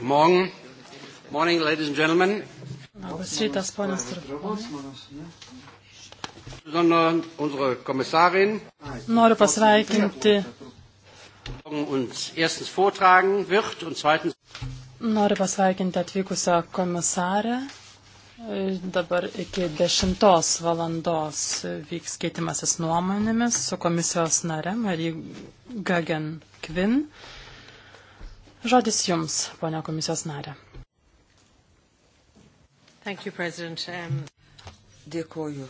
Morgen. Morning, ladies and gentlemen. Labas rytas, ponas ir ponai. Noriu pasveikinti. Noriu pasveikinti atvykusią komisarę. Dabar iki 10 valandos vyks keitimasis nuomonėmis su komisijos nare Marija Gagen Kvin. Žodis Jums, ponia komisijos narė. Thank you, President. Um... Dėkoju,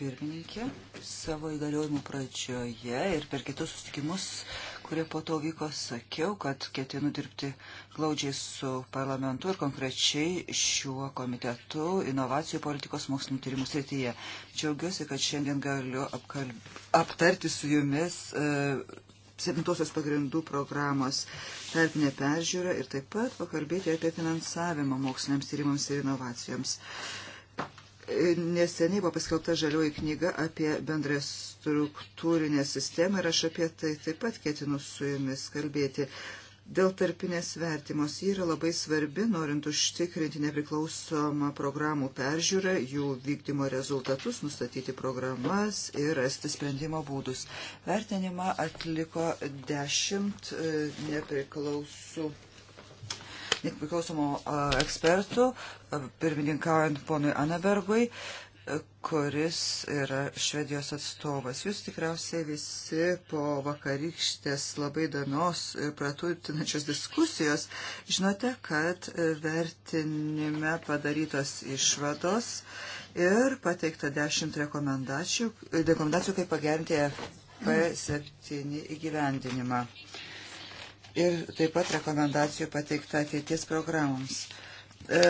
pirmininkė. Savo įgaliojimų pradžioje ir per kitus susitikimus, kurie po to vyko, sakiau, kad ketinu dirbti glaudžiai su parlamentu ir konkrečiai šiuo komitetu inovacijų politikos mokslinų tyrimų srityje. Džiaugiuosi, kad šiandien galiu apkalb... aptarti su jumis. Uh, septintosios pagrindų programos tarpinę peržiūrą ir taip pat pakalbėti apie finansavimą moksliniams tyrimams ir inovacijoms. Neseniai buvo paskelbta žalioji knyga apie bendrą struktūrinę sistemą ir aš apie tai taip pat ketinu su jumis kalbėti. Dėl tarpinės vertimos ji yra labai svarbi, norint užtikrinti nepriklausomą programų peržiūrą, jų vykdymo rezultatus, nustatyti programas ir rasti sprendimo būdus. Vertinimą atliko dešimt e, nepriklausų. Nepriklausomų e, ekspertų, e, pirmininkaujant ponui Anabergui, uh, kuris yra Švedijos atstovas. Jūs tikriausiai visi po vakarykštės labai įdomios ir praturtinančios diskusijos žinote, kad vertinime padarytos išvados ir pateikta dešimt rekomendacijų, rekomendacijų kaip pagerinti FP7 įgyvendinimą. Ir taip pat rekomendacijų pateikta ateities programoms e,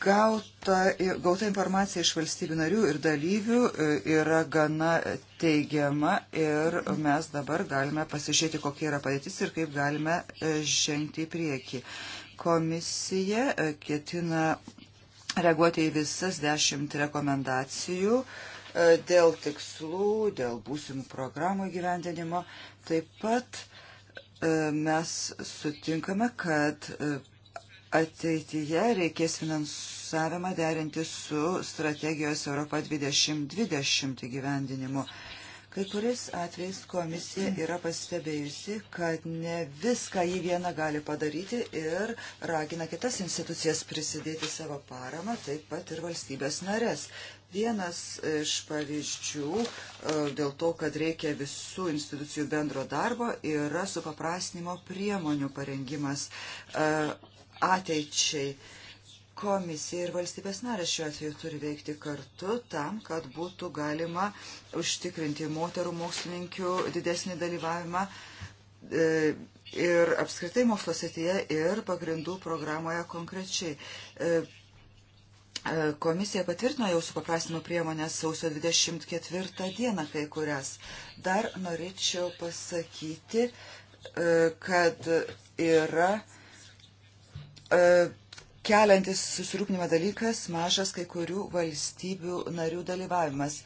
Gauta, gauta informacija iš valstybių narių ir dalyvių e, yra gana teigiama ir mes dabar galime pasižiūrėti, kokia yra padėtis ir kaip galime e, žengti į priekį. Komisija e, ketina reaguoti į visas dešimt rekomendacijų dėl tikslų, dėl būsimų programų gyvendinimo. Taip pat mes sutinkame, kad ateityje reikės finansavimą derinti su strategijos Europa 2020 įgyvendinimu. Kai kuriais atvejais komisija yra pastebėjusi, kad ne viską jį vieną gali padaryti ir ragina kitas institucijas prisidėti savo paramą, taip pat ir valstybės narės. Vienas iš pavyzdžių e, dėl to, kad reikia visų institucijų bendro darbo, yra supaprasnimo priemonių parengimas e, ateičiai. Komisija ir valstybės narės šiuo atveju turi veikti kartu tam, kad būtų galima užtikrinti moterų mokslininkių didesnį dalyvavimą e, ir apskritai mokslo srityje ir pagrindų programoje konkrečiai. E, e, komisija patvirtino jau supaprastimo priemonės sausio 24 dieną kai kurias. Dar norėčiau pasakyti, kad yra E, keliantis susirūpinimą dalykas mažas kai kurių valstybių narių dalyvavimas.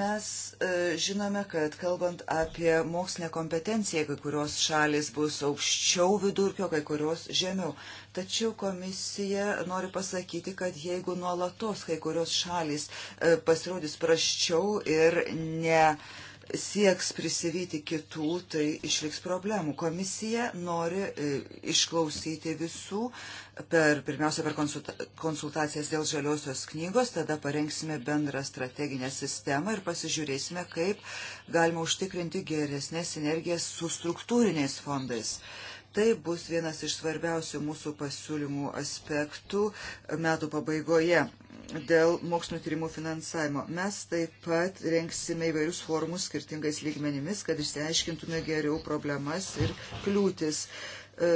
Mes e, žinome, kad kalbant apie mokslinę kompetenciją, kai kurios šalis bus aukščiau vidurkio, kai kurios žemiau. Tačiau komisija nori pasakyti, kad jeigu nuolatos kai kurios šalis e, pasirodys praščiau ir ne sieks prisivyti kitų, tai išliks problemų. Komisija nori e, išklausyti visų, per, pirmiausia per konsultacijas dėl žaliosios knygos, tada parengsime bendrą strateginę sistemą ir pasižiūrėsime, kaip galima užtikrinti geresnės sinergijas su struktūriniais fondais. Tai bus vienas iš svarbiausių mūsų pasiūlymų aspektų metų pabaigoje dėl mokslinio tyrimų finansavimo. Mes taip pat renksime įvairius forumus skirtingais lygmenimis, kad išsiaiškintume geriau problemas ir kliūtis. E,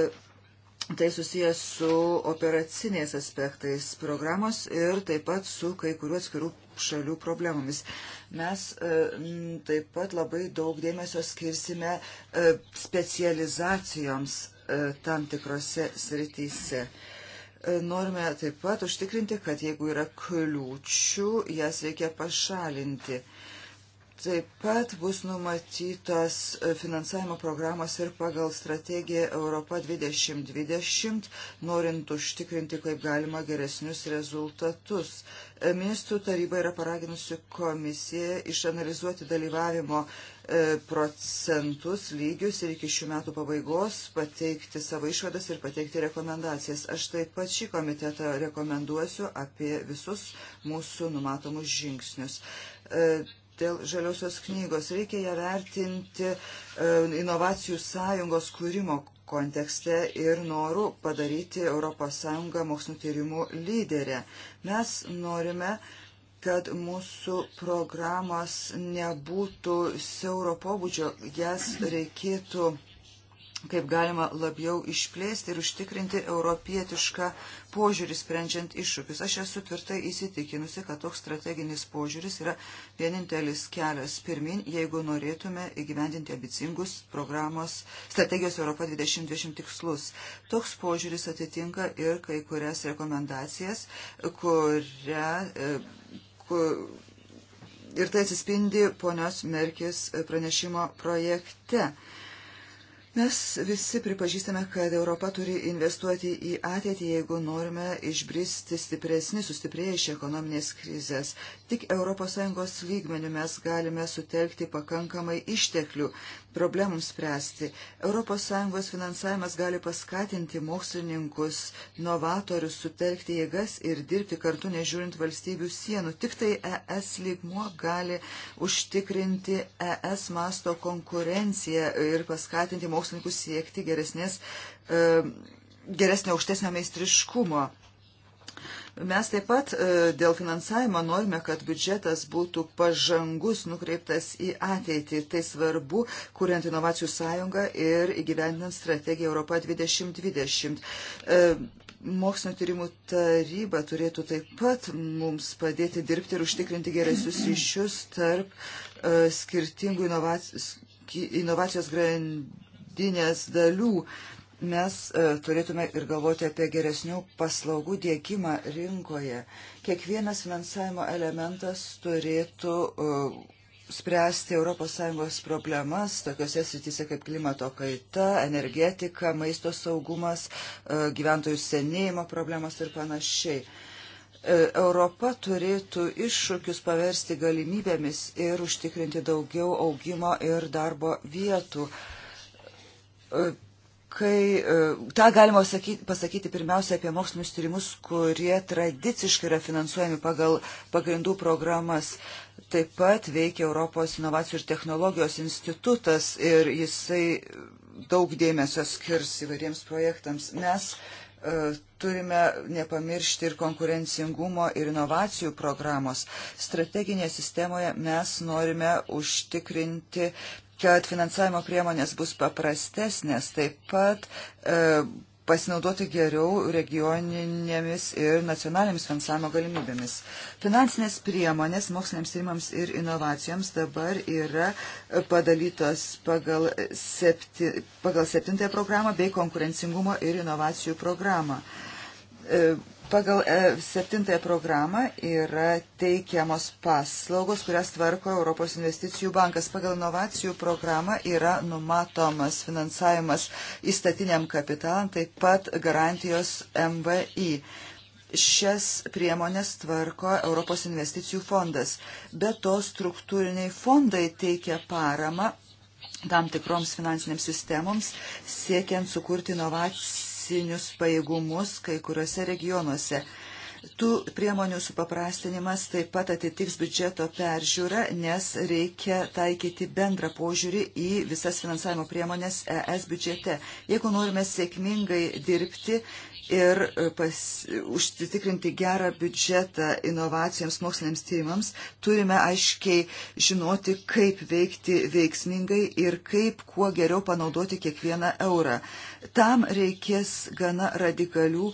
tai susijęs su operaciniais aspektais programos ir taip pat su kai kuriuo atskirų šalių problemomis. Mes e, taip pat labai daug dėmesio skirsime e, specializacijoms tam tikrose srityse. E, norime taip pat užtikrinti, kad jeigu yra kliūčių, jas reikia pašalinti. Taip pat bus numatytos finansavimo programos ir pagal strategiją Europa 2020, norint užtikrinti kaip galima geresnius rezultatus. E, ministrų taryba yra paraginusi komisiją išanalizuoti dalyvavimo E, procentus lygius ir iki šių metų pabaigos pateikti savo išvadas ir pateikti rekomendacijas. Aš taip pat šį komitetą rekomenduosiu apie visus mūsų numatomus žingsnius e, dėl žaliosios knygos. Reikia ją vertinti e, inovacijų sąjungos kūrimo kontekste ir noru padaryti ES mokslinio tyrimų lyderę. Mes norime uh, kad mūsų programos nebūtų siauro pobūdžio, jas reikėtų kaip galima labiau išplėsti ir užtikrinti europietišką požiūrį sprendžiant iššūkius. Aš esu tvirtai įsitikinusi, kad toks strateginis požiūris yra vienintelis kelias pirmin, jeigu norėtume įgyvendinti abicingus programos strategijos Europa 2020 tikslus. Toks požiūris atitinka ir kai kurias rekomendacijas, kuria e, ir tai atsispindi ponios Merkis pranešimo projekte. Mes visi pripažįstame, kad Europa turi investuoti į ateitį, jeigu norime išbristi stipresni, sustiprėję iš ekonominės krizės. Tik ES lygmenių mes galime sutelkti pakankamai išteklių problemams spręsti. ES finansavimas gali paskatinti mokslininkus, novatorius sutelkti jėgas ir dirbti kartu nežiūrint valstybių sienų. Tik tai ES lygmuo gali užtikrinti ES masto konkurenciją ir paskatinti mokslininkus siekti geresnės. E, geresnio aukštesnio meistriškumo. Mes taip pat e, dėl finansavimo norime, kad biudžetas būtų pažangus, nukreiptas į ateitį. Tai svarbu, kuriant inovacijų sąjungą ir įgyvendinant strategiją Europa 2020. E, mokslinio tyrimų taryba turėtų taip pat mums padėti dirbti ir užtikrinti geresnius ryšius tarp e, skirtingų inovacijos grandinės dalių mes e, turėtume ir galvoti apie geresnių paslaugų dėkimą rinkoje. Kiekvienas finansavimo elementas turėtų e, spręsti ES problemas tokiuose srityse kaip klimato kaita, energetika, maisto saugumas, e, gyventojų senėjimo problemas ir panašiai. Europa turėtų iššūkius paversti galimybėmis ir užtikrinti daugiau augimo ir darbo vietų kai e, tą galima sakyti, pasakyti pirmiausia apie mokslinius tyrimus, kurie tradiciškai yra finansuojami pagal pagrindų programas. Taip pat veikia Europos inovacijų ir technologijos institutas ir jisai daug dėmesio skirs įvairiems projektams. Mes e, turime nepamiršti ir konkurencingumo ir inovacijų programos. Strateginėje sistemoje mes norime užtikrinti kad finansavimo priemonės bus paprastesnės, taip pat e, pasinaudoti geriau regioninėmis ir nacionalinėmis finansavimo galimybėmis. Finansinės priemonės moksliniams tyrimams ir inovacijoms dabar yra padalytos pagal, septi, pagal septintąją programą bei konkurencingumo ir inovacijų programą. E, Pagal e, septintąją programą yra teikiamos paslaugos, kurias tvarko Europos investicijų bankas. Pagal inovacijų programą yra numatomas finansavimas įstatiniam kapitalam, taip pat garantijos MVI. Šias priemonės tvarko Europos investicijų fondas. Be to struktūriniai fondai teikia paramą tam tikroms finansinėms sistemoms, siekiant sukurti inovaciją administracinius pajėgumus kai kuriuose regionuose. Tų priemonių supaprastinimas taip pat atitiks biudžeto peržiūrą, nes reikia taikyti bendrą požiūrį į visas finansavimo priemonės ES biudžete. Jeigu norime sėkmingai dirbti, ir e, pas, užsitikrinti gerą biudžetą inovacijoms, moksliniams tyrimams, turime aiškiai žinoti, kaip veikti veiksmingai ir kaip kuo geriau panaudoti kiekvieną eurą. Tam reikės gana radikalių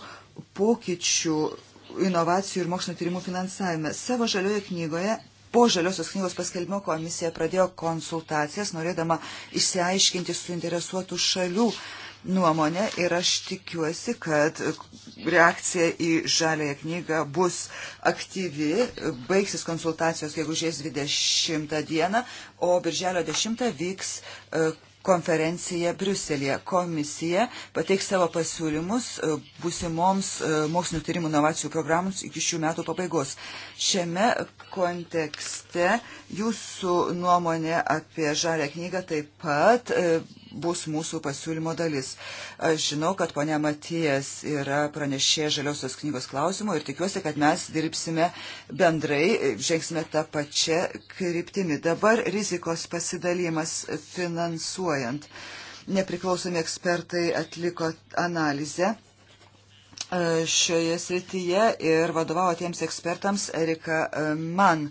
pokyčių inovacijų ir mokslinio tyrimų finansavime. Savo žalioje knygoje po žaliosios knygos paskelbimo komisija pradėjo konsultacijas, norėdama išsiaiškinti suinteresuotų šalių nuomonę ir aš tikiuosi, kad reakcija į žalėją knygą bus aktyvi, baigsis konsultacijos gegužės 20 dieną, o birželio 10 vyks e, konferenciją Briuselėje. Komisija pateiks savo pasiūlymus e, būsimoms e, mokslinio tyrimų inovacijų programoms iki šių metų pabaigos. Šiame kontekste jūsų nuomonė apie žalę knygą taip pat e, bus mūsų pasiūlymo dalis. Aš žinau, kad ponia Matijas yra pranešė žaliosios knygos klausimo ir tikiuosi, kad mes dirbsime bendrai, žengsime tą pačią kryptimį. Dabar rizikos pasidalymas finansuojant. Nepriklausomi ekspertai atliko analizę e, šioje srityje ir vadovavo tiems ekspertams Erika e, Mann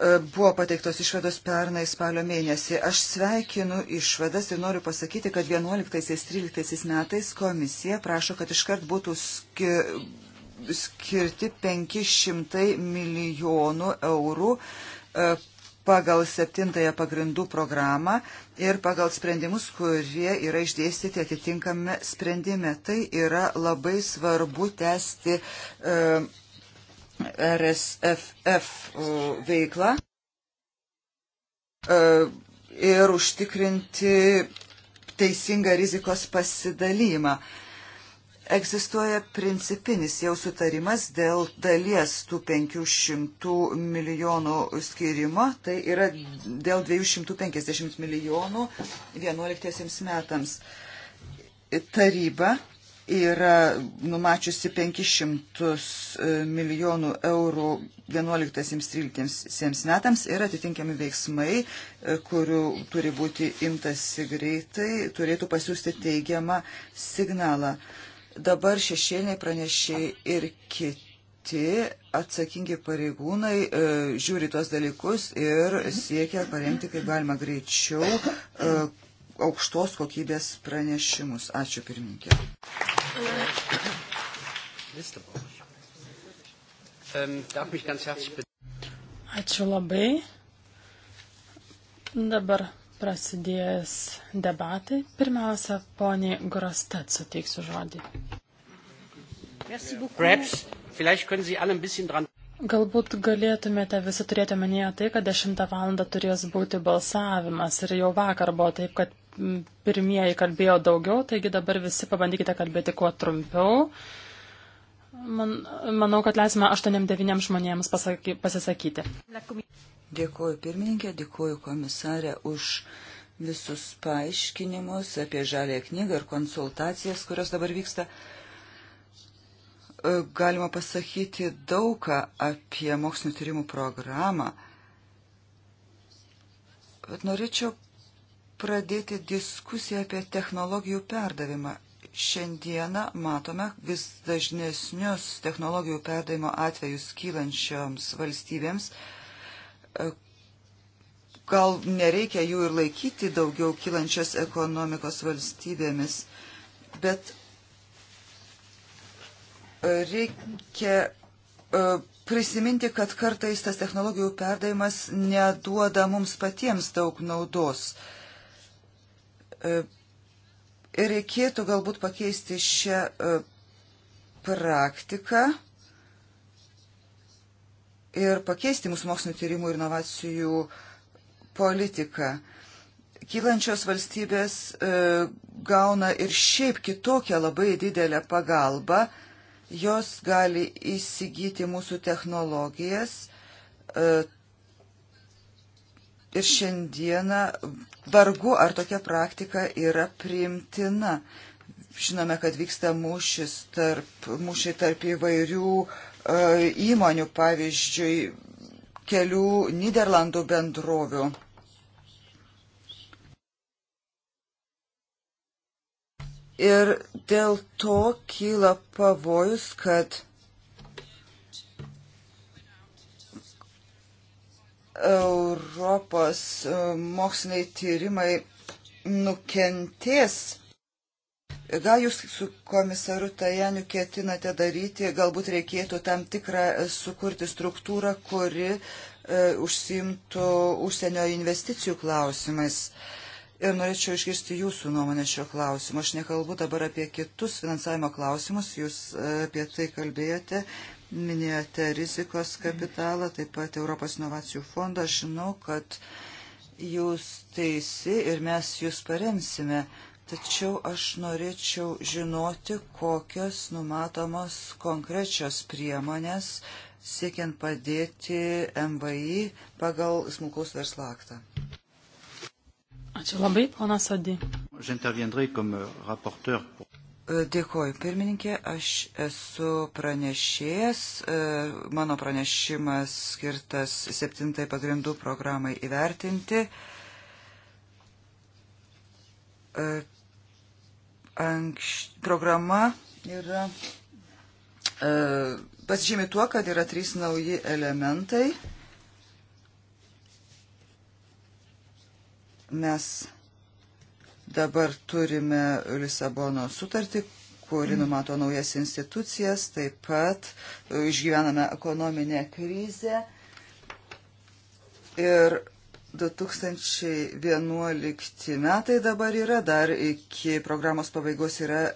E, buvo pateiktos išvados pernai spalio mėnesį. Aš sveikinu išvadas ir noriu pasakyti, kad 11-13 metais komisija prašo, kad iškart būtų skir skirti 500 milijonų eurų e, pagal septintąją pagrindų programą ir pagal sprendimus, kurie yra išdėstyti atitinkame sprendime. Tai yra labai svarbu tęsti. Uh, RSFF veiklą e, ir užtikrinti teisingą rizikos pasidalymą. Egzistuoja principinis jau sutarimas dėl dalies tų 500 milijonų skirimo, tai yra dėl 250 milijonų 11 metams. Taryba yra numačiusi 500 e, milijonų eurų 11-13 metams ir atitinkami veiksmai, e, kurių turi būti imtasi greitai, turėtų pasiūsti teigiamą signalą. Dabar šešėliniai pranešiai ir kiti atsakingi pareigūnai e, žiūri tuos dalykus ir siekia paremti kaip galima greičiau aukštos kokybės pranešimus. Ačiū pirmininkė. Ähm, Ačiū labai. Dabar prasidėjęs debatai. Pirmiausia, poniai Grostet suteiksiu žodį. Perhaps, vielleicht können Sie alle ein bisschen dran Galbūt galėtumėte visi turėti omenyje tai, kad 10 val. turės būti balsavimas ir jau vakar buvo taip, kad pirmieji kalbėjo daugiau, taigi dabar visi pabandykite kalbėti kuo trumpiau. Man, manau, kad leisime 8-9 žmonėms pasaky, pasisakyti. Dėkuoju pirmininkė, dėkuoju komisarė už visus paaiškinimus apie žalę knygą ir konsultacijas, kurios dabar vyksta e, galima pasakyti daugą apie mokslinio tyrimų programą, bet norėčiau pradėti diskusiją apie technologijų perdavimą. Šiandieną matome vis dažnesnius technologijų perdavimo atvejus kylančioms valstybėms. E, gal nereikia jų ir laikyti daugiau kylančios ekonomikos valstybėmis, bet reikia e, prisiminti, kad kartais tas technologijų perdavimas neduoda mums patiems daug naudos. Uh, E, reikėtų galbūt pakeisti šią e, praktiką ir pakeisti mūsų mokslinio tyrimų ir inovacijų politiką. Kylančios valstybės e, gauna ir šiaip kitokią labai didelę pagalbą, jos gali įsigyti mūsų technologijas, e, ir šiandieną vargu ar tokia praktika yra priimtina. Žinome, kad vyksta mūšis tarp, mūšiai tarp įvairių e, įmonių, pavyzdžiui, kelių Niderlandų bendrovių. Ir dėl to kyla pavojus, kad Europos e, moksliniai tyrimai nukentės. Gal jūs su komisaru Tajaniu ketinate daryti, galbūt reikėtų tam tikrą e, sukurti struktūrą, kuri e, užsimtų užsienio investicijų klausimais. Ir norėčiau išgirsti jūsų nuomonę šio klausimu. Aš nekalbu dabar apie kitus finansavimo klausimus, jūs e, apie tai kalbėjote, Minėjote rizikos kapitalą, taip pat Europos inovacijų fondą. Aš žinau, kad jūs teisi ir mes jūs paremsime. Tačiau aš norėčiau žinoti, kokios numatomos konkrečios priemonės siekiant padėti MVI pagal smulkaus verslo aktą. Ačiū labai, ponas Sodį. Dėkoju, pirmininkė. Aš esu pranešėjas. E, mano pranešimas skirtas septintai pagrindų programai įvertinti. E, Anks... Programa yra e, pasižymi tuo, kad yra trys nauji elementai. Mes Dabar turime Lisabono sutartį, kuri numato naujas institucijas, taip pat e, išgyvename ekonominę krizę. Ir 2011 metai dabar yra, dar iki programos pabaigos yra e,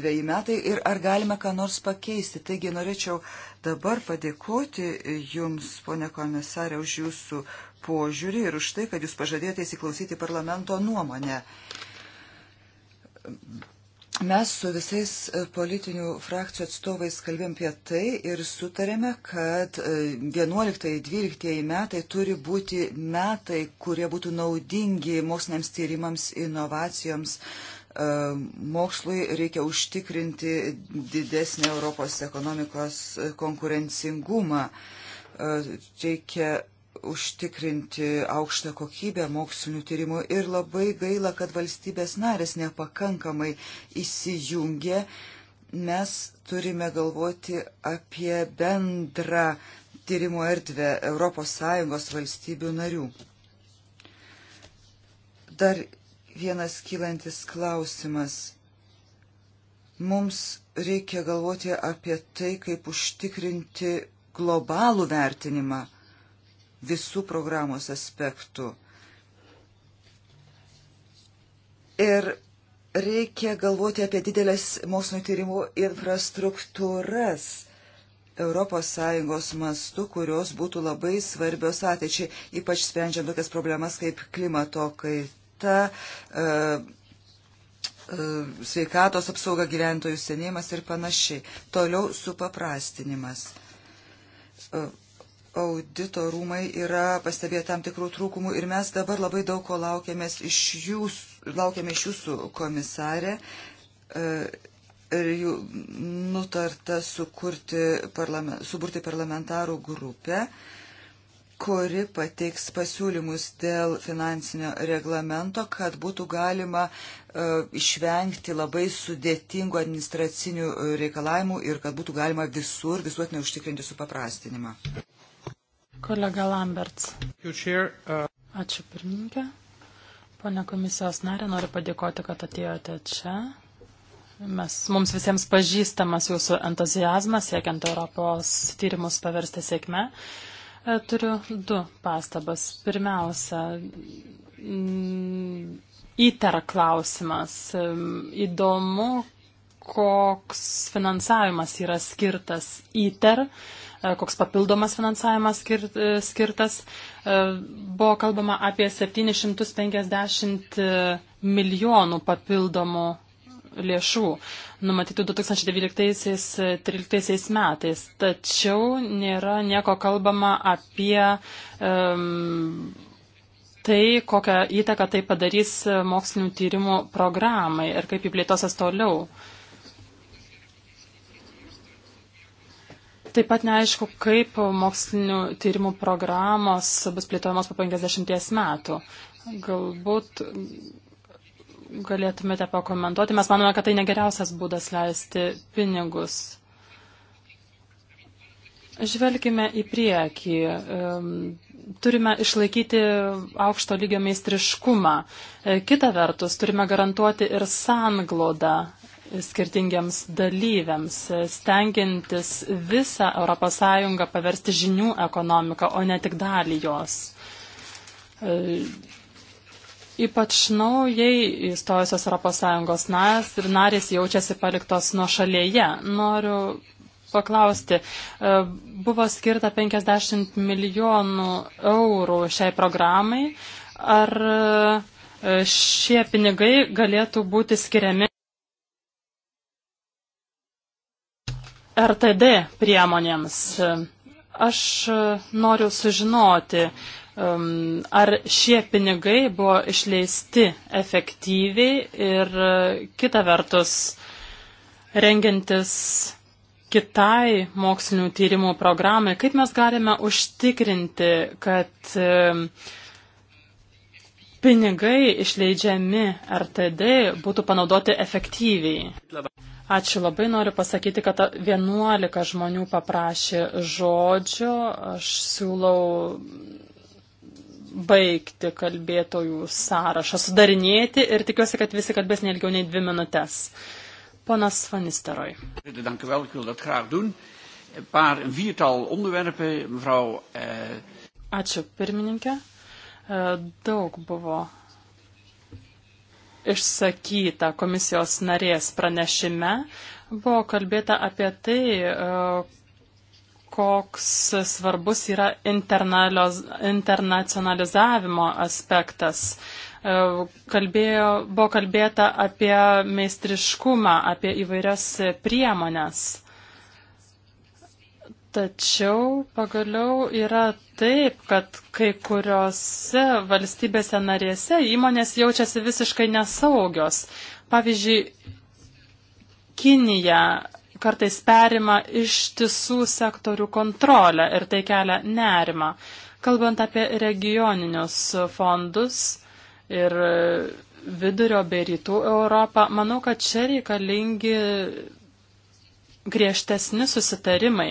dviejai metai ir ar galime ką nors pakeisti. Taigi norėčiau dabar padėkoti Jums, ponė komisarė, už Jūsų požiūrį ir už tai, kad Jūs pažadėjote įsiklausyti parlamento nuomonę. Uh, Mes su visais e, politinių frakcijų atstovais kalbėjom apie tai ir sutarėme, kad 11-12 e, metai turi būti metai, kurie būtų naudingi moksliniams tyrimams, inovacijoms. E, mokslui reikia užtikrinti didesnį Europos ekonomikos konkurencingumą. Reikia užtikrinti aukštą kokybę mokslinių tyrimų ir labai gaila, kad valstybės narės nepakankamai įsijungia. Mes turime galvoti apie bendrą tyrimo erdvę ES valstybių narių. Dar vienas kylantis klausimas. Mums reikia galvoti apie tai, kaip užtikrinti globalų vertinimą visų programos aspektų. Ir reikia galvoti apie didelės mokslinio tyrimų infrastruktūras. ES mastu, kurios būtų labai svarbios ateičiai, ypač sprendžiant tokias problemas kaip klimato kaita, e, e, sveikatos apsauga gyventojų senėjimas ir panašiai. Toliau supaprastinimas. E, audito rūmai yra pastebėję tam tikrų trūkumų ir mes dabar labai daug ko laukiamės iš jūsų, laukiame iš jūsų komisarė. E, ir jų nutarta sukurti, parlament, suburti parlamentarų grupę, kuri pateiks pasiūlymus dėl finansinio reglamento, kad būtų galima uh, išvengti labai sudėtingų administracinių reikalavimų ir kad būtų galima visur visuotinai užtikrinti supaprastinimą. Kolega Lamberts. Uh, Ačiū pirmininkė. Pone komisijos narė, noriu padėkoti, kad atėjote čia. Mes, mums visiems pažįstamas jūsų entuzijazmas, siekiant Europos tyrimus paversti sėkme. E, turiu du pastabas. Pirmiausia, įter klausimas. Įdomu, koks finansavimas yra skirtas ITER, e, koks papildomas finansavimas e, skirtas. E, buvo kalbama apie 750 milijonų papildomų lėšų numatytų 2012-2013 metais. Tačiau nėra nieko kalbama apie um, tai, kokią įtaką tai padarys mokslinių tyrimų programai ir kaip jį plėtosios toliau. Uh, Taip pat neaišku, kaip mokslinių tyrimų programos bus plėtojamos po 50 metų. Galbūt galėtumėte pakomentuoti. Mes manome, kad tai negeriausias būdas leisti pinigus. Žvelgime į priekį. Turime išlaikyti aukšto lygio meistriškumą. E, kita vertus, turime garantuoti ir sanglodą skirtingiems dalyviams, stengiantis visą ES paversti žinių ekonomiką, o ne tik dalį jos. E, ypač naujai įstojusios ES narės ir narės jaučiasi paliktos nuo šalyje. Noriu paklausti, e, buvo skirta 50 milijonų eurų šiai programai. Ar e, šie pinigai galėtų būti skiriami RTD priemonėms. Aš noriu sužinoti, um, ar šie pinigai buvo išleisti efektyviai ir uh, kita vertus, rengiantis kitai mokslinių tyrimų programai, kaip mes galime užtikrinti, kad um, pinigai išleidžiami RTD būtų panaudoti efektyviai. Ačiū labai, noriu pasakyti, kad 11 žmonių paprašė žodžio. Aš siūlau baigti kalbėtojų sąrašą, sudarinėti ir tikiuosi, kad visi kalbės nelgiau nei dvi minutės. Ponas Vanisteroj. Dank u wel, ik wil dat graag doen. Een paar, een viertal onderwerpen, mevrouw. Eh... Ačiū, pirmininkė. Eh, daug buvo išsakyta komisijos narės pranešime, buvo kalbėta apie tai, e, koks svarbus yra internacionalizavimo aspektas. E, kalbėjo, buvo kalbėta apie meistriškumą, apie įvairias priemonės. Tačiau pagaliau yra taip, kad kai kuriuose valstybėse narėse įmonės jaučiasi visiškai nesaugios. Pavyzdžiui, Kinija kartais perima ištisų sektorių kontrolę ir tai kelia nerimą. Kalbant apie regioninius fondus ir vidurio bei rytų Europą, manau, kad čia reikalingi griežtesni susitarimai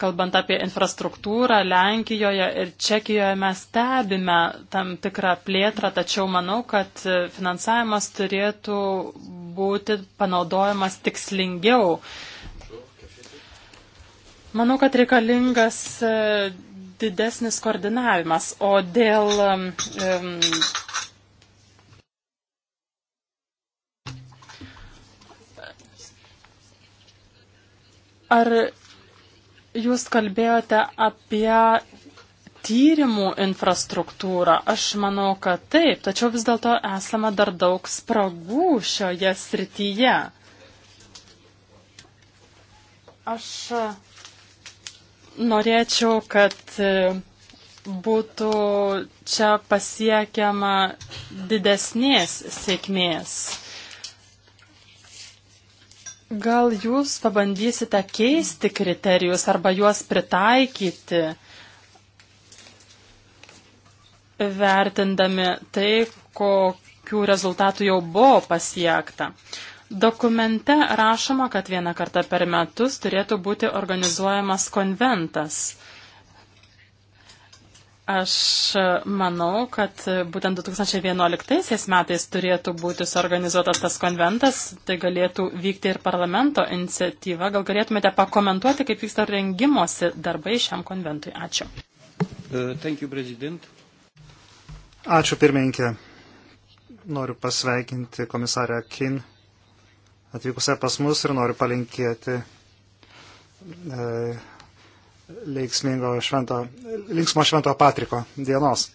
kalbant apie infrastruktūrą, Lenkijoje ir Čekijoje mes stebime tam tikrą plėtrą, tačiau manau, kad finansavimas turėtų būti panaudojamas tikslingiau. Manau, kad reikalingas e, didesnis koordinavimas, o dėl. Um, ar Jūs kalbėjote apie tyrimų infrastruktūrą. Aš manau, kad taip, tačiau vis dėlto esama dar daug spragų šioje srityje. Aš norėčiau, kad būtų čia pasiekiama didesnės sėkmės. Gal jūs pabandysite keisti kriterijus arba juos pritaikyti, vertindami tai, kokių rezultatų jau buvo pasiekta. Dokumente rašoma, kad vieną kartą per metus turėtų būti organizuojamas konventas. Aš manau, kad būtent 2011 metais turėtų būti suorganizuotas tas konventas, tai galėtų vykti ir parlamento iniciatyva. Gal galėtumėte pakomentuoti, kaip vyksta rengimosi darbai šiam konventui? Ačiū. Uh, thank you, President. Ačiū, pirmininkė. Noriu pasveikinti komisarę Kin atvykusią pas mus ir noriu palinkėti e, švento, linksmo švento Patriko dienos.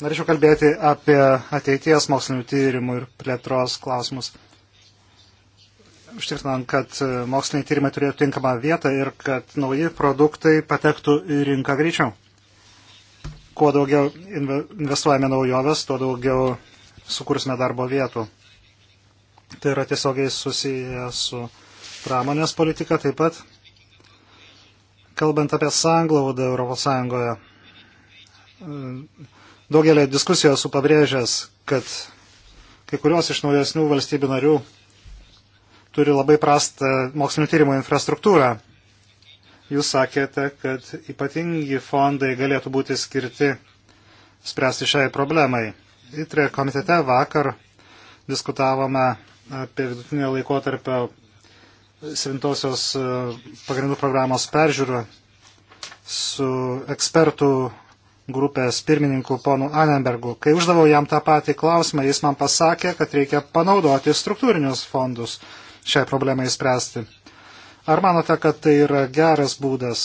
Norėčiau kalbėti apie ateities mokslinių tyrimų ir plėtros klausimus. Užtikrinant, kad moksliniai tyrimai turėtų tinkamą vietą ir kad nauji produktai patektų į rinką greičiau. Kuo daugiau investuojame naujoves, tuo daugiau sukursime darbo vietų. Tai yra tiesiogiai susiję su pramonės politiką taip pat. Kalbant apie sanglaudą Europos Sąjungoje, e, daugelį diskusijų esu pabrėžęs, kad kai kurios iš naujesnių valstybių narių turi labai prastą mokslinio tyrimo infrastruktūrą. Jūs sakėte, kad ypatingi fondai galėtų būti skirti spręsti šiai problemai. ITRE komitete vakar diskutavome apie vidutinio laikotarpio 7-osios e, pagrindų programos peržiūrą su ekspertų grupės pirmininku ponu Anenbergu. Kai uždavau jam tą patį klausimą, jis man pasakė, kad reikia panaudoti struktūrinius fondus šiai problemai spręsti. Ar manote, kad tai yra geras būdas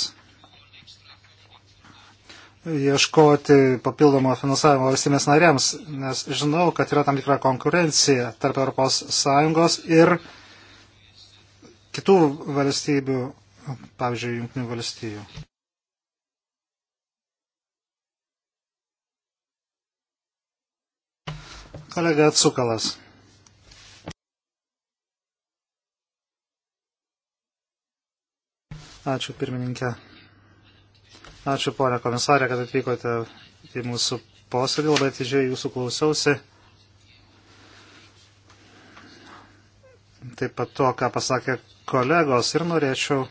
ieškoti papildomo finansavimo valstybės narėms, nes žinau, kad yra tam tikra konkurencija tarp ES ir kitų valstybių, pavyzdžiui, jungtinių valstybių. Kolega Atsukalas. Ačiū pirmininkė. Ačiū ponia komisarė, kad atvykote į mūsų posėdį. Labai atidžiai jūsų klausiausi. taip pat to, ką pasakė kolegos ir norėčiau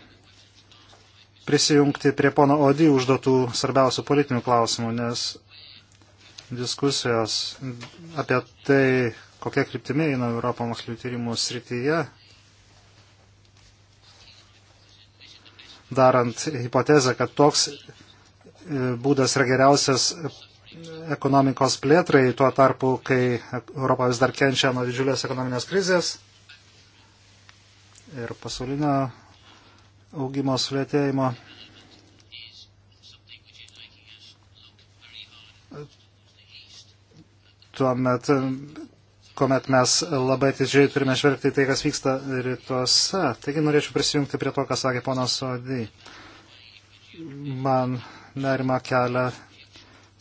prisijungti prie pono Odį užduotų svarbiausių politinių klausimų, nes diskusijos apie tai, kokia kryptimi eina Europą mokslių tyrimų srityje, darant hipotezę, kad toks e, būdas yra geriausias ekonomikos plėtrai, tuo tarpu, kai Europa vis dar kenčia nuo didžiulės ekonominės krizės ir pasaulinio augimo sulėtėjimo. Tuomet, kuomet mes labai atidžiai turime žvelgti tai, kas vyksta rytuose. Taigi norėčiau prisijungti prie to, ką sakė ponas Sodį. Man nerima kelia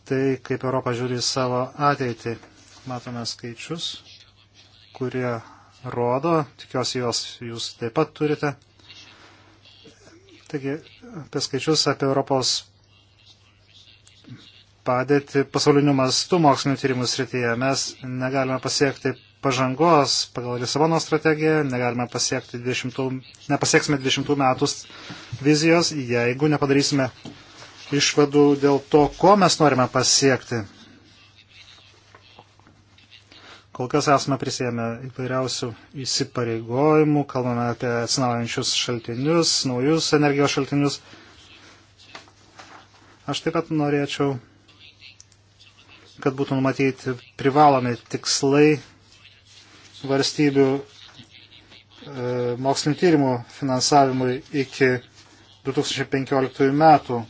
tai, kaip Europa žiūri savo ateitį. Matome skaičius, kurie rodo, tikiuosi jos jūs taip pat turite. Taigi, apie skaičius apie Europos padėti pasauliniu mastu mokslinio tyrimų srityje. Mes negalime pasiekti pažangos pagal Lisabono strategiją, negalime pasiekti 20, nepasieksime 20 metų vizijos, jeigu nepadarysime išvadų dėl to, ko mes norime pasiekti. Kol kas esame prisėmę įvairiausių įsipareigojimų, kalbame apie atsinaujančius šaltinius, naujus energijos šaltinius. Aš taip pat norėčiau, kad būtų numatyti privalomi tikslai varstybių e, mokslinio tyrimų finansavimui iki 2015 metų.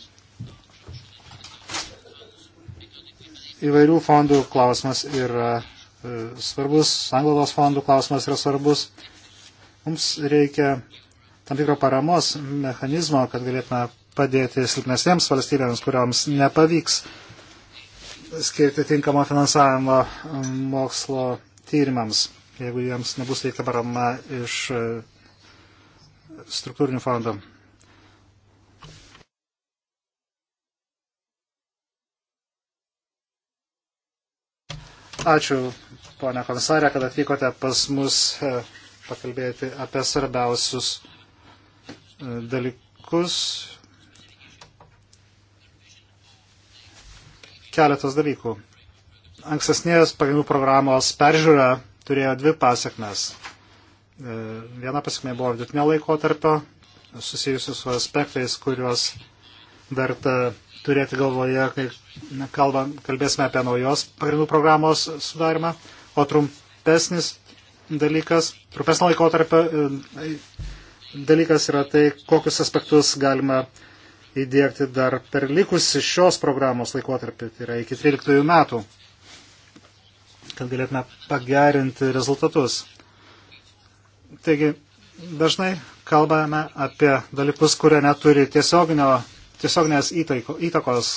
Įvairių fondų klausimas yra E, svarbus, anglodos fondų klausimas yra svarbus. Mums reikia tam tikro paramos mechanizmo, kad galėtume padėti silpnesniems valstybėms, kuriams nepavyks skirti tinkamo finansavimo e, mokslo tyrimams, jeigu jiems nebus teikta parama iš e, struktūrinių fondų. Ačiū ponia komisarė, kad atvykote pas mus e, pakalbėti apie svarbiausius e, dalykus. Keletas dalykų. Anksesnės pagrindų programos peržiūra turėjo dvi pasiekmes. E, viena pasiekmė buvo vidutinio laikotarpio, susijusi su aspektais, kuriuos verta turėti galvoje, kai kalbam, kalbėsime apie naujos pagrindų programos sudarimą o trumpesnis dalykas, trumpesnio laikotarpio e, dalykas yra tai, kokius aspektus galima įdėkti dar per likusi šios programos laikotarpį, tai yra iki 13 metų, kad galėtume pagerinti rezultatus. Taigi, dažnai kalbame apie dalykus, kurie neturi tiesioginės įtaiko, įtakos,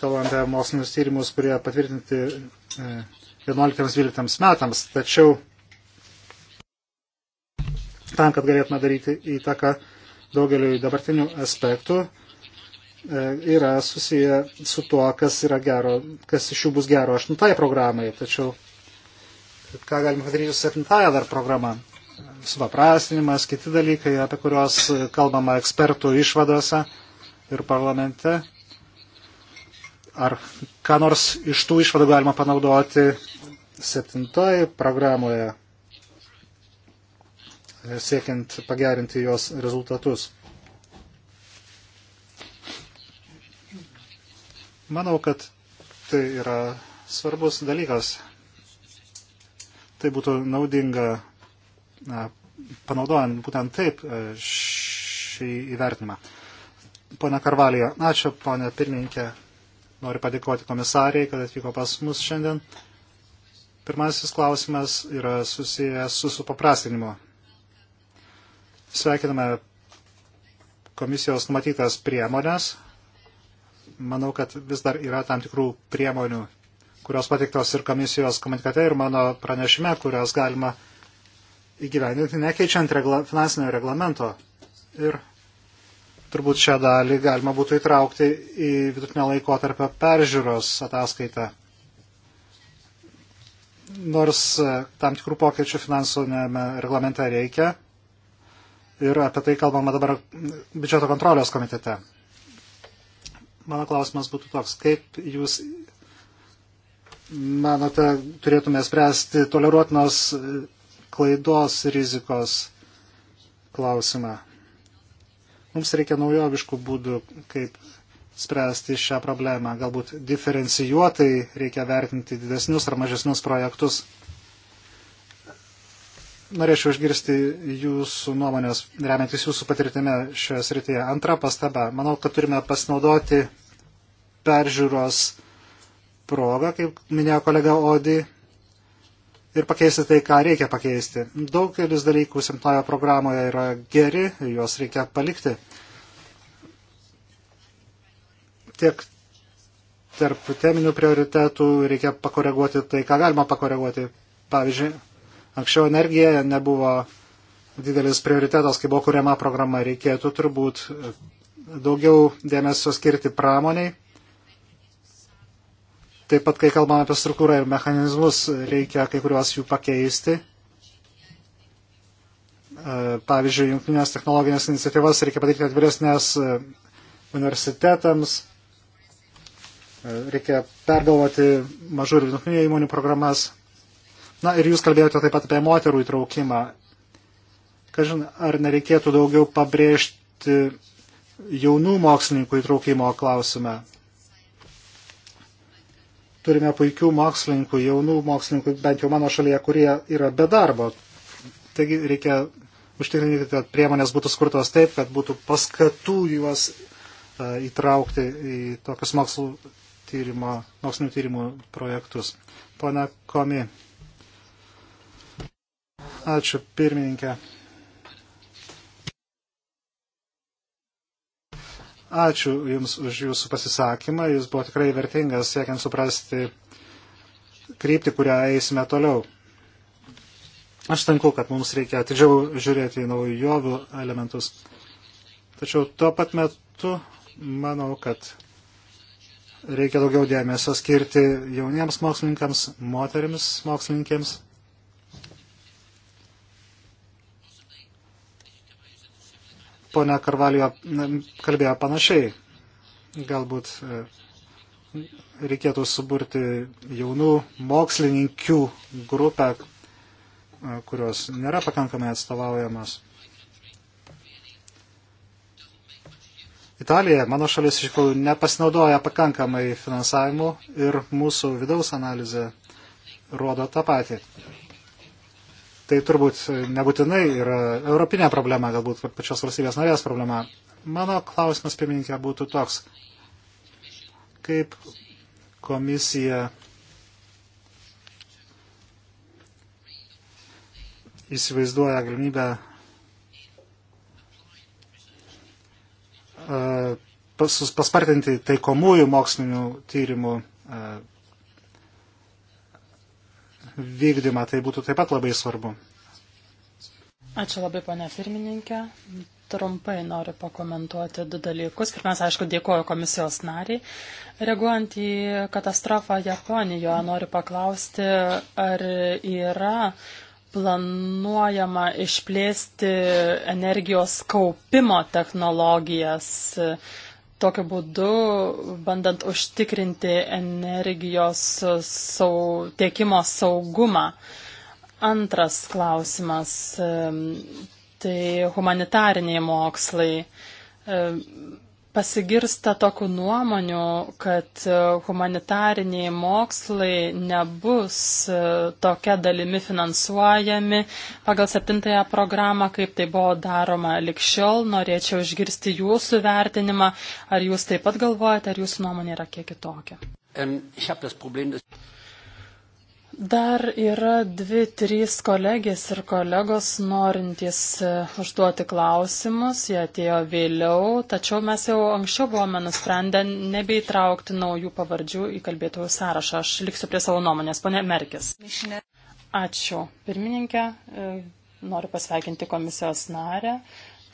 kalbant apie mokslinius tyrimus, kurie patvirtinti e, 11-12 metams, tačiau tam, kad galėtume daryti įtaką daugeliu dabartinių aspektų, e, yra susiję su tuo, kas, yra gero, kas iš jų bus gero aštuntai programai. Tačiau ką galime padaryti su septintaja dar programa? Supaprastinimas, kiti dalykai, apie kuriuos kalbama ekspertų išvadose ir parlamente. Ar ką nors iš tų išvadų galima panaudoti septintoje programoje, e, siekiant pagerinti jos rezultatus? Manau, kad tai yra svarbus dalykas. Tai būtų naudinga na, panaudojant būtent taip e, šį įvertinimą. Pone Karvalija, ačiū, pone pirmininkė. Noriu padėkoti komisariai, kad atvyko pas mus šiandien. Pirmasis klausimas yra susijęs su supaprastinimu. Sveikiname komisijos numatytas priemonės. Manau, kad vis dar yra tam tikrų priemonių, kurios pateiktos ir komisijos komunikate, ir mano pranešime, kurios galima įgyveninti, nekeičiant regla, finansinio reglamento. Ir turbūt šią dalį galima būtų įtraukti į vidutinio laiko tarp peržiūros ataskaitą. Nors e, tam tikrų pokyčių finansinėme reglamente reikia ir apie tai kalbama dabar biudžeto kontrolės komitete. Mano klausimas būtų toks, kaip jūs manote, turėtume spręsti toleruotinos e, klaidos rizikos klausimą. Mums reikia naujoviškų būdų, kaip spręsti šią problemą. Galbūt diferencijuotai reikia vertinti didesnius ar mažesnius projektus. Norėčiau išgirsti jūsų nuomonės, remiantis jūsų patirtime šioje srityje. Antra pastaba. Manau, kad turime pasinaudoti peržiūros progą, kaip minėjo kolega Odi, ir pakeisti tai, ką reikia pakeisti. Daugelis dalykų simtojo programoje yra geri, juos reikia palikti. Tiek tarp teminių prioritetų reikia pakoreguoti tai, ką galima pakoreguoti. Pavyzdžiui, anksčiau energija nebuvo didelis prioritetas, kai buvo kuriama programa, reikėtų turbūt daugiau dėmesio skirti pramoniai Taip pat, kai kalbame apie struktūrą ir mechanizmus, reikia kai kuriuos jų pakeisti. E, pavyzdžiui, jungtinės technologinės iniciatyvas reikia padaryti atviresnės e, universitetams, e, reikia pergalvoti mažų ir vidutinių įmonių programas. Na ir jūs kalbėjote taip pat apie moterų įtraukimą. Kažin, ar nereikėtų daugiau pabrėžti jaunų mokslininkų įtraukimo klausime? turime puikių mokslininkų, jaunų mokslininkų, bent jau mano šalyje, kurie yra be darbo. Taigi reikia užtikrinti, kad priemonės būtų skurtos taip, kad būtų paskatų juos e, įtraukti į tokius mokslų tyrimo, mokslinių tyrimų projektus. Pone Komi. Ačiū pirmininkė. Ačiū Jums už Jūsų pasisakymą, jis buvo tikrai vertingas, siekiant suprasti kryptį, kurią eisime toliau. Aš tanku, kad mums reikia atidžiau žiūrėti į naujovių elementus. Tačiau tuo pat metu manau, kad reikia daugiau dėmesio skirti jauniems mokslininkams, moteriams mokslininkėms ponia Karvalijo kalbėjo panašiai. Galbūt e, reikėtų suburti jaunų mokslininkių grupę, e, kurios nėra pakankamai atstovaujamas. Italija, mano šalis iš tikrųjų nepasinaudoja pakankamai finansavimu ir mūsų vidaus analizė rodo tą patį tai turbūt nebūtinai yra europinė problema, galbūt pačios valstybės narės problema. Mano klausimas, pirmininkė, būtų toks. Kaip komisija įsivaizduoja galimybę paspartinti taikomųjų mokslinių tyrimų vykdymą. Tai būtų taip pat labai svarbu. Ačiū labai, ponia pirmininkė. Trumpai noriu pakomentuoti du dalykus. Pirmiausia, aišku, dėkoju komisijos nariai. Reaguojant į katastrofą Japonijoje, noriu paklausti, ar yra planuojama išplėsti energijos kaupimo technologijas tokiu būdu bandant užtikrinti energijos sau, tiekimo saugumą. Antras klausimas - tai humanitariniai mokslai. Pasigirsta tokių nuomonių, kad e, humanitariniai mokslai nebus e, tokia dalimi finansuojami pagal septintąją programą, kaip tai buvo daroma likščiol. Norėčiau išgirsti jūsų vertinimą. Ar jūs taip pat galvojate, ar jūsų nuomonė yra kiek kitokia? Um, Dar yra dvi, trys kolegės ir kolegos norintys e, užduoti klausimus, jie atėjo vėliau, tačiau mes jau anksčiau buvome nusprendę nebeįtraukti naujų pavardžių į kalbėtojų sąrašą. Aš liksiu prie savo nuomonės, ponė Merkis. Ačiū, pirmininkė. E, noriu pasveikinti komisijos narę.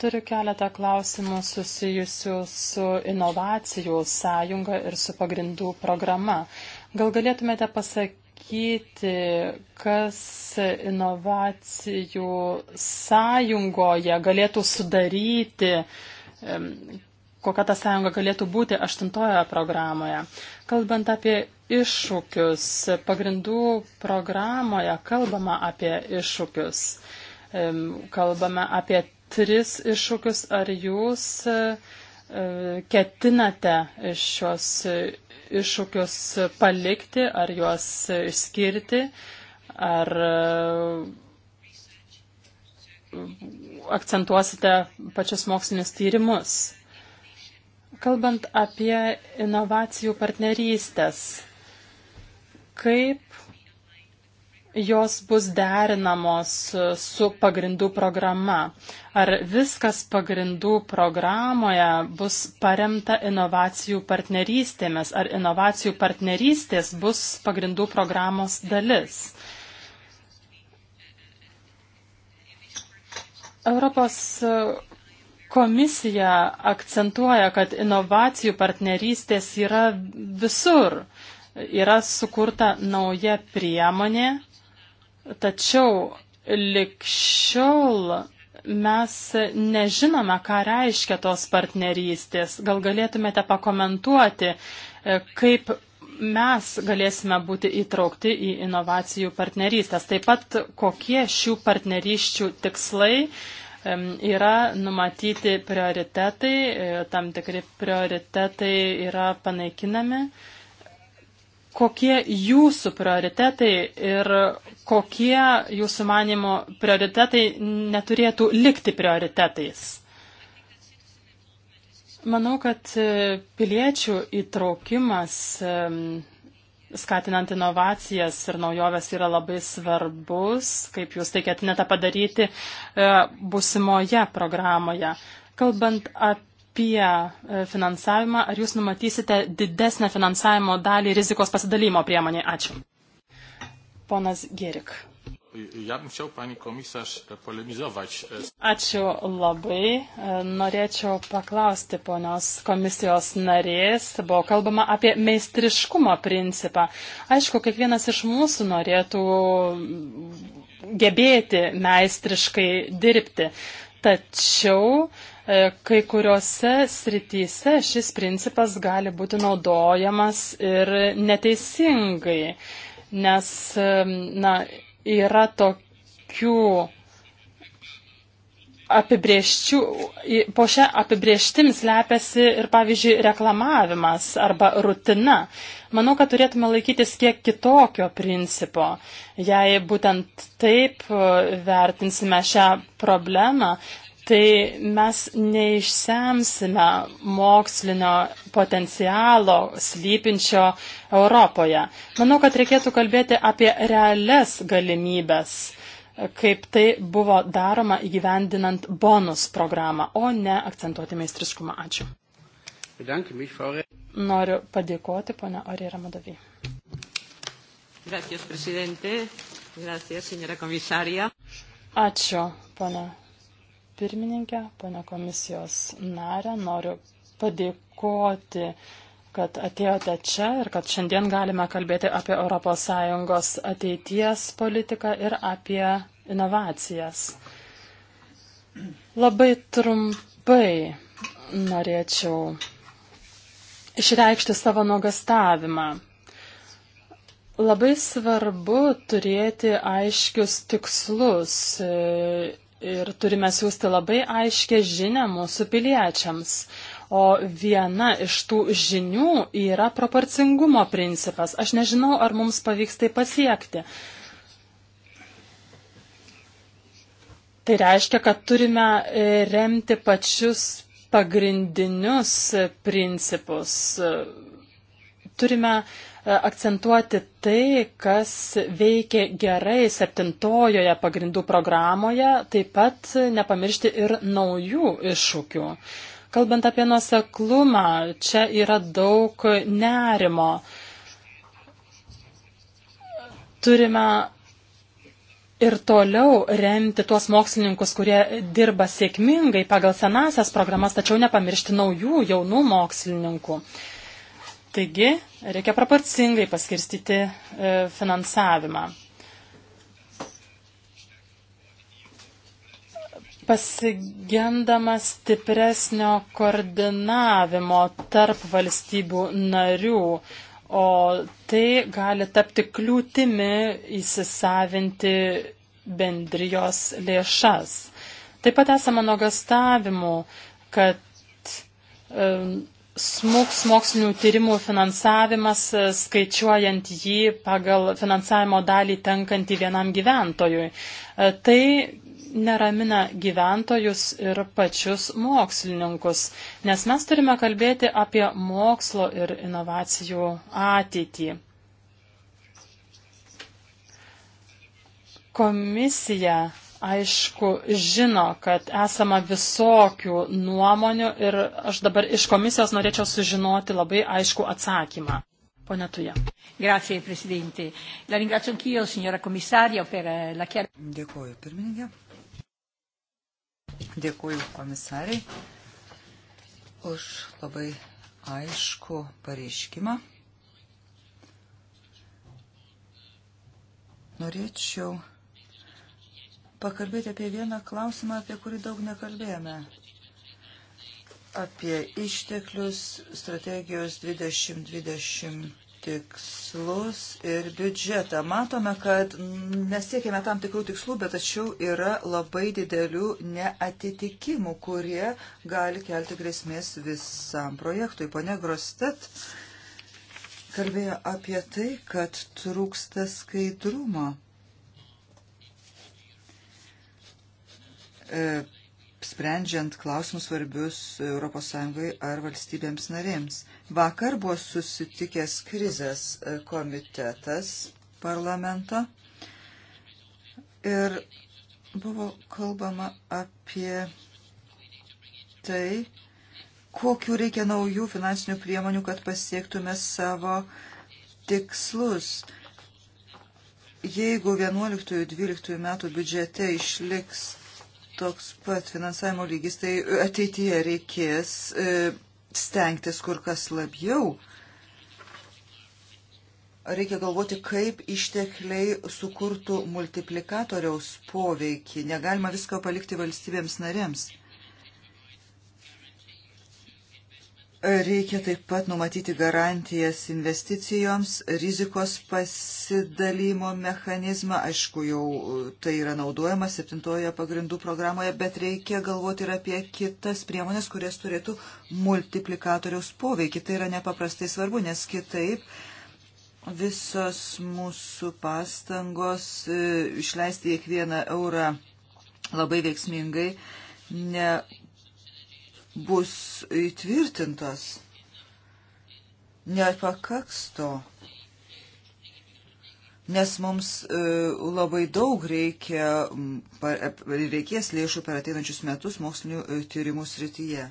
Turiu keletą klausimų susijusių su inovacijų sąjunga ir su pagrindų programa. Gal galėtumėte pasakyti, pasakyti, kas inovacijų sąjungoje galėtų sudaryti, kokia ta sąjunga galėtų būti aštuntojoje programoje. Kalbant apie iššūkius, pagrindų programoje kalbama apie iššūkius. Kalbame apie tris iššūkius. Ar jūs e, ketinate šios iššūkius palikti, ar juos išskirti, ar e, akcentuosite pačius mokslinius tyrimus. Kalbant apie inovacijų partnerystės, kaip jos bus derinamos su pagrindų programa? Ar viskas pagrindų programoje bus paremta inovacijų partnerystėmis? Ar inovacijų partnerystės bus pagrindų programos dalis? Europos komisija akcentuoja, kad inovacijų partnerystės yra visur. Yra sukurta nauja priemonė Tačiau likščiol mes nežinome, ką reiškia tos partnerystės. Gal galėtumėte pakomentuoti, e, kaip mes galėsime būti įtraukti į inovacijų partnerystės. Taip pat, kokie šių partnerysčių tikslai yra numatyti prioritetai, e, tam tikri prioritetai yra panaikinami kokie jūsų prioritetai ir kokie jūsų manimo prioritetai neturėtų likti prioritetais? Manau, kad e, piliečių įtraukimas e, skatinant inovacijas ir naujoves yra labai svarbus, kaip jūs tai ketinate padaryti e, busimoje programoje. Kalbant apie apie e, finansavimą, ar jūs numatysite didesnę finansavimo dalį rizikos pasidalymo priemonėje? Ačiū. Ponas Gerik. Ja bym chciał, pani komisarz, polemizować. E, Ačiū labai. E, norėčiau paklausti ponios komisijos narės. Buvo kalbama apie meistriškumo principą. Aišku, kiekvienas iš mūsų norėtų gebėti meistriškai dirbti. Tačiau uh, E, kai kuriuose srityse šis principas gali būti naudojamas ir neteisingai, nes e, na, yra tokių apibrieščių, po šią apibrieštim slepiasi ir, pavyzdžiui, reklamavimas arba rutina. Manau, kad turėtume laikytis kiek kitokio principo. Jei būtent taip e, vertinsime šią problemą, tai mes neišsemsime mokslinio potencialo slypinčio Europoje. Manau, kad reikėtų kalbėti apie realias galimybės, kaip tai buvo daroma įgyvendinant bonus programą, o ne akcentuoti meistriškumą. Ačiū. Noriu padėkoti, ponia Orėra Madovy. Gracias, presidente. Gracias, señora komisarija. Ačiū, ponia pirmininkė, ponia komisijos narė, noriu padėkoti, kad atėjote čia ir kad šiandien galime kalbėti apie ES ateities politiką ir apie inovacijas. Labai trumpai norėčiau išreikšti savo nuogastavimą. Labai svarbu turėti aiškius tikslus ir turime siūsti labai aiškę žinę mūsų piliečiams. O viena iš tų žinių yra proporcingumo principas. Aš nežinau, ar mums pavyks tai pasiekti. Tai reiškia, kad turime e, remti pačius pagrindinius principus. E, turime uh, E, akcentuoti tai, kas veikia gerai septintojoje pagrindų programoje, taip pat nepamiršti ir naujų iššūkių. Kalbant apie nuoseklumą, čia yra daug nerimo. Turime ir toliau remti tuos mokslininkus, kurie dirba sėkmingai pagal senasias programas, tačiau nepamiršti naujų jaunų mokslininkų. Uh, Taigi, reikia proporcingai paskirstyti e, finansavimą. Pasigendama stipresnio koordinavimo tarp valstybių narių, o tai gali tapti kliūtimi įsisavinti bendrijos lėšas. Taip pat esame nuogastavimų, kad e, smūks mokslinių tyrimų finansavimas, e, skaičiuojant jį pagal finansavimo dalį tenkantį vienam gyventojui. E, tai neramina gyventojus ir pačius mokslininkus, nes mes turime kalbėti apie mokslo ir inovacijų ateitį. Komisija aišku, žino, kad esama visokių nuomonių ir aš dabar iš komisijos norėčiau sužinoti labai aišku atsakymą. Pone Tuja. Grazie, prezidentė. La ringrazio anch'io, signora komisario, per eh, la chiara. Dėkuoju, pirmininkė. Dėkuoju komisariai už labai aišku pareiškimą. Norėčiau pakalbėti apie vieną klausimą, apie kurį daug nekalbėjome. Apie išteklius, strategijos 2020 tikslus ir biudžetą. Matome, kad nesiekime tam tikrų tikslų, bet tačiau yra labai didelių neatitikimų, kurie gali kelti grėsmės visam projektui. Pone Grostet kalbėjo apie tai, kad trūksta skaidrumo E, sprendžiant klausimus svarbius ES ar valstybėms narėms. Vakar buvo susitikęs krizės e, komitetas parlamento ir buvo kalbama apie tai, kokiu reikia naujų finansinių priemonių, kad pasiektume savo tikslus. Jeigu 11-12 metų biudžete išliks toks pat finansavimo lygis, tai ateityje reikės e, stengtis kur kas labiau. Reikia galvoti, kaip ištekliai sukurtų multiplikatoriaus poveikį. Negalima visko palikti valstybėms narėms. Reikia taip pat numatyti garantijas investicijoms, rizikos pasidalymo mechanizmą, aišku, jau tai yra naudojama septintoje pagrindų programoje, bet reikia galvoti ir apie kitas priemonės, kurias turėtų multiplikatoriaus poveikį. Tai yra nepaprastai svarbu, nes kitaip visos mūsų pastangos e, išleisti kiekvieną eurą labai veiksmingai ne bus įtvirtintos. Nepakaks to, nes mums e, labai daug reikia, e, reikės lėšų per ateinančius metus mokslinių e, tyrimų srityje.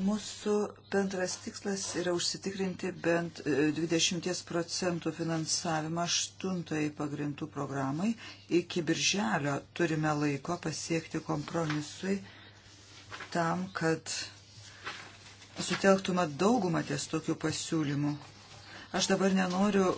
Mūsų bendras tikslas yra užsitikrinti bent 20 e, procentų finansavimą aštuntai pagrindų programai. Iki birželio turime laiko pasiekti kompromisui tam, kad sutelktume daugumą ties tokių pasiūlymų. Aš dabar nenoriu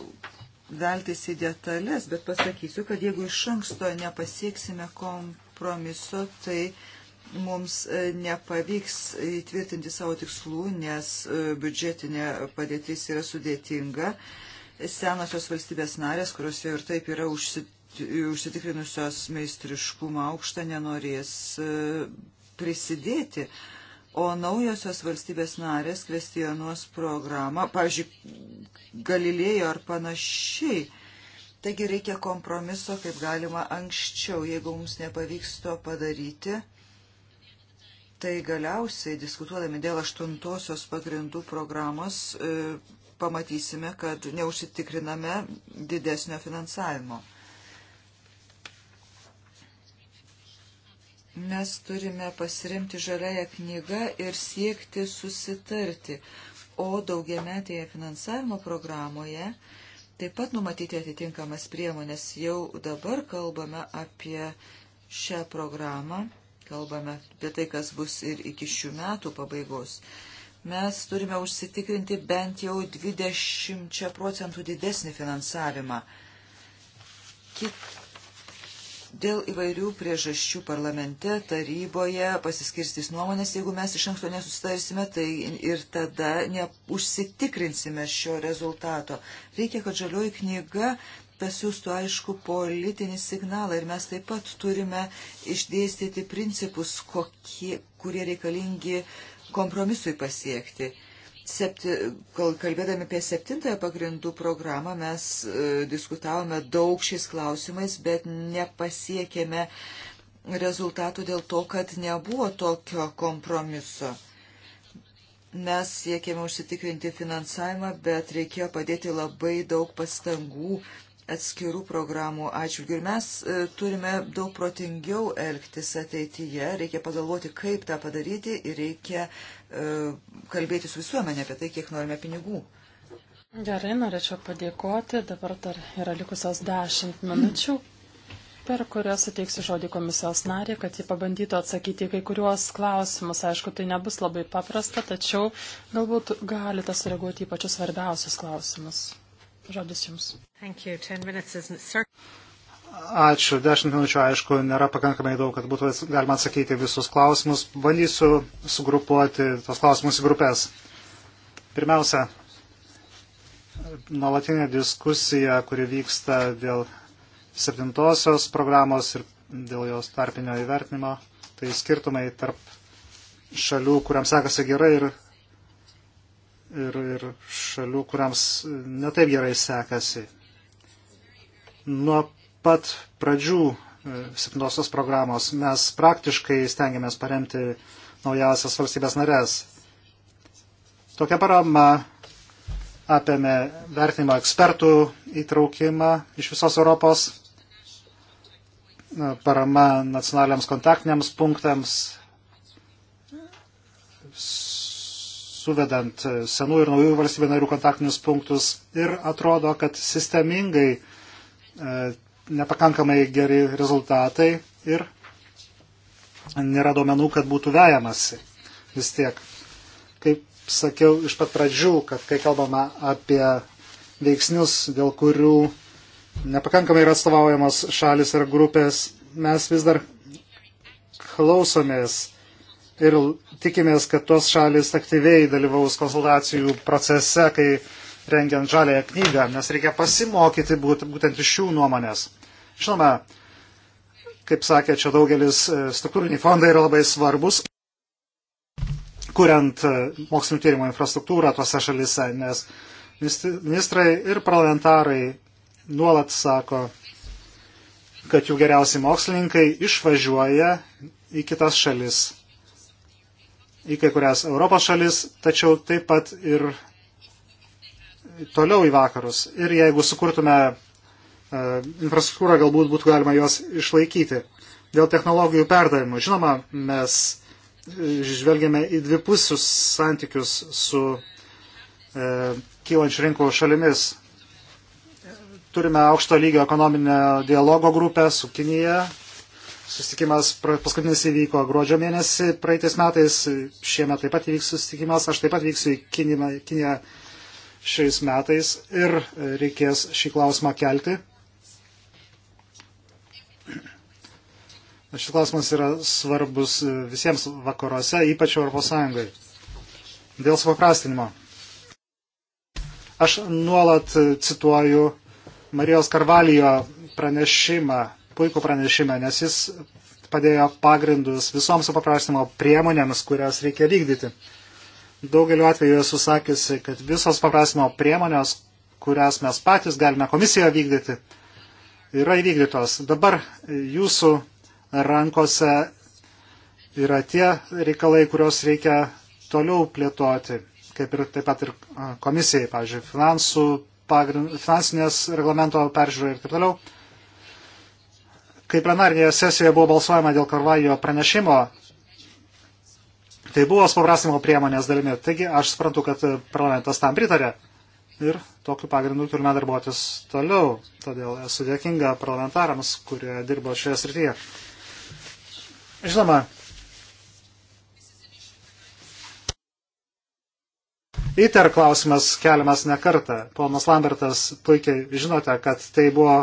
veltis į detalės, bet pasakysiu, kad jeigu iš anksto nepasieksime kompromiso, tai uh, mums e, nepavyks įtvirtinti savo tikslų, nes e, biudžetinė padėtis yra sudėtinga. Senosios valstybės narės, kurios jau ir taip yra užsitikrinusios meistriškumą aukštą, nenorės e, prisidėti. O naujosios valstybės narės kvestionuos programą, pavyzdžiui, Galilėjo ar panašiai. Taigi reikia kompromiso, kaip galima anksčiau. Jeigu mums nepavyks to padaryti, Tai galiausiai, diskutuodami dėl aštuntosios pagrindų programos, e, pamatysime, kad neužsitikriname didesnio finansavimo. Mes turime pasiremti žaliąją knygą ir siekti susitarti, o daugiametėje finansavimo programoje taip pat numatyti atitinkamas priemonės. Jau dabar kalbame apie šią programą kalbame apie tai, kas bus ir iki šių metų pabaigos, mes turime užsitikrinti bent jau 20 procentų didesnį finansavimą. Kit... Dėl įvairių priežasčių parlamente, taryboje pasiskirstys nuomonės, jeigu mes iš anksto nesustarsime, tai ir tada neužsitikrinsime šio rezultato. Reikia, kad žalioji knyga tas jūsų aišku politinį signalą ir mes taip pat turime išdėstyti principus, kokie, kurie reikalingi kompromisui pasiekti. Septi, kalbėdami apie septintąją pagrindų programą, mes e, diskutavome daug šiais klausimais, bet nepasiekėme rezultatų dėl to, kad nebuvo tokio kompromiso. Mes siekėme užsitikrinti finansavimą, bet reikėjo padėti labai daug pastangų atskirų programų atžvilgių. Ir mes e, turime daug protingiau elgtis ateityje, reikia pagalvoti, kaip tą padaryti ir reikia e, kalbėti su visuomenė apie tai, kiek norime pinigų. Gerai, norėčiau padėkoti. Dabar dar yra likusios dešimt minučių, per kurias suteiksiu žodį komisijos narį, kad ji pabandytų atsakyti kai kuriuos klausimus. Aišku, tai nebus labai paprasta, tačiau galbūt galite sureaguoti į pačius svarbiausius klausimus. Žodis Jums. Ačiū. Dešimt minučių, aišku, nėra pakankamai daug, kad būtų galima atsakyti visus klausimus. Bandysiu sugrupuoti tos klausimus į grupės. Pirmiausia, nuolatinė diskusija, kuri vyksta dėl septintosios programos ir dėl jos tarpinio įvertinimo, tai skirtumai tarp šalių, kuriam sekasi gerai ir ir, ir šalių, kuriams netaip gerai sekasi. Nuo pat pradžių e, septintosios programos mes praktiškai stengiamės paremti naujasias valstybės narės. Tokia parama apėmė vertinimo ekspertų įtraukimą iš visos Europos, e, parama nacionaliams kontaktiniams punktams, suvedant e, senų ir naujų valstybių narių kontaktinius punktus ir atrodo, kad sistemingai e, nepakankamai geri rezultatai ir nėra duomenų, kad būtų vejamasi vis tiek. Kaip sakiau iš pat pradžių, kad kai kalbama apie veiksnius, dėl kurių nepakankamai yra atstovaujamos šalis ar grupės, mes vis dar klausomės ir tikimės, kad tos šalis aktyviai dalyvaus konsultacijų procese, kai rengiant žalėją knygą, nes reikia pasimokyti būtent iš jų nuomonės. Žinoma, kaip sakė, čia daugelis e, struktūriniai fondai yra labai svarbus, kuriant e, mokslinio tyrimo infrastruktūrą tuose šalise, nes ministrai ir parlamentarai nuolat sako, kad jų geriausi mokslininkai išvažiuoja į kitas šalis į kai kurias Europos šalis, tačiau taip pat ir toliau į vakarus. Ir jeigu sukurtume e, infrastruktūrą, galbūt būtų galima juos išlaikyti. Dėl technologijų perdavimų, žinoma, mes e, žvelgiame į dvipusius santykius su e, kylančių rinkų šalimis. Turime aukšto lygio ekonominio dialogo grupę su Kinija, Susitikimas paskutinis įvyko gruodžio mėnesį, praeitais metais, šiemet taip pat įvyks susitikimas, aš taip pat vyksiu į Kiniją, Kiniją šiais metais ir e, reikės šį klausimą kelti. Šis klausimas yra svarbus e, visiems vakaruose, ypač Europos Sąjungai. Dėl supaprastinimo. Aš nuolat e, cituoju Marijos Karvalijo pranešimą puikų pranešimą, nes jis padėjo pagrindus visoms supaprastinimo priemonėms, kurias reikia vykdyti. Daugeliu atveju esu sakiusi, kad visos paprastinimo priemonės, kurias mes patys galime komisijoje vykdyti, yra įvykdytos. Dabar jūsų rankose yra tie reikalai, kuriuos reikia toliau plėtoti, kaip ir taip pat ir komisijai, pavyzdžiui, finansų, pagrind, finansinės reglamento peržiūrą ir taip toliau kai plenarinėje sesijoje buvo balsuojama dėl Karvajo pranešimo, tai buvo supaprastinimo priemonės dalimi. Taigi aš suprantu, kad parlamentas tam pritarė ir tokiu pagrindu turime darbuotis toliau. Todėl esu dėkinga parlamentarams, kurie dirbo šioje srityje. Žinoma, ITER klausimas keliamas ne kartą. Ponas Lambertas puikiai žinote, kad tai buvo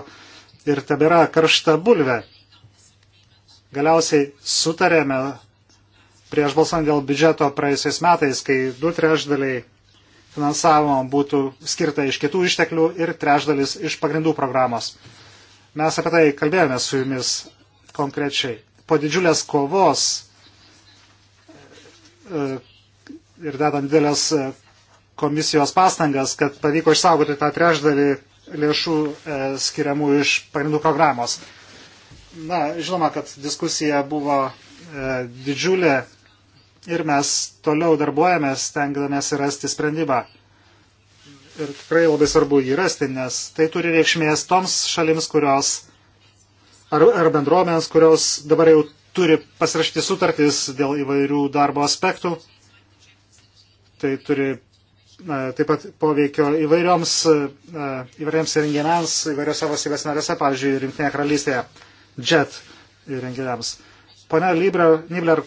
ir tebėra karšta bulvė. Galiausiai sutarėme prieš balsant dėl biudžeto praėjusiais metais, kai du trešdaliai finansavimo būtų skirta iš kitų išteklių ir trešdalis iš pagrindų programos. Mes apie tai kalbėjome su jumis konkrečiai. Po didžiulės kovos e, ir dedant didelės e, komisijos pastangas, kad pavyko išsaugoti tą trešdalį lėšų e, skiriamų iš pagrindų programos. Na, žinoma, kad diskusija buvo e, didžiulė ir mes toliau darbuojamės, stengdamės rasti sprendimą. Ir tikrai labai svarbu jį rasti, nes tai turi reikšmės toms šalims, kurios ar, ar bendruomenės, kurios dabar jau turi pasirašyti sutartis dėl įvairių darbo aspektų. Tai turi taip pat poveikio įvairioms, e, e, įvairiems renginiams, įvairiose valstybės narėse, pavyzdžiui, Rinktinė karalystėje, JET renginiams. Pone Nibler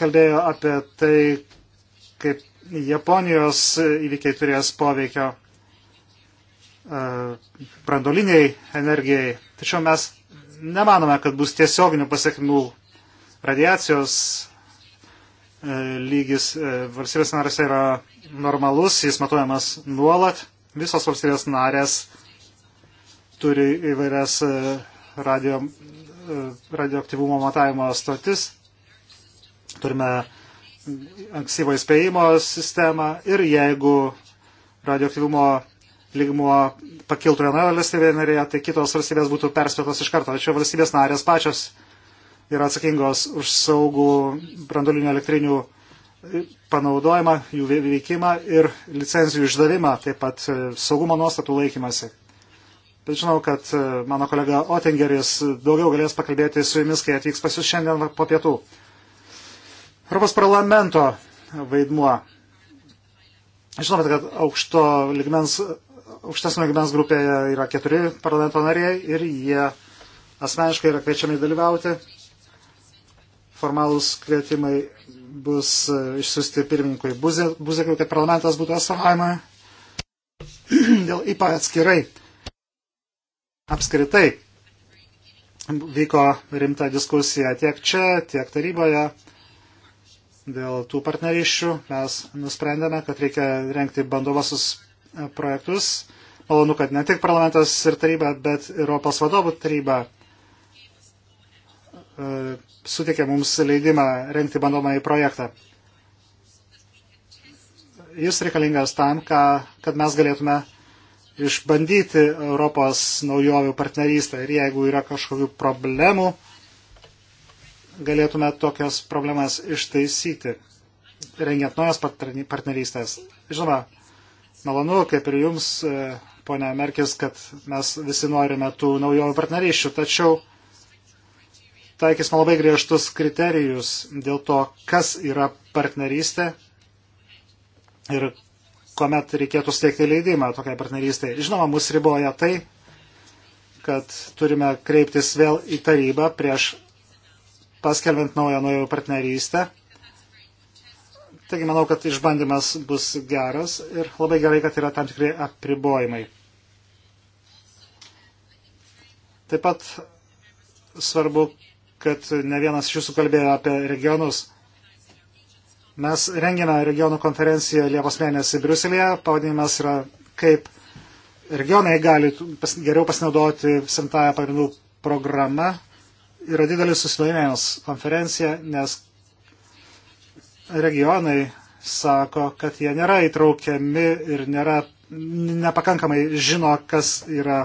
kalbėjo apie tai, kaip Japonijos įvykiai turės poveikio e, brandoliniai energijai. Tačiau mes nemanome, kad bus tiesioginių pasiekmių radiacijos E, lygis e, valstybės narėse yra normalus, jis matuojamas nuolat. Visos valstybės narės turi įvairias e, radio, radioaktyvumo matavimo stotis. Turime ankstyvo įspėjimo sistemą ir jeigu radioaktyvumo lygmuo pakiltų vienoje valstybėje narėje, tai kitos valstybės būtų perspėtos iš karto. Tačiau valstybės narės pačios yra atsakingos už saugų brandolinių elektrinių panaudojimą, jų veikimą ir licencijų išdavimą, taip pat e, saugumo nuostatų laikymasi. Bet žinau, kad e, mano kolega Otingeris daugiau galės pakalbėti su jumis, kai atvyks pas jūs šiandien po pietų. Europos parlamento vaidmuo. Žinome, kad aukšto ligmens, aukštesnio ligmens grupėje yra keturi parlamento nariai ir jie asmeniškai yra kviečiami dalyvauti formalūs kvietimai bus e, išsiųsti pirmininkui Buzekui, kad parlamentas būtų atstovavimą dėl IPA atskirai. Apskritai vyko rimta diskusija tiek čia, tiek taryboje dėl tų partnerysčių. Mes nusprendėme, kad reikia renkti bandovasus e, projektus. Malonu, kad ne tik parlamentas ir taryba, bet Europos vadovų taryba E, sutikė mums leidimą renkti bandomąjį projektą. Jis reikalingas tam, ką, kad mes galėtume išbandyti Europos naujovių partnerystę ir jeigu yra kažkokių problemų, galėtume tokias problemas ištaisyti, rengiant naujas partnerystės. Žinoma, malonu, kaip ir jums, e, ponia Merkis, kad mes visi norime tų naujovių partnerysčių, tačiau taikysime labai griežtus kriterijus dėl to, kas yra partnerystė ir kuomet reikėtų steigti leidimą tokiai partnerystėje. Žinoma, mus riboja tai, kad turime kreiptis vėl į tarybą prieš paskelbint naują naują partnerystę. Taigi manau, kad išbandymas bus geras ir labai gerai, kad yra tam tikrai apribojimai. Taip pat svarbu, kad ne vienas iš jūsų kalbėjo apie regionus. Mes rengiame regionų konferenciją Liepos mėnesį Briuselėje. Pavadinimas yra kaip regionai gali pas, geriau pasinaudoti simtąją pagrindų programą. Yra didelis susidomėjimas konferencija, nes regionai sako, kad jie nėra įtraukiami ir nėra, nepakankamai žino, kas yra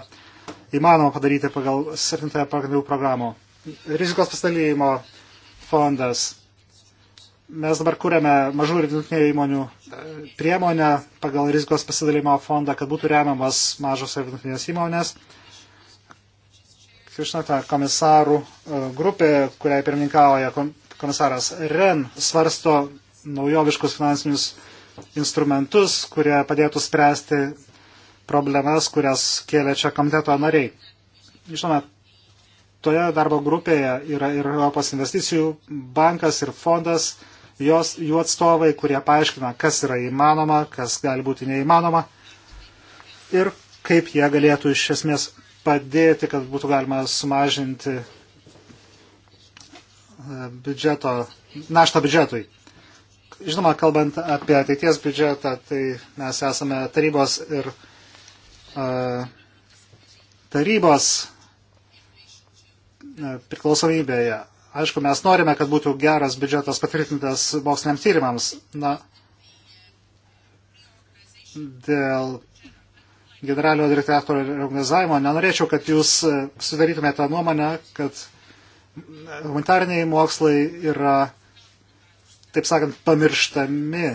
įmanoma padaryti pagal 7 pagrindų programą rizikos pasidalymo fondas. Mes dabar kūrėme mažų ir vidutinių įmonių e, priemonę pagal rizikos pasidalymo fondą, kad būtų remiamas mažos ir vidutinės įmonės. Kaip žinote, komisarų e, grupė, kuriai pirmininkauja komisaras Ren, svarsto naujoviškus finansinius instrumentus, kurie padėtų spręsti problemas, kurias kėlė čia komiteto nariai. Žinoma, toje darbo grupėje yra ir Europos investicijų bankas ir fondas, jos, jų atstovai, kurie paaiškina, kas yra įmanoma, kas gali būti neįmanoma ir kaip jie galėtų iš esmės padėti, kad būtų galima sumažinti e, biudžeto, naštą biudžetui. Žinoma, kalbant apie ateities biudžetą, tai mes esame tarybos ir uh, tarybos E, priklausomybėje. Aišku, mes norime, kad būtų geras biudžetas patvirtintas moksliniams tyrimams. Na, dėl generalinio direktorio reorganizavimo nenorėčiau, kad jūs e, sudarytumėte nuomonę, kad humanitariniai mokslai yra, taip sakant, pamirštami.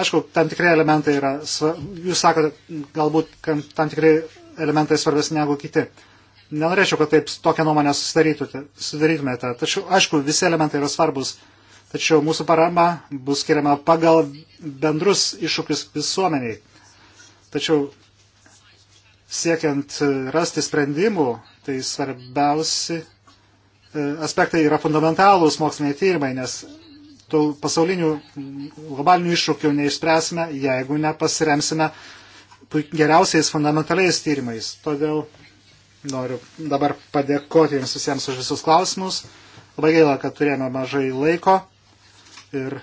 Aišku, tam tikri elementai yra, jūs sakote, galbūt tam tikri elementai svarbesni negu kiti. Nenorėčiau, kad taip tokią nuomonę sudarytumėte. Tačiau, aišku, visi elementai yra svarbus. Tačiau mūsų parama bus skiriama pagal bendrus iššūkius visuomeniai. Tačiau siekiant rasti sprendimų, tai svarbiausi e, aspektai yra fundamentalūs moksliniai tyrimai, nes tų pasaulinių globalinių iššūkių neišspręsime, jeigu nepasiremsime geriausiais fundamentaliais tyrimais. Todėl noriu dabar padėkoti jums visiems už visus klausimus. Labai gaila, kad turėjome mažai laiko ir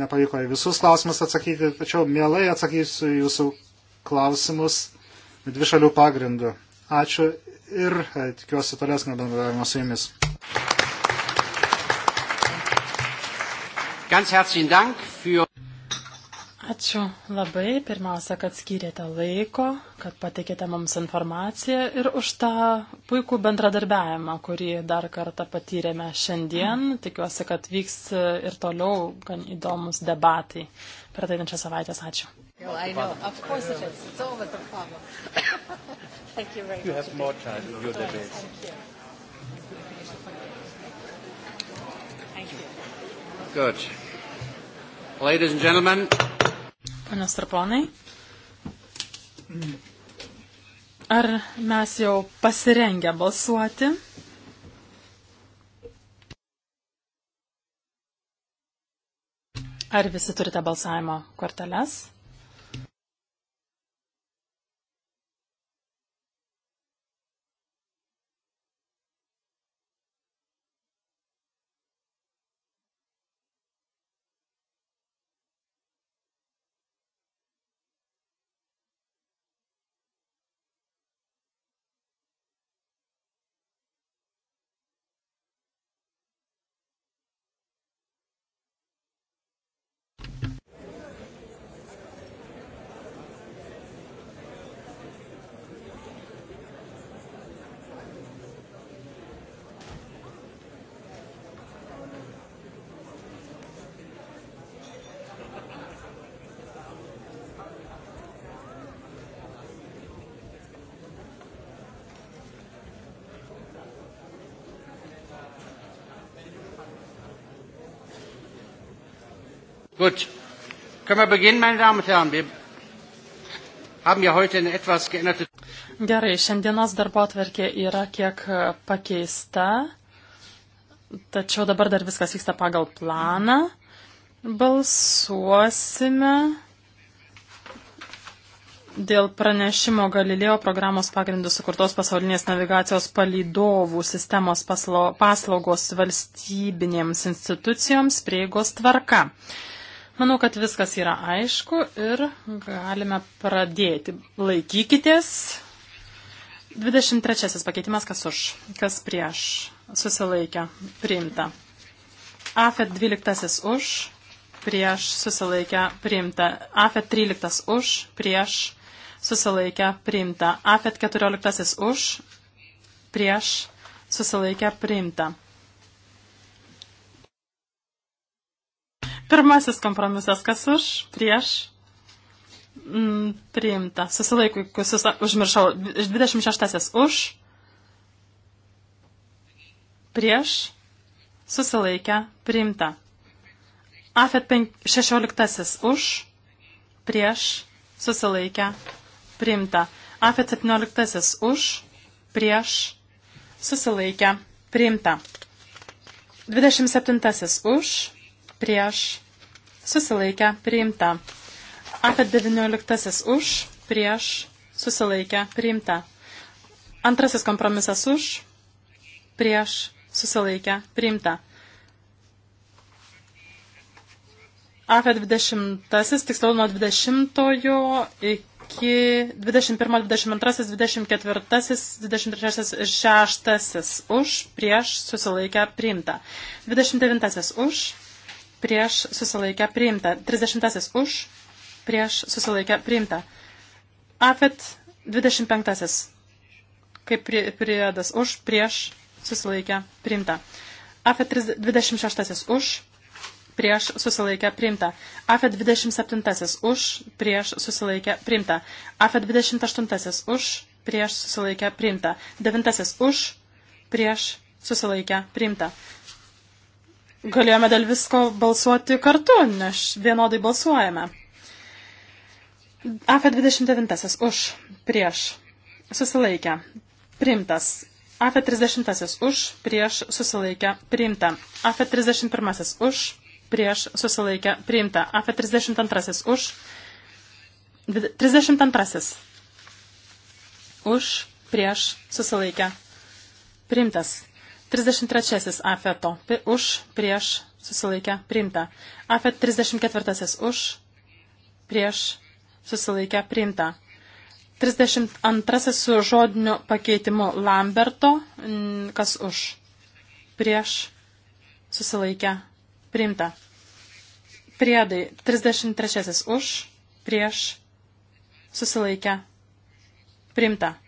nepavyko į visus klausimus atsakyti, tačiau mielai atsakysiu jūsų klausimus dvi šalių pagrindų. Ačiū ir e, tikiuosi tolesnio bendravimo su jumis. Ganz herzlichen Dank für Ačiū labai, pirmiausia, kad skyrėte laiko, kad patikėte mums informaciją ir už tą puikų bendradarbiavimą, kurį dar kartą patyrėme šiandien. Tikiuosi, kad vyks ir toliau gan įdomus debatai per ateinančią savaitę. Ačiū. Good. Ladies and gentlemen, Panas ir ponai, ar mes jau pasirengę balsuoti? Ar visi turite balsavimo korteles? Gut. Können wir beginnen, meine Damen und Herren? Wir haben ja heute eine etwas geänderte. Gerai, šiandienos darbo atverkė yra kiek e, pakeista, tačiau dabar dar viskas vyksta pagal planą. Balsuosime dėl pranešimo Galilėjo programos pagrindų sukurtos pasaulinės navigacijos palydovų sistemos paslaugos valstybinėms institucijoms prieigos tvarka. Manau, kad viskas yra aišku ir galime pradėti. Laikykitės. 23 pakeitimas, kas už, kas prieš, susilaikė, priimta. AFET 12 už, prieš, susilaikė, priimta. AFET 13 už, prieš, susilaikė, priimta. AFET 14 už, prieš, susilaikė, priimta. Pirmasis kompromisas, kas už, prieš, mm, priimta. Susilaikui, kusis užmiršau, 26-asis už, prieš, susilaikę, priimta. Afet 16-asis už, prieš, susilaikę, priimta. Afet 17-asis už, prieš, susilaikę, priimta. 27-asis už, prieš susilaikę priimta. Apie 19 už prieš susilaikę priimta. Antrasis kompromisas už prieš susilaikę priimta. Apie 20, tiksliau nuo 20 iki iki 21, 22, 24, 23 ir 6 už, prieš susilaikę priimta. 29 už, prieš susilaikę priimta. 30 už, prieš susilaikę priimta. Afet 25 kaip priedas už, prieš susilaikę priimta. Afet 26 už, prieš susilaikę priimta. AFE 27 už, prieš susilaikę priimta. AFE 28 už, prieš susilaikę priimta. 9 už, prieš susilaikę priimta galėjome dėl visko balsuoti kartu, nes vienodai balsuojame. AF29 už, prieš, susilaikę, priimtas. AF30 už, prieš, susilaikę, priimta. AF31 už, prieš, susilaikę, priimta. AF32 už, 32 už, prieš, susilaikę, priimtas. 33 afeto už, prieš, susilaikę, priimta. Afet 34 už, prieš, susilaikę, priimta. 32 su žodiniu pakeitimu Lamberto, kas už, prieš, susilaikę, priimta. Priedai 33 už, prieš, susilaikę, priimta.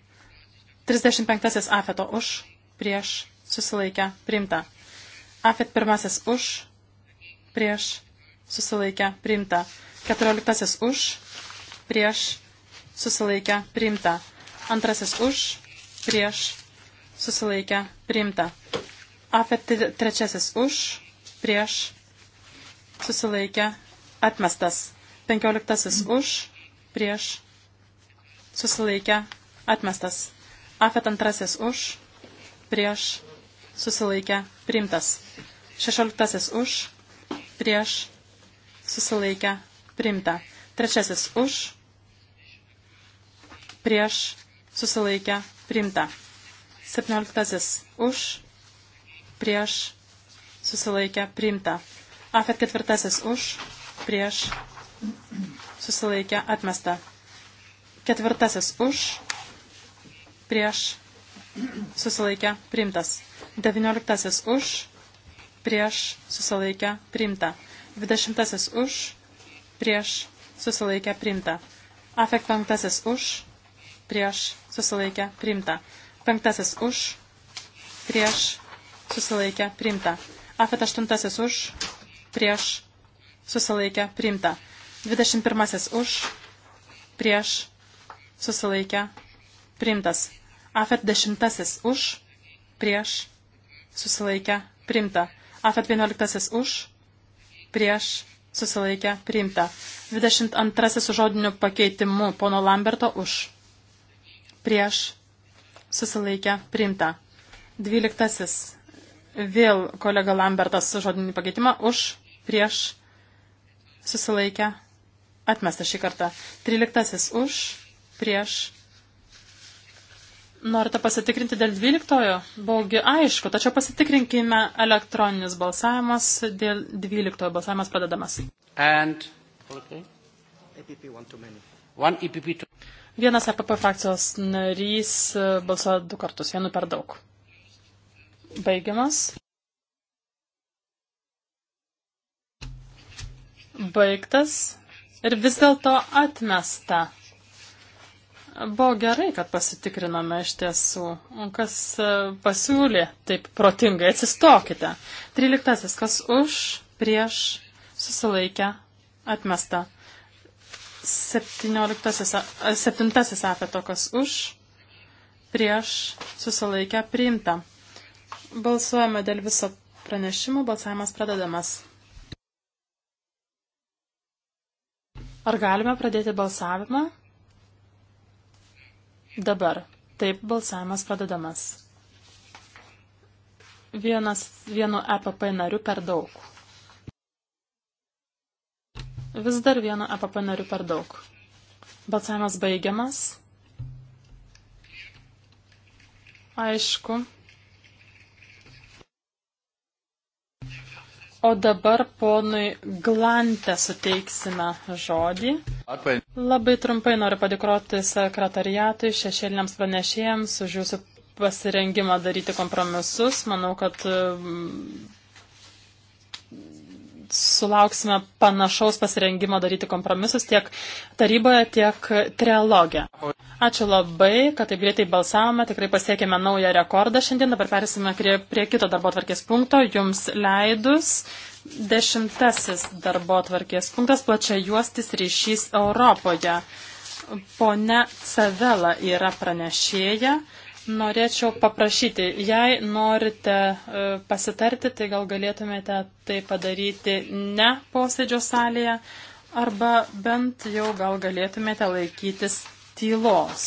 35 afeto už, prieš, susilaikę, priimta. Afet pirmasis už, prieš, susilaikę, priimta. Keturioliktasis už, prieš, susilaikę, priimta. Antrasis už, prieš, susilaikę, priimta. Afet trečiasis už, prieš, susilaikę, atmestas. Penkioliktasis už, prieš, susilaikę, atmestas. Afet antrasis už, prieš, susilaikė primtas. Šešioliktasis už, prieš, susilaikė primta. Trečiasis už, prieš, susilaikė primta. Septynioliktasis už, prieš, susilaikė primta. Afet ketvirtasis už, prieš, susilaikė atmesta. Ketvirtasis už, prieš, susilaikė primtas. Devynioliktasis už, prieš susilaikę priimta. Dvidešimtasis už, prieš susilaikę priimta. Afek penktasis už, prieš susilaikę priimta. Penktasis už, prieš susilaikę priimta. Afet aštuntasis už, prieš susilaikę priimta. Dvidešimt pirmasis už, prieš susilaikę priimtas. Afet dešimtasis už, prieš susilaikę priimta. Afet 11 už, prieš susilaikę priimta. 22 su žodiniu pakeitimu pono Lamberto už, prieš susilaikę priimta. 12 vėl kolega Lambertas su žodiniu pakeitimą už, prieš susilaikę atmesta šį kartą. 13 už, prieš Norite pasitikrinti dėl 12-ojo? Baugi aišku, tačiau pasitikrinkime elektroninis balsavimas dėl 12-ojo. Balsavimas pradedamas. And... Okay. EPP one too many. One EPP too... Vienas EPP frakcijos narys e, balsuoja du kartus, vienu per daug. Baigiamas. Baigtas. Ir vis dėlto atmesta. Buvo gerai, kad pasitikrinome iš tiesų. Kas e, pasiūlė, taip protingai atsistokite. Tryliktasis, kas už, prieš, susilaikę, atmesta. Septynioliktasis, e, septintasis afeto, kas už, prieš, susilaikę, priimta. Balsuojame dėl viso pranešimo, balsavimas pradedamas. Ar galime pradėti balsavimą? Dabar. Taip balsavimas pradedamas. Vienas vienu EPP nariu per daug. Vis dar vienu EPP nariu per daug. Balsavimas baigiamas. Aišku. O dabar ponui Glantę suteiksime žodį. Labai trumpai noriu padėkoti sekretariatui, šešėliniams pranešėjams už jūsų pasirengimą daryti kompromisus. Manau, kad mm, sulauksime panašaus pasirengimo daryti kompromisus tiek taryboje, tiek trialogė. Ačiū labai, kad taip greitai balsavome, tikrai pasiekėme naują rekordą. Šiandien dabar persime prie, prie kito darbo tvarkės punkto, jums leidus. Dešimtasis darbo tvarkės punktas plačia juostis ryšys Europoje. Pone Cavela yra pranešėja. Norėčiau paprašyti, jei norite e, pasitarti, tai gal galėtumėte tai padaryti ne posėdžio salėje, arba bent jau gal galėtumėte laikytis tylos.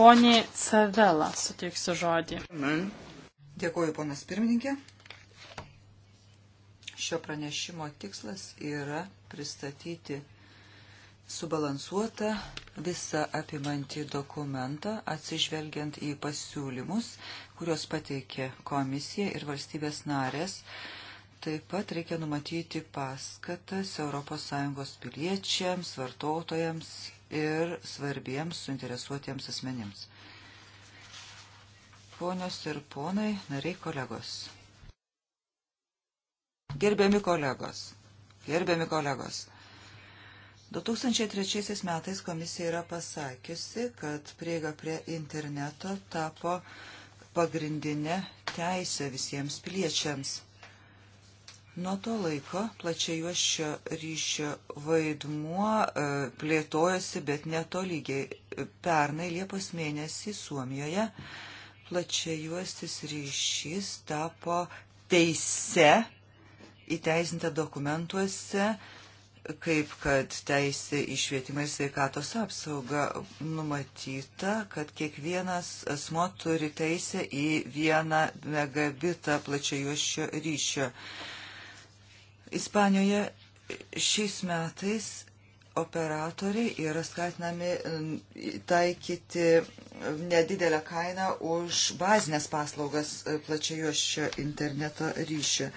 Poniai Cavela suteiksiu žodį. Dėkuoju, ponas pirmininkė. Šio pranešimo tikslas yra pristatyti subalansuotą visą apimantį dokumentą, atsižvelgiant į pasiūlymus, kuriuos pateikė komisija ir valstybės narės. Taip pat reikia numatyti paskatas ES piliečiams, vartotojams ir svarbiems suinteresuotiems asmenims. Ponios ir ponai, nariai kolegos. Gerbiami kolegos, gerbiami kolegos, 2003 metais komisija yra pasakiusi, kad prieiga prie interneto tapo pagrindinė teisė visiems piliečiams. Nuo to laiko plačiajuošio ryšio vaidmuo e, plėtojasi, bet netolygiai. Pernai Liepos mėnesį Suomijoje plačiajuostis ryšys tapo teise įteisinta dokumentuose, kaip kad teisė į švietimą ir sveikatos apsaugą numatyta, kad kiekvienas asmo turi teisę į vieną megabitą plačiajuošio ryšio. Ispanijoje šiais metais operatoriai yra skatinami taikyti nedidelę kainą už bazinės paslaugas e, plačiajuoščio interneto ryšio.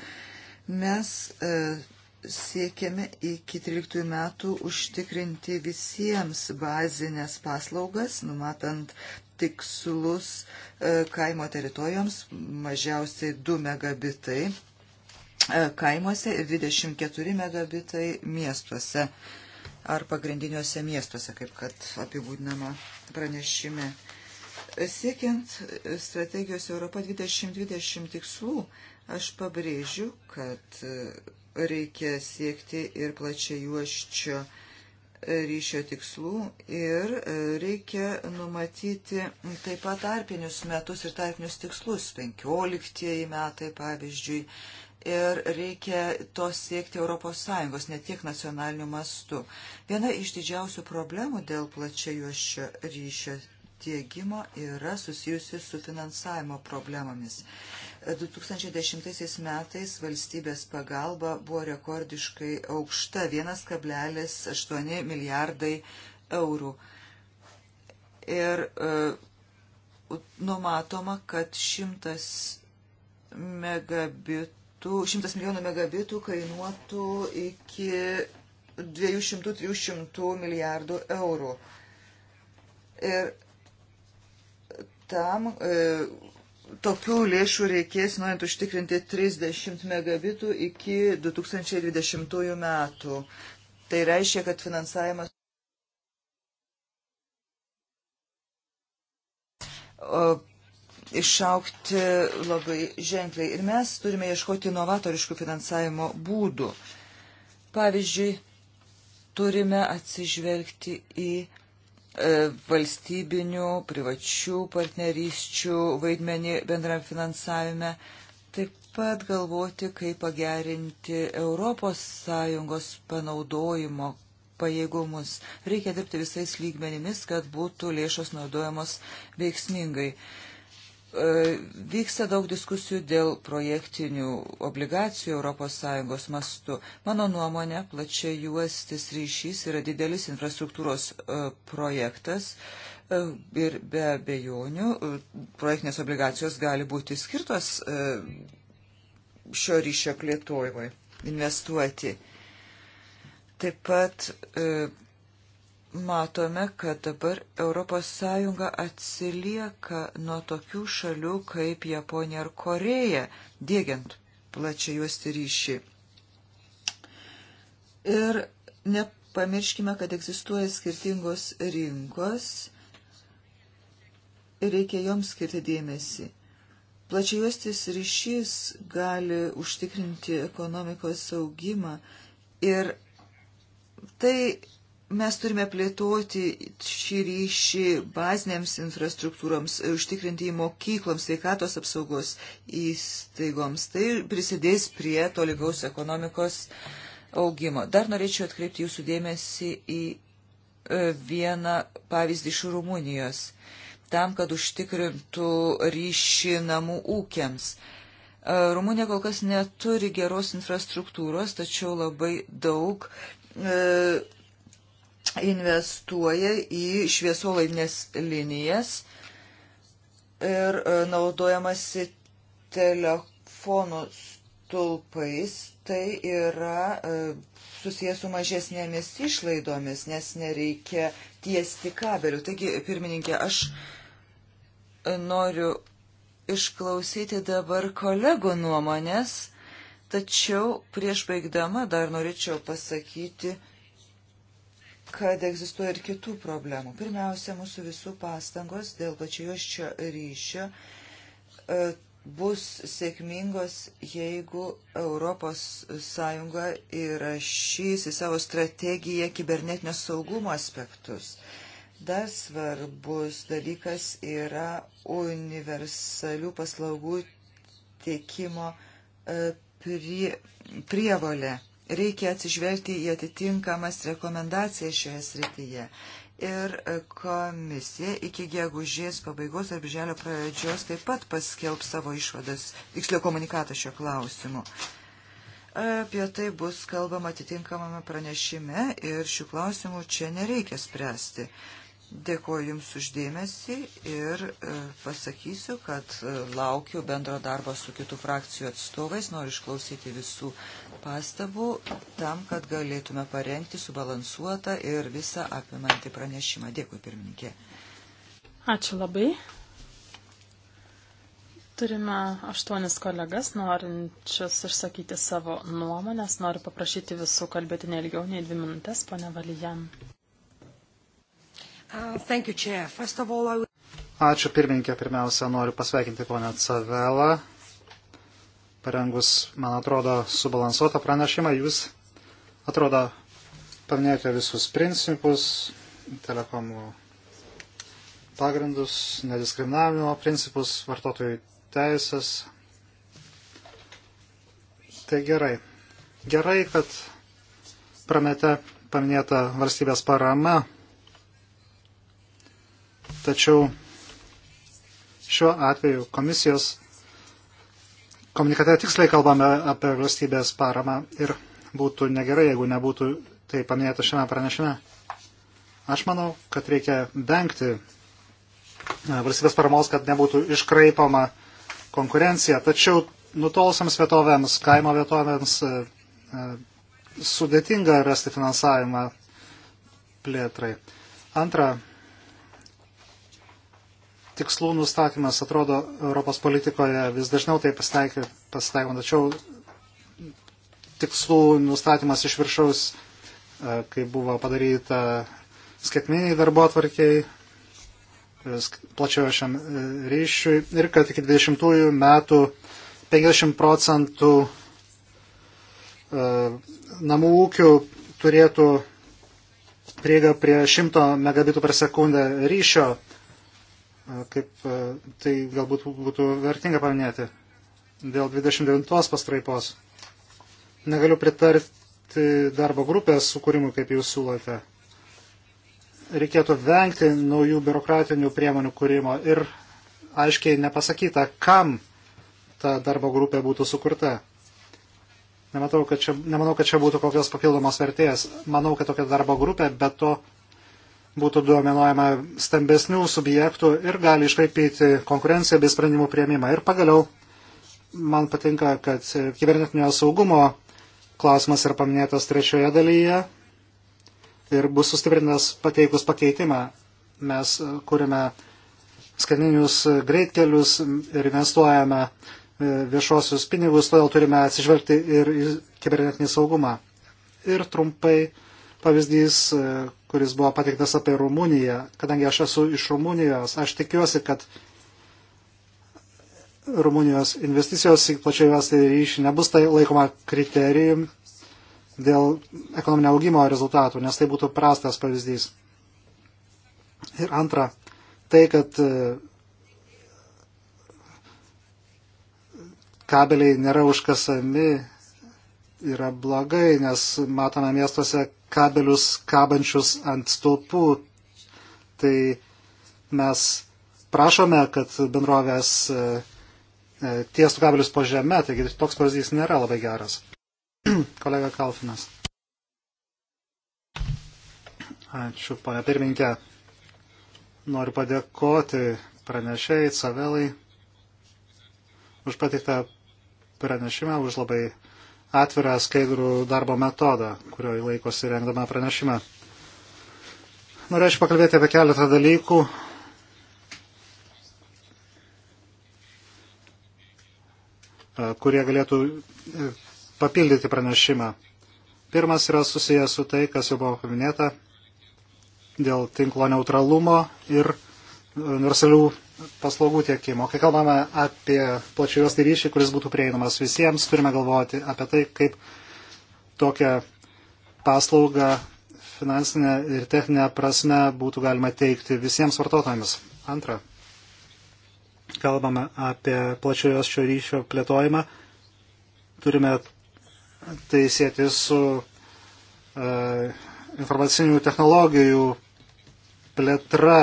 Mes e, siekiame iki 13 metų užtikrinti visiems bazinės paslaugas, numatant tikslus e, kaimo teritorijoms mažiausiai 2 megabitai e, kaimuose ir 24 megabitai miestuose ar pagrindiniuose miestuose, kaip kad apibūdinama pranešime. Siekiant strategijos Europa 2020 tikslų, Aš pabrėžiu, kad e, reikia siekti ir plačiai juoščio e, ryšio tikslų ir e, reikia numatyti taip pat tarpinius metus ir tarpinius tikslus, 15 metai pavyzdžiui, ir reikia to siekti ES, ne tiek nacionaliniu mastu. Viena iš didžiausių problemų dėl plačiai juoščio ryšio tiegimo yra susijusi su finansavimo problemomis. 2010 metais valstybės pagalba buvo rekordiškai aukšta - 1,8 milijardai eurų. Ir e, numatoma, kad 100 megabitų megabitų, 100 milijonų megabitų kainuotų iki 200-300 milijardų eurų. Ir tam e, tokių lėšų reikės, norint užtikrinti 30 megabitų iki 2020 metų. Tai reiškia, kad finansavimas išaukti labai ženkliai. Ir mes turime ieškoti novatoriškų finansavimo būdų. Pavyzdžiui, turime atsižvelgti į E, valstybinių, privačių partnerysčių vaidmenį bendram finansavime, taip pat galvoti, kaip pagerinti ES panaudojimo pajėgumus. Reikia dirbti visais lygmenimis, kad būtų lėšos naudojamos veiksmingai. E, E, vyksta daug diskusijų dėl projektinių obligacijų ES mastu. Mano nuomonė, plačia juostis ryšys yra didelis infrastruktūros e, projektas e, ir be abejonių projektinės obligacijos gali būti skirtos šio ryšio plėtojimui, investuoti. Taip pat matome, kad dabar ES atsilieka nuo tokių šalių kaip Japonija ar Koreja, dėgiant plačiai juosti ryšį. Ir nepamirškime, kad egzistuoja skirtingos rinkos ir reikia joms skirti dėmesį. Plačiajuostis ryšys gali užtikrinti ekonomikos saugimą ir tai Mes turime plėtoti šį ryšį bazinėms infrastruktūroms, e, užtikrinti į mokykloms, sveikatos apsaugos įstaigoms. Tai prisidės prie tolygaus ekonomikos augimo. Dar norėčiau atkreipti jūsų dėmesį į e, vieną pavyzdį iš Rumunijos, tam, kad užtikrintų ryšį namų ūkiams. E, Rumunija kol kas neturi geros infrastruktūros, tačiau labai daug e, investuoja į šviesolaidinės linijas ir e, naudojamasi telefonų stulpais. Tai yra e, susijęs su mažesnėmis išlaidomis, nes nereikia tiesti kabelių. Taigi, pirmininkė, aš e, noriu išklausyti dabar kolegų nuomonės, tačiau prieš baigdama dar norėčiau pasakyti, kad egzistuoja ir kitų problemų. Pirmiausia, mūsų visų pastangos dėl plačiojoščio ryšio e, bus sėkmingos, jeigu ES įrašys į savo strategiją kibernetinio saugumo aspektus. Dar svarbus dalykas yra universalių paslaugų tiekimo e, prie, prievolė reikia atsižvelgti į atitinkamas rekomendacijas šioje srityje. Ir komisija iki gegužės pabaigos ar birželio pradžios taip pat paskelb savo išvadas, tiksliau komunikatą šio klausimu. Apie tai bus kalbama atitinkamame pranešime ir šių klausimų čia nereikia spręsti. Dėkuoju Jums uždėmesį ir e, pasakysiu, kad e, laukiu bendro darbo su kitų frakcijų atstovais, noriu išklausyti visų pastabų tam, kad galėtume parengti subalansuotą ir visą apimantį pranešimą. Dėkui, pirmininkė. Ačiū labai. Turime aštuonis kolegas, norinčius išsakyti savo nuomonės. Noriu paprašyti visų kalbėti nelgiau nei dvi minutės, ponia Valijan. Uh, Ačiū pirmininkė. Pirmiausia, noriu pasveikinti ponę Cavelą. Parengus, man atrodo, subalansuotą pranešimą, jūs, atrodo, paminėjote visus principus, telekomų pagrindus, nediskriminavimo principus, vartotojų teisės. Tai gerai. Gerai, kad pramete paminėta valstybės parama Tačiau šiuo atveju komisijos komunikate tiksliai kalbame apie valstybės paramą ir būtų negerai, jeigu nebūtų tai paminėta šiame pranešime. Aš manau, kad reikia vengti e, valstybės paramos, kad nebūtų iškraipama konkurencija. Tačiau nutolsiams vietovėms, kaimo vietovėms e, e, sudėtinga rasti finansavimą plėtrai. Antra, tikslų nustatymas atrodo Europos politikoje vis dažniau tai pasitaiko, tačiau tikslų nustatymas iš viršaus, e, kai buvo padaryta skaitminiai darbo atvarkiai, e, plačiojo šiam e, ryšiui ir kad iki 20 metų 50 procentų namų ūkių turėtų prieigą prie 100 megabitų per sekundę ryšio kaip tai galbūt būtų vertinga paminėti. Dėl 29 pastraipos negaliu pritarti darbo grupės sukūrimui, kaip jūs siūlote. Reikėtų vengti naujų biurokratinių priemonių kūrimo ir aiškiai nepasakyta, kam ta darbo grupė būtų sukurta. Nematau, kad čia, nemanau, kad čia būtų kokios papildomos vertės. Manau, kad tokia darbo grupė be to būtų duomenuojama stambesnių subjektų ir gali iškaipyti konkurenciją bei sprendimų prieimimą. Ir pagaliau man patinka, kad kibernetinio saugumo klausimas yra paminėtas trečioje dalyje ir bus sustiprintas pateikus pakeitimą. Mes kūrime skaninius greitkelius ir investuojame e, viešuosius pinigus, todėl turime atsižvelgti ir į kibernetinį saugumą. Ir trumpai pavyzdys, e, kuris buvo pateiktas apie Rumuniją. Kadangi aš esu iš Rumunijos, aš tikiuosi, kad Rumunijos investicijos į plačiai juostą ryšį nebus tai laikoma kriterijum dėl ekonominio augimo rezultatų, nes tai būtų prastas pavyzdys. Ir antra, tai, kad e, kabeliai nėra užkasami, yra blogai, nes matome miestuose, kabelius kabančius ant stulpų. Tai mes prašome, kad bendrovės e, e, tiestų kabelius po žemę, taigi toks pavyzdys nėra labai geras. Kolega Kalfinas. Ačiū, ponia pirmininkė. Noriu padėkoti pranešėjai Cavelai už patiktą pranešimą, už labai atvirą skaidrų darbo metodą, kurio laikosi rengdama pranešimą. Norėčiau pakalbėti apie keletą dalykų. kurie galėtų e, papildyti pranešimą. Pirmas yra susijęs su tai, kas jau buvo paminėta, dėl tinklo neutralumo ir universalių paslaugų tiekimo. Kai kalbame apie plačios tai ryšį, kuris būtų prieinamas visiems, turime galvoti apie tai, kaip tokią paslaugą finansinę ir techninę prasme būtų galima teikti visiems vartotojams. Antra, kalbame apie plačios šio ryšio plėtojimą, turime tai sėti su uh, informacinių technologijų plėtra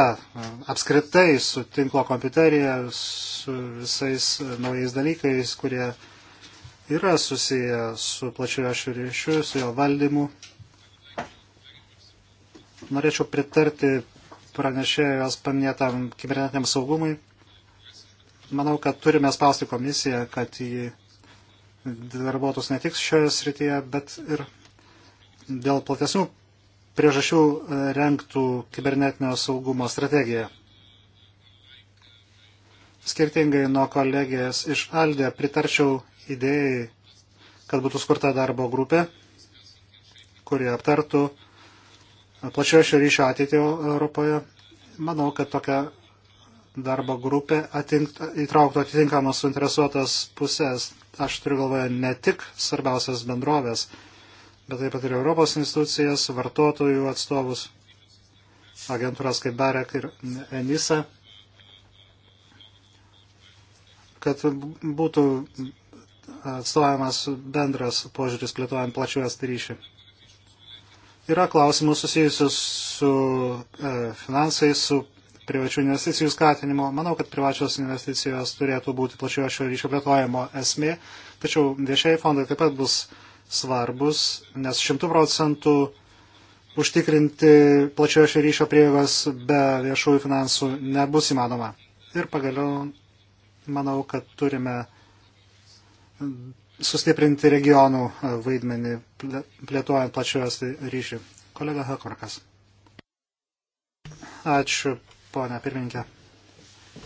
apskritai su tinklo kompiuterija, su visais naujais dalykais, kurie yra susiję su plačiojo ryšiu, su jo valdymu. Norėčiau pritarti pranešėjos paminėtam kibernetiniam saugumui. Manau, kad turime spausti komisiją, kad ji darbuotus ne tik šioje srityje, bet ir dėl platesnių priežasčių e, renktų kibernetinio saugumo strategiją. Skirtingai nuo kolegijas iš Aldė pritarčiau idėjai, kad būtų skurta darbo grupė, kurie aptartų plačiojo šio ryšio ateitį Europoje. Manau, kad tokia darbo grupė atink, įtrauktų atitinkamas suinteresuotas pusės. Aš turiu galvoje ne tik svarbiausias bendrovės, bet taip pat ir Europos institucijas, vartotojų atstovus, agentūras kaip BEREK ir ENISA, kad būtų atstovavimas bendras požiūris plėtojant plačių ryšį. Yra klausimų susijusių su e, finansais, su privačių investicijų skatinimo. Manau, kad privačios investicijos turėtų būti plačiojo šio ryšio plėtojimo esmė, tačiau viešieji fondai taip pat bus svarbus, nes šimtų procentų užtikrinti plačiojo šio ryšio prieigos be viešųjų finansų nebus įmanoma. Ir pagaliau manau, kad turime sustiprinti regionų vaidmenį plėtojant plačiojos ryšį. Kolega Hakorkas. Ačiū, ponia pirmininkė.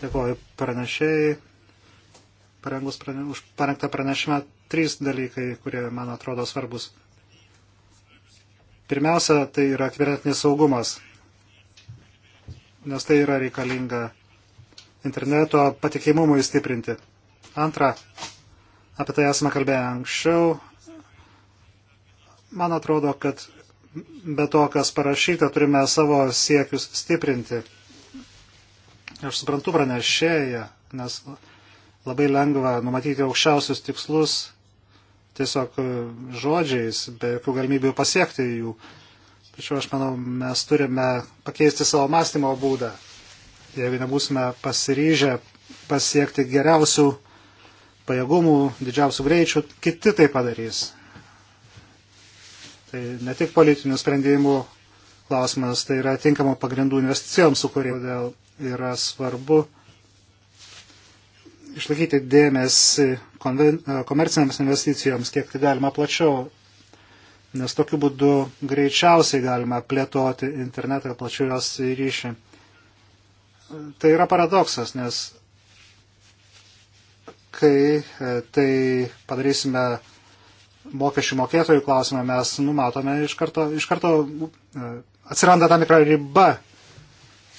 Dėkuoju pranešėjai. Parengus prane, už parengtą pranešimą trys dalykai, kurie man atrodo svarbus. Pirmiausia, tai yra kibernetinis saugumas, nes tai yra reikalinga interneto patikimumui stiprinti. Antra, apie tai esame kalbėję anksčiau. Man atrodo, kad be to, kas parašyta, turime savo siekius stiprinti. Aš suprantu pranešėją, nes labai lengva numatyti aukščiausius tikslus tiesiog e, žodžiais, be jokių galimybių pasiekti jų. Tačiau aš manau, mes turime pakeisti savo mąstymo būdą. Jeigu nebūsime pasiryžę pasiekti geriausių pajėgumų, didžiausių greičių, kiti tai padarys. Tai ne tik politinių sprendimų klausimas, tai yra tinkamų pagrindų investicijoms sukūrimo. Todėl yra svarbu išlaikyti dėmesį E, komercinėms investicijoms, kiek tai galima plačiau, nes tokiu būdu greičiausiai galima plėtoti internetą plačiu jos ryšį. Tai yra paradoksas, nes kai e, tai padarysime mokesčių mokėtojų klausimą, mes numatome iš karto, iš karto e, atsiranda tam tikra riba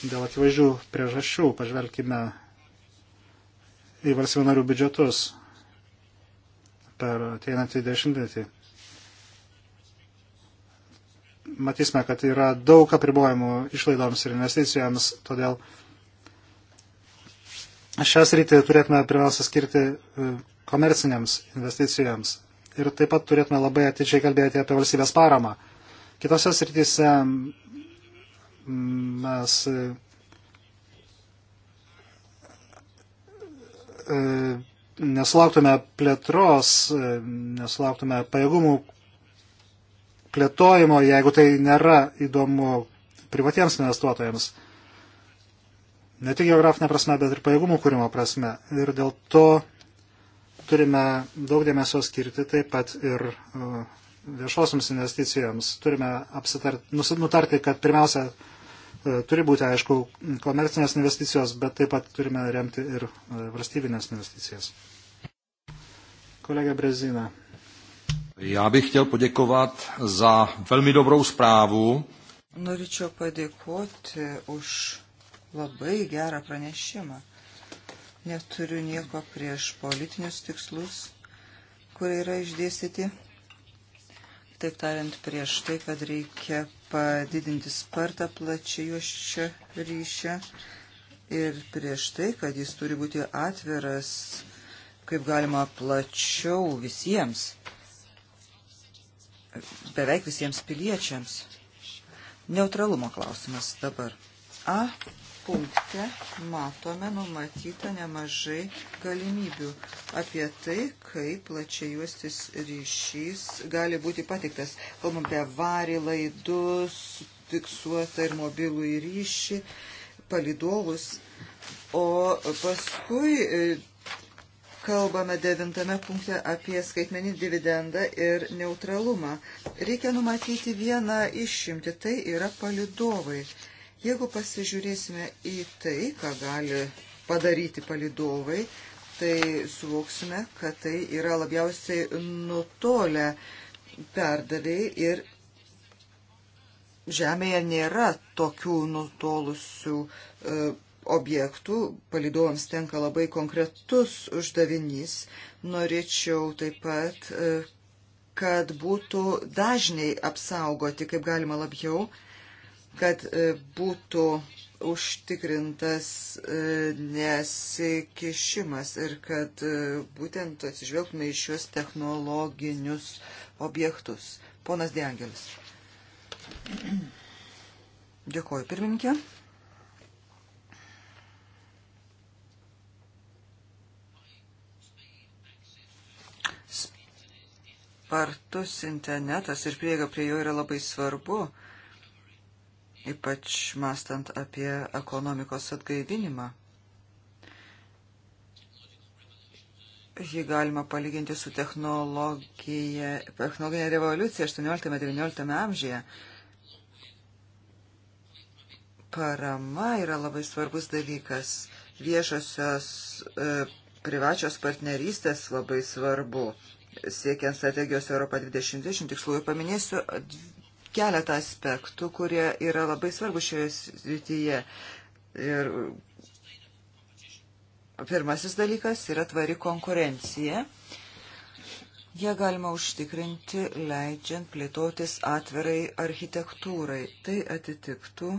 dėl akivaizdžių priežasčių. Pažvelkime į valstybių narių biudžetus per ateinantį dešimtmetį. Matysime, kad yra daug apribojimų išlaidoms ir investicijoms, todėl šias rytį turėtume pirmiausia skirti e, komerciniams investicijoms. Ir taip pat turėtume labai atidžiai kalbėti apie valstybės paramą. Kitose srityse mm, mes e, e, nesulauktume plėtros, e, nesulauktume pajėgumų plėtojimo, jeigu tai nėra įdomu privatiems investuotojams. Ne tik geografinė prasme, bet ir pajėgumų kūrimo prasme. Ir dėl to turime daug dėmesio skirti taip pat ir e, viešosiams investicijoms. Turime apsitart, nutarti, kad pirmiausia E, turi būti, aišku, komercinės investicijos, bet taip pat turime remti ir e, valstybinės investicijas. Kolega Brezina. Já bych chtěl poděkovat za velmi dobrou zprávu. Norėčiau padėkoti už labai gerą pranešimą. Neturiu nieko prieš politinius tikslus, kurie yra išdėstyti. Taip tariant, prieš tai, kad reikia padidinti spartą plačiai juoščio ryšio ir prieš tai, kad jis turi būti atviras kaip galima plačiau visiems, beveik visiems piliečiams. Neutralumo klausimas dabar. A punkte matome numatyta nemažai galimybių apie tai, kaip plačiai juostis ryšys gali būti patiktas. Kalbam apie varį, laidus, fiksuotą ir mobilų į ryšį, palidovus. O paskui e, kalbame devintame punkte apie skaitmeninį dividendą ir neutralumą. Reikia numatyti vieną išimti, tai yra palidovai. Jeigu pasižiūrėsime į tai, ką gali padaryti palidovai, tai suvoksime, kad tai yra labiausiai nutolę perdaviai ir Žemėje nėra tokių nutolusių e, objektų, palidovams tenka labai konkretus uždavinys. Norėčiau taip pat, e, kad būtų dažniai apsaugoti, kaip galima labiau, e, kad e, būtų užtikrintas e, nesikišimas ir kad e, būtent atsižvelgtume į šios technologinius objektus. Ponas Diengelis. Dėkuoju, pirmininkė. Spartus internetas ir prieiga prie jo yra labai svarbu ypač mastant apie ekonomikos atgaivinimą. Jį galima palyginti su technologija, technologinė revoliucija 18-19 amžiuje. Parama yra labai svarbus dalykas. Viešosios e, privačios partnerystės labai svarbu. Siekiant strategijos Europą 2020 tikslų, paminėsiu keletą aspektų, kurie yra labai svarbu šioje srityje. Ir pirmasis dalykas yra tvari konkurencija. Jie galima užtikrinti, leidžiant plėtotis atvirai architektūrai. Tai atitiktų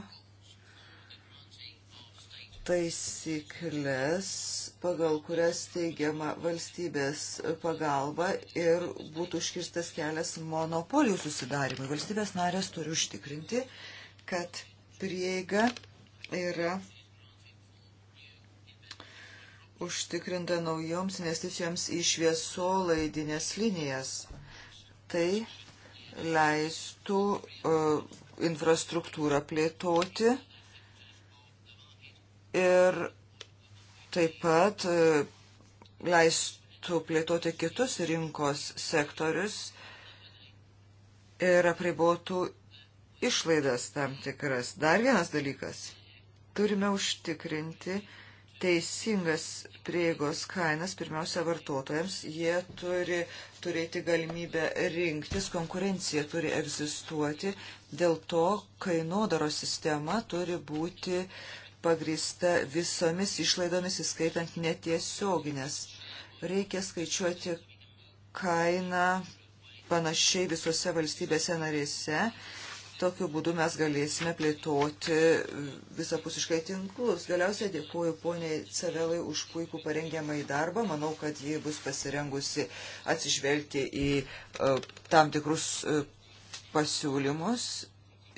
taisyklės, pagal kurias teigiama valstybės pagalba ir būtų užkirstas kelias monopolijų susidarimui. Valstybės narės turi užtikrinti, kad prieiga yra užtikrinta naujoms investicijoms į šviesolaidinės linijas. Tai leistų uh, infrastruktūrą plėtoti ir taip pat e, leistų plėtoti kitus rinkos sektorius ir apribotų išlaidas tam tikras. Dar vienas dalykas. Turime užtikrinti teisingas prieigos kainas, pirmiausia, vartotojams. Jie turi turėti galimybę rinktis, konkurencija turi egzistuoti, dėl to kainodaro sistema turi būti uh, pagrįsta visomis išlaidomis, įskaitant netiesioginės. Reikia skaičiuoti kainą panašiai visose valstybėse narėse. Tokiu būdu mes galėsime plėtoti visapusiškai tinklus. Galiausiai dėkuoju poniai Cevelai už puikų parengiamą į darbą. Manau, kad ji bus pasirengusi atsižvelgti į uh, tam tikrus uh, pasiūlymus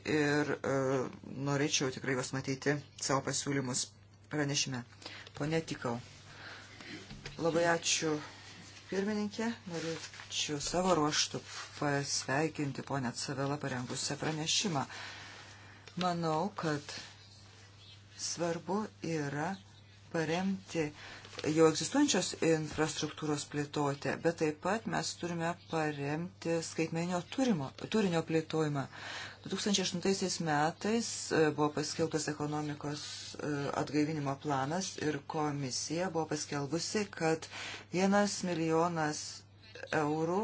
ir uh, norėčiau tikrai juos matyti savo pasiūlymus pranešime. Pone Tikau, labai ačiū pirmininkė, norėčiau savo ruoštų pasveikinti ponę Cavelą parengusią pranešimą. Manau, kad svarbu yra paremti jau egzistuojančios infrastruktūros plėtotę, bet taip pat mes turime paremti skaitmenio turimo, turinio plėtojimą. 2008 metais e, buvo paskelbtas ekonomikos e, atgaivinimo planas ir komisija buvo paskelbusi, kad vienas milijonas eurų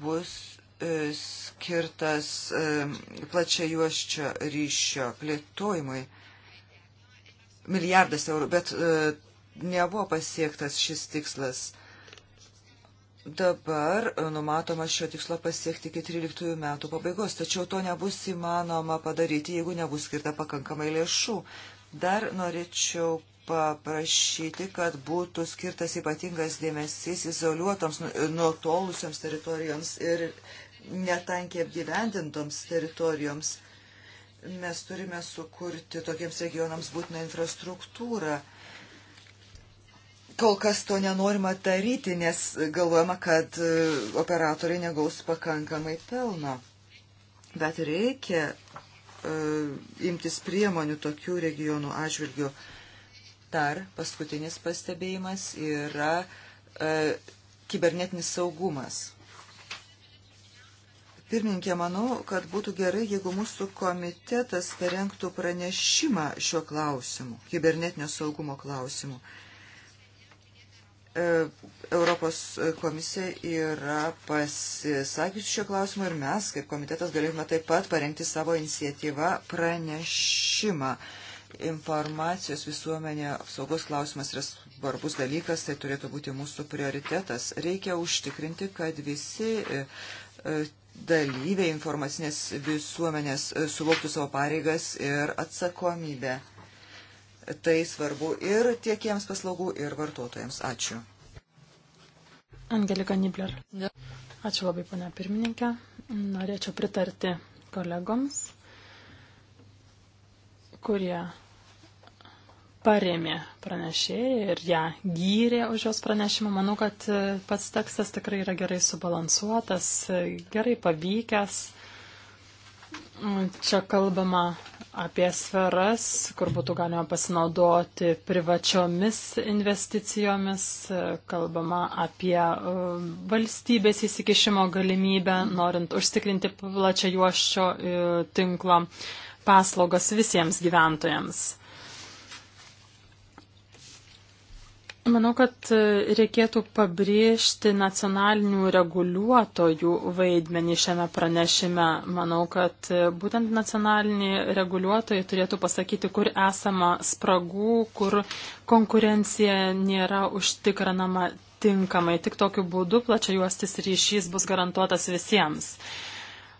bus e, skirtas plačia juoščio ryšio plėtojimui. Milijardas eurų, bet nebuvo pasiektas šis tikslas. Dabar e, numatoma šio tikslo pasiekti iki 13 metų pabaigos, tačiau to nebus įmanoma padaryti, jeigu nebus skirta pakankamai lėšų. Dar norėčiau paprašyti, kad būtų skirtas ypatingas dėmesys izoliuotoms, nu, e, nuotolusioms teritorijoms ir netankiai apgyvendintoms teritorijoms. Mes turime sukurti tokiems regionams būtiną infrastruktūrą kol kas to nenorima daryti, nes galvojama, kad e, operatoriai negaus pakankamai pelno. Bet reikia uh, imtis priemonių tokių regionų atžvilgių. Dar paskutinis pastebėjimas yra uh, kibernetinis saugumas. Pirmininkė, manau, kad būtų gerai, jeigu mūsų komitetas parengtų pranešimą šiuo klausimu, kibernetinio saugumo klausimu. Uh, E, Europos komisija yra pasisakysi šio klausimo ir mes, kaip komitetas, galėtume taip pat parengti savo iniciatyvą pranešimą. Informacijos visuomenė apsaugos klausimas yra svarbus dalykas, tai turėtų būti mūsų prioritetas. Reikia užtikrinti, kad visi e, e, dalyviai informacinės visuomenės suvoktų savo pareigas ir atsakomybę tai svarbu ir tiekiems paslaugų, ir vartotojams. Ačiū. Angelika Nibler. Ačiū labai, ponia pirmininkė. Norėčiau pritarti kolegoms, kurie paremė pranešėją ir ją gyrė už jos pranešimą. Manau, kad pats tekstas tikrai yra gerai subalansuotas, gerai pavykęs. Čia kalbama apie sferas, kur būtų galima pasinaudoti privačiomis investicijomis, kalbama apie e, valstybės įsikišimo galimybę, norint užtikrinti plačią juoščio e, tinklą paslaugas visiems gyventojams. Manau, kad e, reikėtų pabrėžti nacionalinių reguliuotojų vaidmenį šiame pranešime. Manau, kad e, būtent nacionaliniai reguliuotojai turėtų pasakyti, kur esama spragų, kur konkurencija nėra užtikrinama tinkamai. Tik tokiu būdu plačia juostis ryšys bus garantuotas visiems.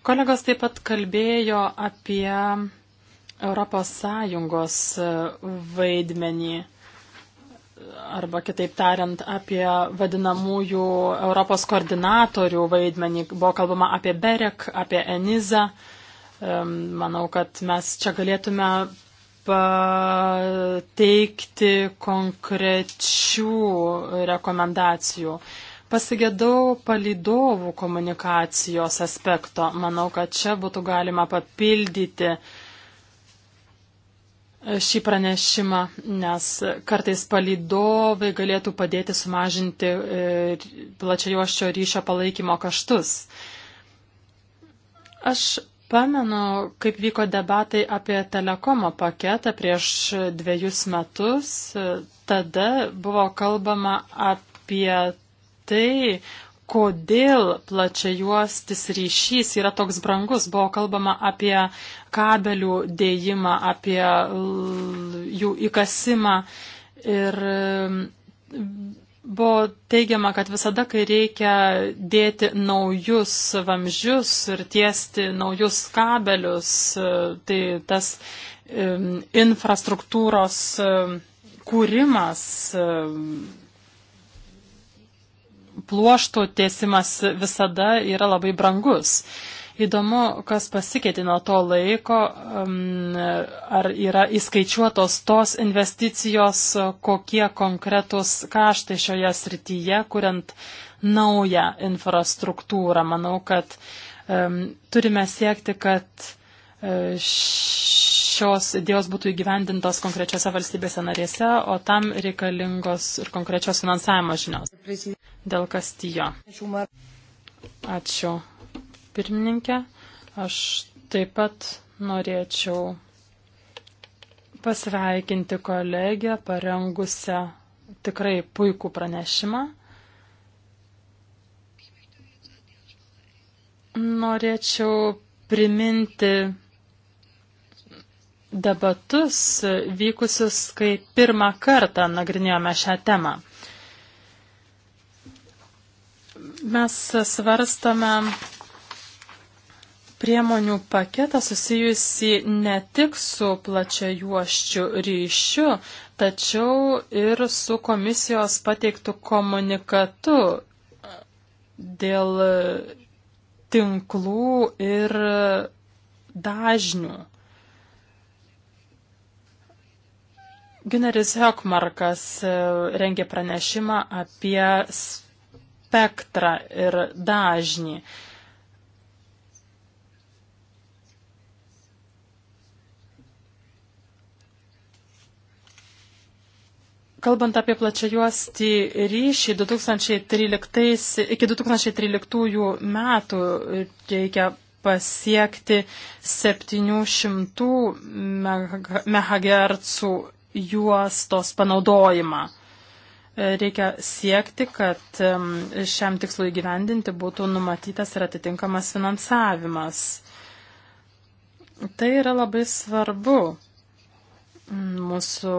Kolegos taip pat kalbėjo apie Europos Sąjungos e, vaidmenį arba kitaip tariant, apie vadinamųjų Europos koordinatorių vaidmenį. Buvo kalbama apie BEREK, apie ENIZą. Manau, kad mes čia galėtume pateikti konkrečių rekomendacijų. Pasigėdau palidovų komunikacijos aspekto. Manau, kad čia būtų galima papildyti uh, šį pranešimą, nes kartais palydovai galėtų padėti sumažinti e, plačiajuoščio ryšio palaikymo kaštus. Aš pamenu, kaip vyko debatai apie telekomo paketą prieš dviejus metus. Tada buvo kalbama apie tai, kodėl plačiajuostis ryšys yra toks brangus. Buvo kalbama apie kabelių dėjimą, apie jų įkasimą ir buvo teigiama, kad visada, kai reikia dėti naujus vamzdžius ir tiesti naujus kabelius, e, tai tas e, infrastruktūros e, kūrimas pluoštų tiesimas visada yra labai brangus. Įdomu, kas pasikeitė nuo to laiko, um, ar yra įskaičiuotos tos investicijos, kokie konkretus kaštai šioje srityje, kuriant naują infrastruktūrą. Manau, kad um, turime siekti, kad ši uh, šios idėjos būtų įgyvendintos konkrečiose valstybėse narėse, o tam reikalingos ir konkrečios finansavimo žinios. Dėl Kastijo. Ačiū. Pirmininkė, aš taip pat norėčiau pasveikinti kolegę parengusią tikrai puikų pranešimą. Norėčiau priminti debatus vykusius, kai pirmą kartą nagrinėjome šią temą. Mes svarstame priemonių paketą susijusi ne tik su plačiajuoščiu ryšiu, tačiau ir su komisijos pateiktų komunikatu dėl tinklų ir dažnių. Güneris Hökmarkas e, rengė pranešimą apie spektrą ir dažnį. Kalbant apie plačiajuostį ryšį, 2013, iki 2013 metų reikia pasiekti 700 MHz juostos panaudojimą. E, reikia siekti, kad šiam tikslui gyvendinti būtų numatytas ir atitinkamas finansavimas. Tai yra labai svarbu. Mūsų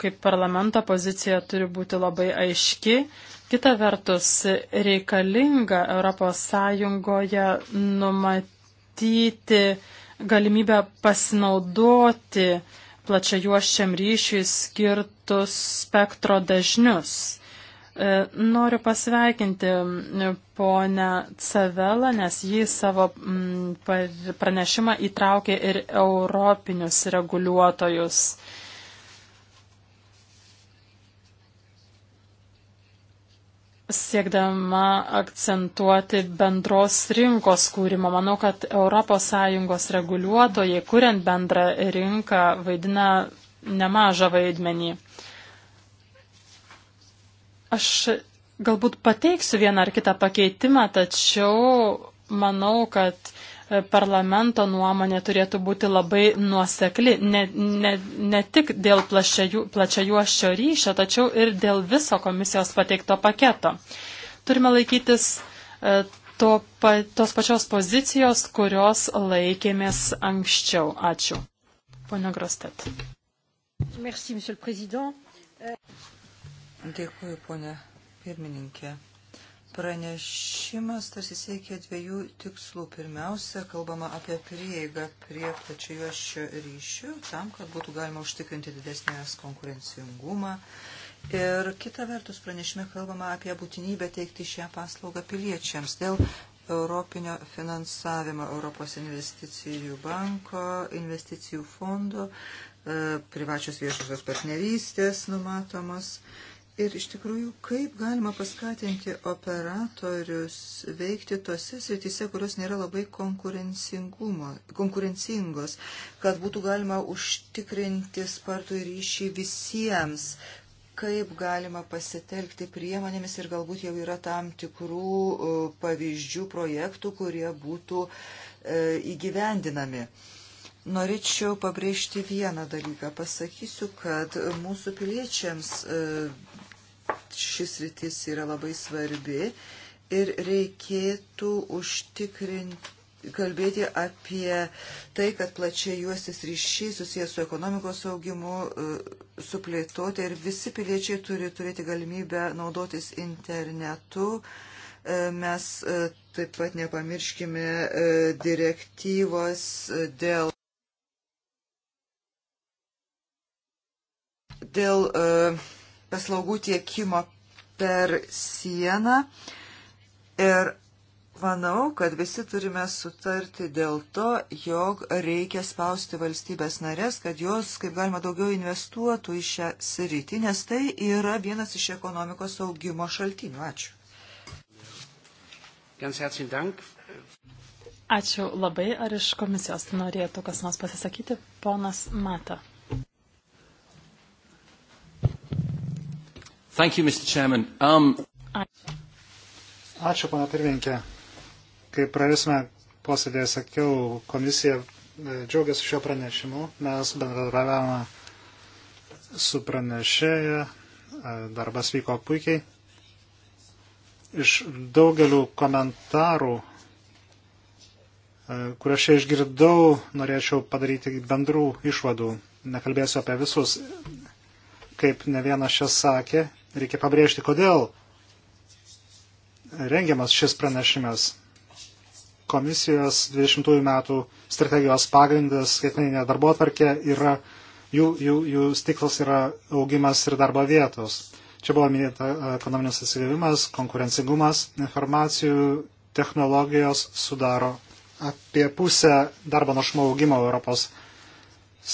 kaip parlamento pozicija turi būti labai aiški. Kita vertus, reikalinga ES numatyti galimybę pasinaudoti uh, plačiajuošiam ryšiui skirtus spektro dažnius. E, noriu pasveikinti ponę Cavelą, nes jį savo pranešimą įtraukė ir europinius reguliuotojus. siekdama akcentuoti bendros rinkos kūrimo. Manau, kad ES reguliuotojai, kuriant bendrą rinką, vaidina nemažą vaidmenį. Aš galbūt pateiksiu vieną ar kitą pakeitimą, tačiau manau, kad parlamento nuomonė turėtų būti labai nuosekli, ne, ne, ne tik dėl plačiajuoščio ryšio, tačiau ir dėl viso komisijos pateikto paketo. Turime laikytis e, to, pa, tos pačios pozicijos, kurios laikėmės anksčiau. Ačiū. Pone Grostet. Merci, Dėkuoju, ponė pirmininkė. Pranešimas tarsi siekia dviejų tikslų. Pirmiausia, kalbama apie prieigą prie plačiuošio ryšių, tam, kad būtų galima užtikrinti didesnės konkurencingumą. Ir kita vertus, pranešime kalbama apie būtinybę teikti šią paslaugą piliečiams dėl europinio finansavimo Europos investicijų banko, investicijų fondo, e, privačios viešosios partnerystės numatomos. E, Ir iš tikrųjų, kaip galima paskatinti operatorius veikti tose srityse, kurios nėra labai konkurencingos, kad būtų galima užtikrinti spartų ryšį visiems, kaip galima pasitelkti priemonėmis ir galbūt jau yra tam tikrų e, pavyzdžių projektų, kurie būtų e, įgyvendinami. Norėčiau pabrėžti vieną dalyką. Pasakysiu, kad mūsų piliečiams e, šis rytis yra labai svarbi ir reikėtų užtikrinti kalbėti apie tai, kad plačiai juostis ryšiai susijęs su ekonomikos augimu, e, su plėtoti ir visi piliečiai turi turėti galimybę naudotis internetu. E, mes e, taip pat nepamirškime direktyvos dėl. Dėl uh, paslaugų tiekimo per sieną. Ir manau, kad visi turime sutarti dėl to, jog reikia spausti valstybės narės, kad jos kaip galima daugiau investuotų į šią sritį, nes tai yra vienas iš ekonomikos augimo šaltinių. Ačiū. Ačiū labai. Ar iš komisijos norėtų kas nors pasisakyti? Ponas Mata. Thank you, Mr. Chairman. Um... Ačiū. Ačiū, pana pirmininkė. Kaip praėjusime posėdėje sakiau, komisija e, džiaugiasi šio pranešimu. Mes bendradarbiavome su pranešėja, e, darbas vyko puikiai. Iš daugelių komentarų, e, kuriuos čia išgirdau, norėčiau padaryti bendrų išvadų. Nekalbėsiu apie visus, kaip ne vienas čia sakė, reikia pabrėžti, kodėl rengiamas šis pranešimas. Komisijos 20 metų strategijos pagrindas, skaitmeninė darbo atvarkė, yra, jų, jų, jų stiklas yra augimas ir darbo vietos. Čia buvo minėta ekonominis atsigavimas, konkurencingumas, informacijų technologijos sudaro apie pusę darbo našumo augimo Europos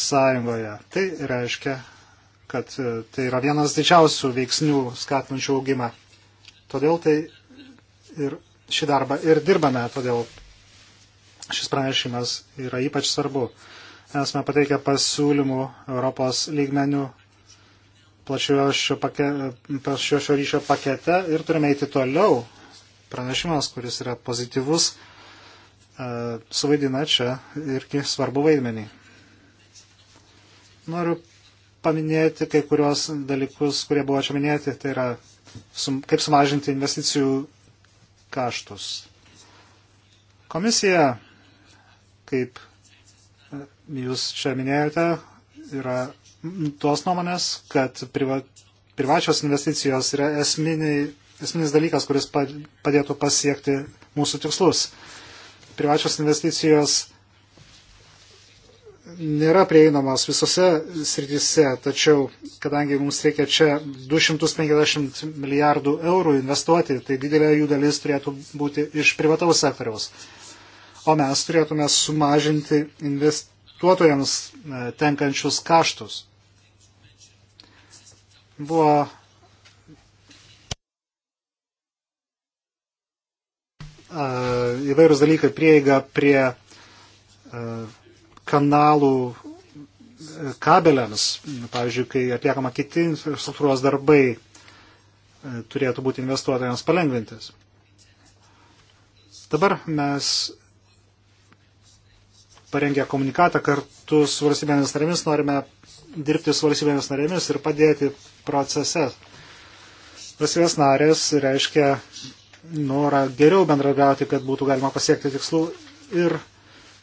Sąjungoje. Tai reiškia, kad e, tai yra vienas didžiausių veiksnių skatinančių augimą. Todėl tai ir šį darbą ir dirbame, todėl šis pranešimas yra ypač svarbu. Esame pateikę pasiūlymų Europos lygmenių plačiojo šio, pake, plačio šio ryšio pakete ir turime eiti toliau. Pranešimas, kuris yra pozityvus, e, suvaidina čia irgi svarbu vaidmenį. Noriu paminėti kai kurios dalykus, kurie buvo čia minėti, tai yra sum, kaip sumažinti investicijų kaštus. Komisija, kaip e, jūs čia minėjote, yra tuos nuomonės, kad priva, privačios investicijos yra esminiai, esminis dalykas, kuris padėtų pasiekti mūsų tikslus. Privačios investicijos nėra prieinamas visose srityse, tačiau kadangi mums reikia čia 250 milijardų eurų investuoti, tai didelė jų dalis turėtų būti iš privataus sektoriaus. O mes turėtume sumažinti investuotojams e, tenkančius kaštus. Buvo e, įvairūs dalykai prieiga prie e, kanalų e, kabeliams, pavyzdžiui, kai atliekama kiti infrastruktūros darbai, e, turėtų būti investuotojams palengvintis. Dabar mes parengę komunikatą kartu su valstybėmis narėmis norime dirbti su valstybėmis narėmis ir padėti procese. Valstybės narės reiškia norą geriau bendradarbiauti, kad būtų galima pasiekti tikslų ir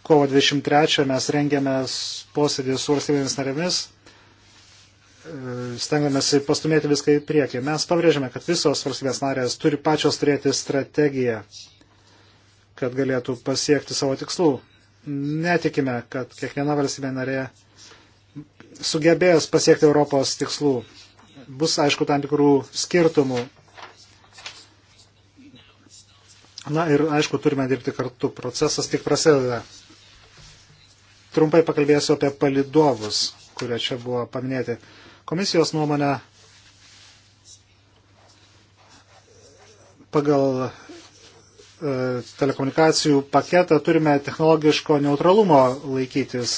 kovo 23 mes rengiame posėdį su valstybėmis narėmis, e, stengiamės pastumėti viską į priekį. Mes pabrėžiame, kad visos valstybės narės turi pačios turėti strategiją, kad galėtų pasiekti savo tikslų. Netikime, kad kiekviena valstybė narė sugebėjęs pasiekti Europos tikslų. Bus, aišku, tam tikrų skirtumų. Na ir, aišku, turime dirbti kartu. Procesas tik prasideda. Trumpai pakalbėsiu apie palidovus, kurie čia buvo paminėti. Komisijos nuomonė pagal e, telekomunikacijų paketą turime technologiško neutralumo laikytis.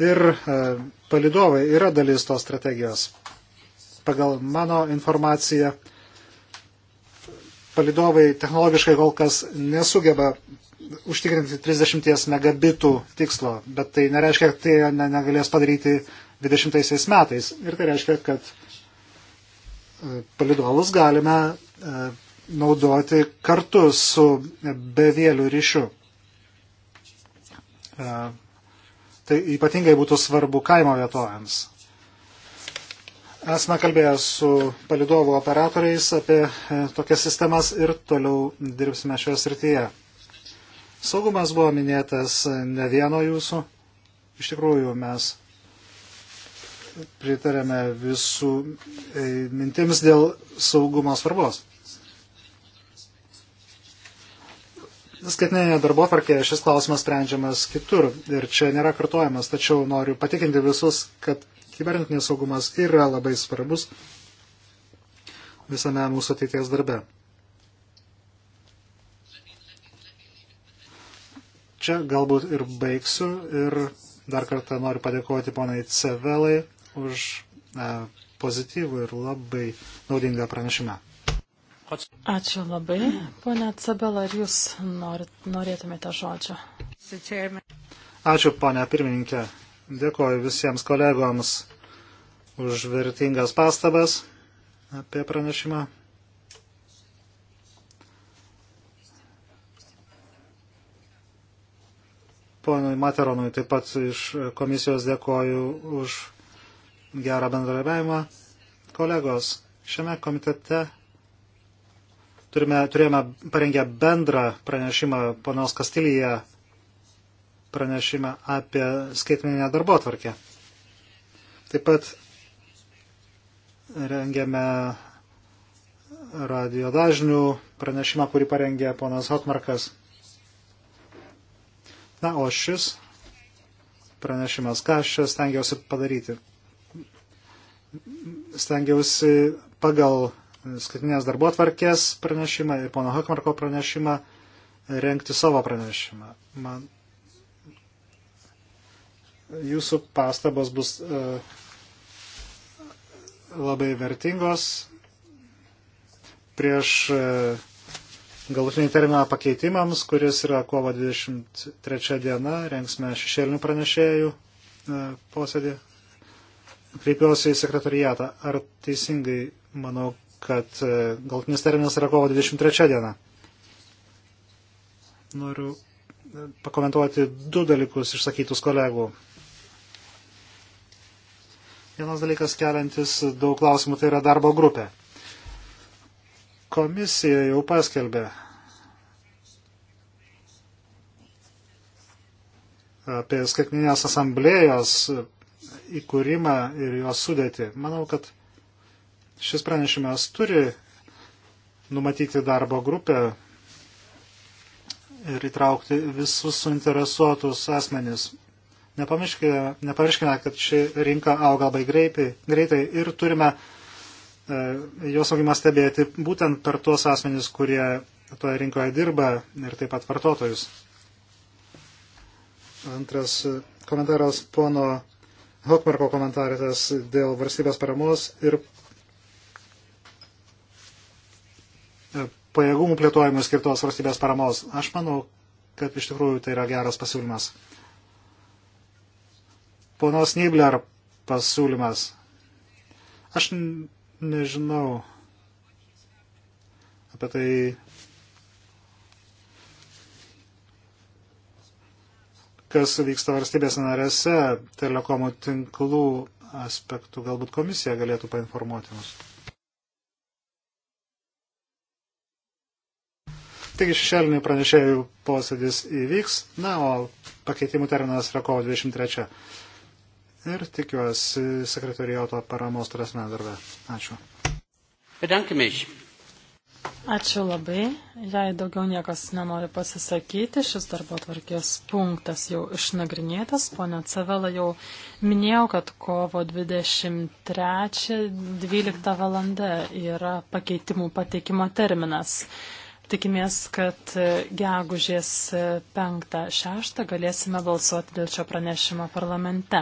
Ir e, palidovai yra dalis tos strategijos. Pagal mano informaciją, palidovai technologiškai kol kas nesugeba užtikrinti 30 megabitų tikslo, bet tai nereiškia, kad tai negalės padaryti 20 metais. Ir tai reiškia, kad e, palidovus galime e, naudoti kartu su bevėliu ryšiu. E, tai ypatingai būtų svarbu kaimo vietovėms. Esame kalbėję su palidovų operatoriais apie tokias sistemas ir toliau dirbsime šioje srityje. Saugumas buvo minėtas ne vieno jūsų. Iš tikrųjų, mes pritarėme visų e, mintims dėl saugumo svarbos. skaitinėje darbo tvarkėje šis klausimas sprendžiamas kitur ir čia nėra kartojamas, tačiau noriu patikinti visus, kad kibernetinis saugumas yra labai svarbus visame mūsų ateities darbe. čia galbūt ir baigsiu ir dar kartą noriu padėkoti ponai Cevelai už e, pozityvų ir labai naudingą pranešimą. Ačiū labai. Pone Cebela, ar jūs nor, norėtumėte žodžio? Ačiū, ponė pirmininkė. Dėkoju visiems kolegoms už vertingas pastabas apie pranešimą. Ponui Materonui taip pat iš komisijos dėkoju už gerą bendradarbiavimą. Kolegos, šiame komitete turime, turėjome parengę bendrą pranešimą ponios Kastilyje pranešimą apie skaitmeninę darbo tvarkę. Taip pat rengėme radio dažnių pranešimą, kurį parengė ponas Hotmarkas. Na, o šis pranešimas, ką aš stengiausi padaryti? Stengiausi pagal skaitinės darbo atvarkės pranešimą ir pono Hakmarko pranešimą renkti savo pranešimą. Man jūsų pastabos bus uh, labai vertingos. Prieš uh, galutinį terminą pakeitimams, kuris yra kovo 23 diena, rengsime šešėlinių pranešėjų e, posėdį. Kreipiuosi į sekretariatą. Ar teisingai manau, kad e, galutinis terminas yra kovo 23 diena? Noriu e, pakomentuoti du dalykus išsakytus kolegų. Vienas dalykas keliantis daug klausimų tai yra darbo grupė. Komisija jau paskelbė apie skaitminės asamblėjos įkūrimą ir jos sudėtį. Manau, kad šis pranešimas turi numatyti darbo grupę ir įtraukti visus suinteresuotus asmenis. Nepamirškime, nepamirškime kad ši rinka auga labai greitai, greitai ir turime E, jos augimą stebėti būtent per tuos asmenys, kurie toje rinkoje dirba ir taip pat vartotojus. Antras komentaras pono Hokmarko komentaras dėl valstybės paramos ir e, pajėgumų plėtojimui skirtos valstybės paramos. Aš manau, kad iš tikrųjų tai yra geras pasiūlymas. Ponos Nibler pasiūlymas. Aš nežinau apie tai, kas vyksta varstybės narėse telekomų tinklų aspektų. Galbūt komisija galėtų painformuoti mus. Taigi šešėlinių pranešėjų posėdis įvyks, na, o pakeitimų terminas yra kovo 23 ir tikiuosi sekretariato paramos turėsime darbę. Ačiū. Bedankime iš. Ačiū labai. Jei daugiau niekas nenori pasisakyti, šis darbo tvarkės punktas jau išnagrinėtas. Pone Cevela jau minėjau, kad kovo 23.12 val. yra pakeitimų pateikimo terminas. Tikimės, kad gegužės 5.6 galėsime balsuoti dėl šio pranešimo parlamente.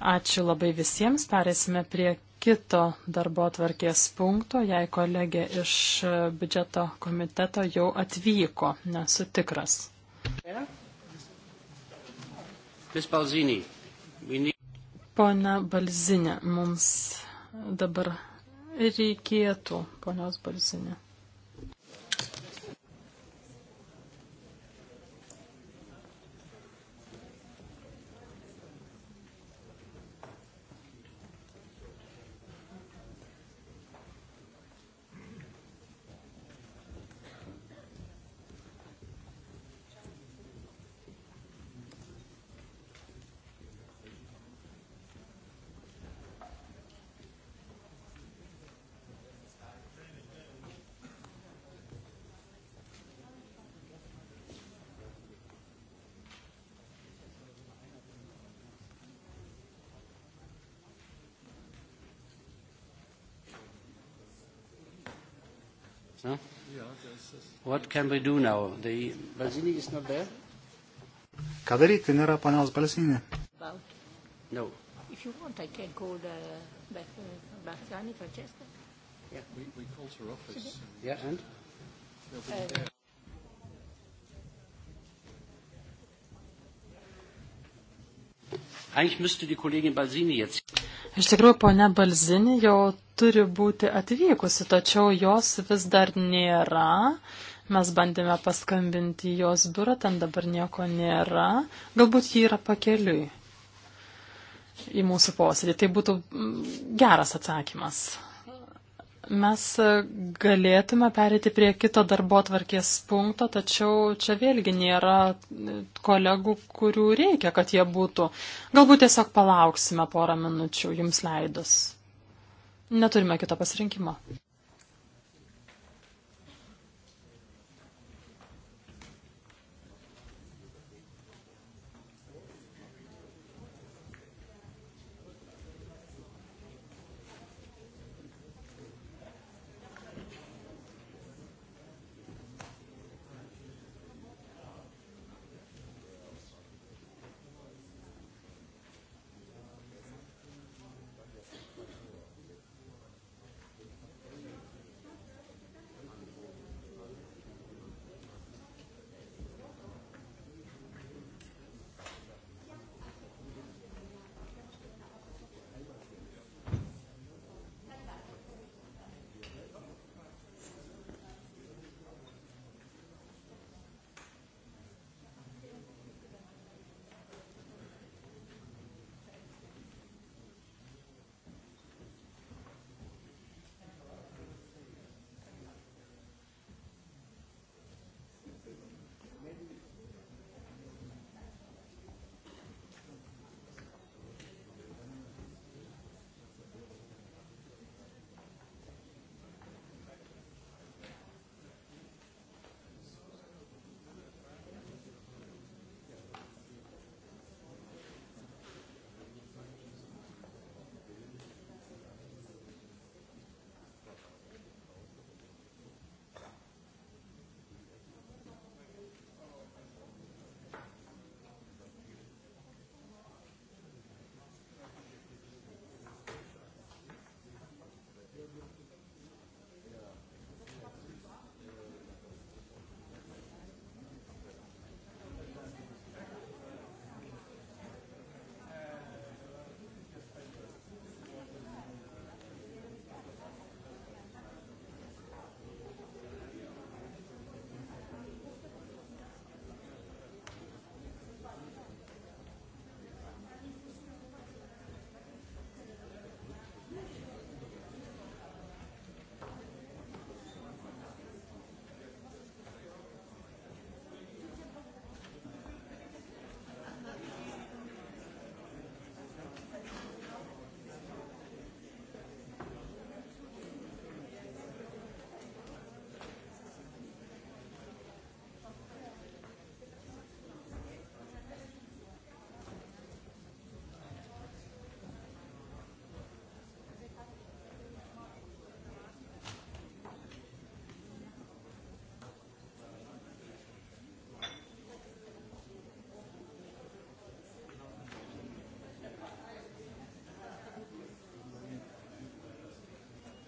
Ačiū labai visiems. Perėsime prie kito darbo atvarkės punkto, jei kolegė iš biudžeto komiteto jau atvyko, nesu tikras. Pone Balzinė, mums dabar reikėtų, ponios Balzinė. Huh? What can we do now? The Balzini is not there? Ką daryti, tai nėra panios Balzini. No. If you want, I can call the uh, Balzani, Francesca. Yeah. We, we called her office. Yeah, and? Nobody's uh, there. Eigentlich müsste die Kollegin Balsini jetzt Iš tikrųjų, ponia Balzinė jau turi būti atvykusi, tačiau jos vis dar nėra. Mes bandėme paskambinti jos biurą, ten dabar nieko nėra. Galbūt ji yra pakeliui į mūsų posėdį. Tai būtų mm, geras atsakymas. Mes galėtume perėti prie kito darbo tvarkės punkto, tačiau čia vėlgi nėra kolegų, kurių reikia, kad jie būtų. Galbūt tiesiog palauksime porą minučių jums leidus. Neturime kito pasirinkimo.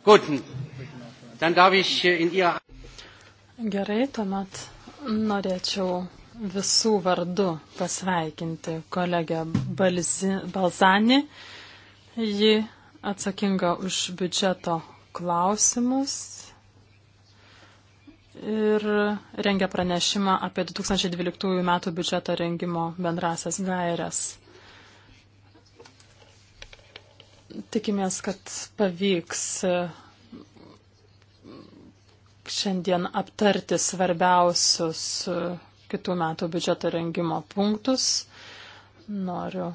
Gut, dann darf ich äh, in Ihrer. Gerai, tuomet norėčiau visų vardu pasveikinti kolegę Balzani. Ji atsakinga už biudžeto klausimus ir rengia pranešimą apie 2012 m. biudžeto rengimo bendrasias gairias. Tikimės, kad pavyks e, šiandien aptarti svarbiausius e, kitų metų biudžeto rengimo punktus. Noriu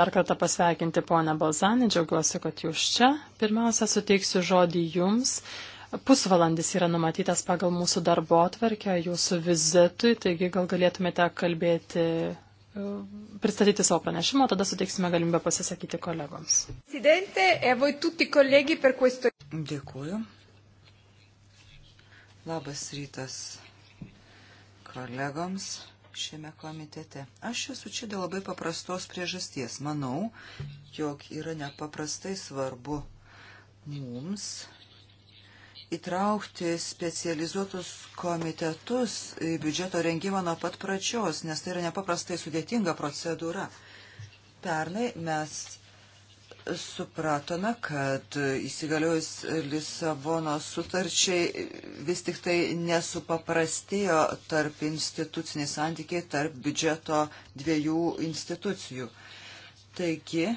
dar kartą pasveikinti ponę Balzanį, džiaugiuosi, kad jūs čia. Pirmiausia, suteiksiu žodį jums. Pusvalandis yra numatytas pagal mūsų darbo atverkę jūsų vizitui, taigi gal galėtumėte kalbėti pristatyti savo pranešimą, tada suteiksime galimybę pasisakyti kolegoms. E Dėkuoju. Labas rytas kolegoms šiame komitete. Aš esu čia dėl labai paprastos priežasties. Manau, jog yra nepaprastai svarbu mums įtraukti specializuotus komitetus į biudžeto rengimą nuo pat pradžios, nes tai yra nepaprastai sudėtinga procedūra. Pernai mes supratome, kad įsigaliojus Lisabono sutarčiai vis tik tai nesupaprastėjo tarp instituciniai santykiai, tarp biudžeto dviejų institucijų. Taigi,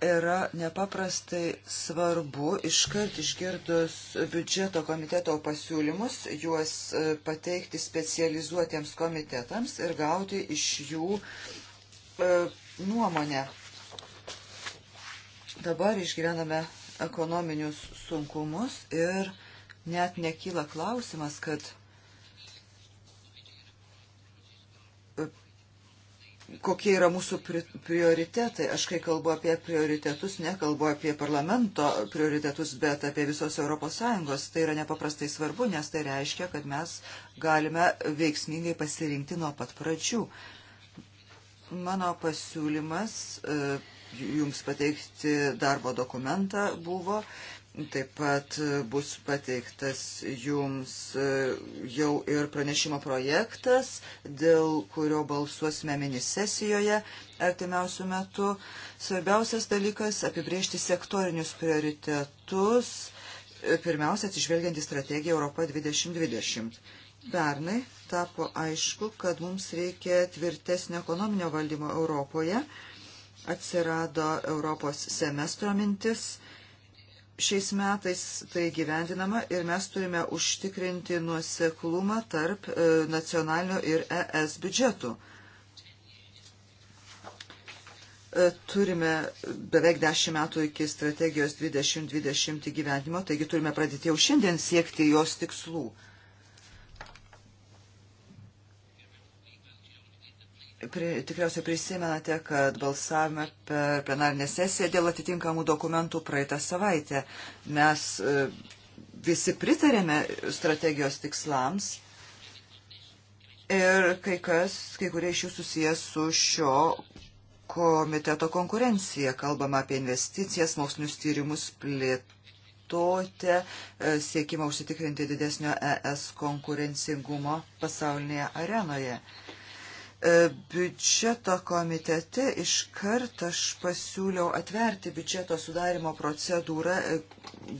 yra nepaprastai svarbu iškart išgirdus biudžeto komiteto pasiūlymus, juos e, pateikti specializuotiems komitetams ir gauti iš jų e, nuomonę. Dabar išgyvename ekonominius sunkumus ir net nekyla klausimas, kad kokie yra mūsų prioritetai. Aš kai kalbu apie prioritetus, nekalbu apie parlamento prioritetus, bet apie visos ES. Tai yra nepaprastai svarbu, nes tai reiškia, kad mes galime veiksmingai pasirinkti nuo pat pradžių. Mano pasiūlymas e, jums pateikti darbo dokumentą buvo Taip pat e, bus pateiktas jums e, jau ir pranešimo projektas, dėl kurio balsuosime minisesijoje artimiausių metų. Svarbiausias dalykas - apibriežti sektorinius prioritetus, e, pirmiausia atsižvelgiant į strategiją Europą 2020. Pernai tapo aišku, kad mums reikia tvirtesnio ekonominio valdymo Europoje. Atsirado Europos semestro mintis šiais metais tai gyvendinama ir mes turime užtikrinti nuoseklumą tarp e, nacionalinio ir ES biudžetų. E, turime beveik 10 metų iki strategijos 2020 gyvenimo, taigi turime pradėti jau šiandien siekti jos tikslų. Pri, tikriausiai prisimenate, kad balsavome per plenarinę sesiją dėl atitinkamų dokumentų praeitą savaitę. Mes e, visi pritarėme strategijos tikslams ir kai, kas, kai kurie iš jų susijęs su šio komiteto konkurencija. Kalbama apie investicijas, mokslinius tyrimus plėtotę, e, siekimą užsitikrinti didesnio ES konkurencingumo pasaulinėje arenoje. E, biudžeto komitete iškart aš pasiūliau atverti biudžeto sudarimo procedūrą e,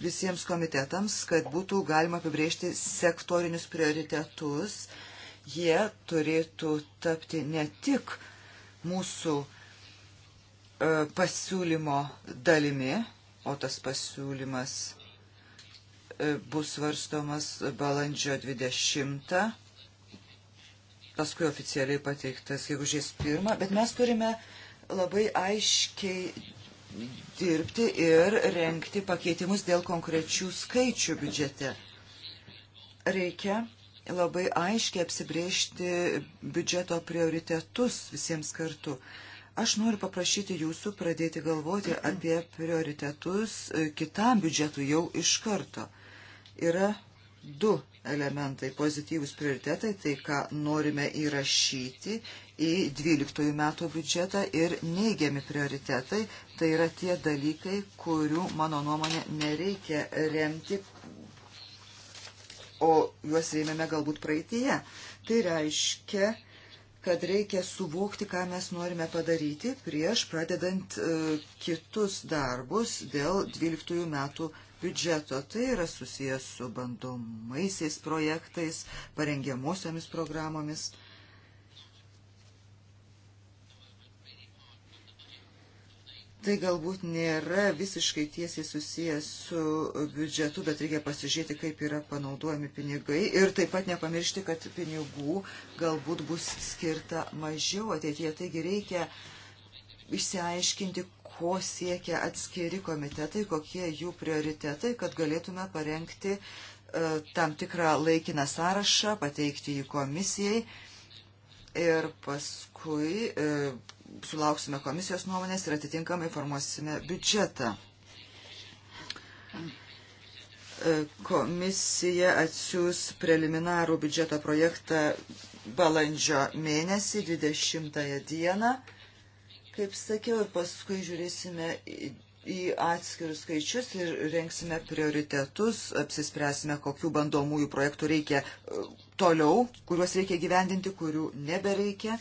visiems komitetams, kad būtų galima apibrėžti sektorinius prioritetus. Jie turėtų tapti ne tik mūsų e, pasiūlymo dalimi, o tas pasiūlymas bus svarstomas balandžio 20 paskui oficialiai pateiktas gegužės pirmą, bet mes turime labai aiškiai dirbti ir renkti pakeitimus dėl konkrečių skaičių biudžete. Reikia labai aiškiai apsibriežti biudžeto prioritetus visiems kartu. Aš noriu paprašyti jūsų pradėti galvoti apie prioritetus kitam biudžetui jau iš karto. Yra du elementai, pozityvūs prioritetai, tai ką norime įrašyti į 12 metų biudžetą ir neigiami prioritetai, tai yra tie dalykai, kurių, mano nuomonė, nereikia remti, o juos rėmėme galbūt praeitėje. Tai reiškia, kad reikia suvokti, ką mes norime padaryti prieš pradedant e, kitus darbus dėl 12 metų biudžeto. Tai yra susijęs su bandomaisiais projektais, parengiamosiomis programomis. Tai galbūt nėra visiškai tiesiai susijęs su biudžetu, bet reikia pasižiūrėti, kaip yra panaudojami pinigai ir taip pat nepamiršti, kad pinigų galbūt bus skirta mažiau ateityje. Taigi reikia išsiaiškinti, ko siekia atskiri komitetai, kokie jų prioritetai, kad galėtume parengti e, tam tikrą laikiną sąrašą, pateikti jį komisijai ir paskui e, sulauksime komisijos nuomonės ir atitinkamai formuosime biudžetą. E, komisija atsiūs preliminarų biudžeto projektą balandžio mėnesį 20 dieną. Kaip sakiau, ir paskui žiūrėsime į atskirus skaičius ir renksime prioritetus, apsispręsime, kokių bandomųjų projektų reikia e, toliau, kuriuos reikia gyvendinti, kurių nebereikia.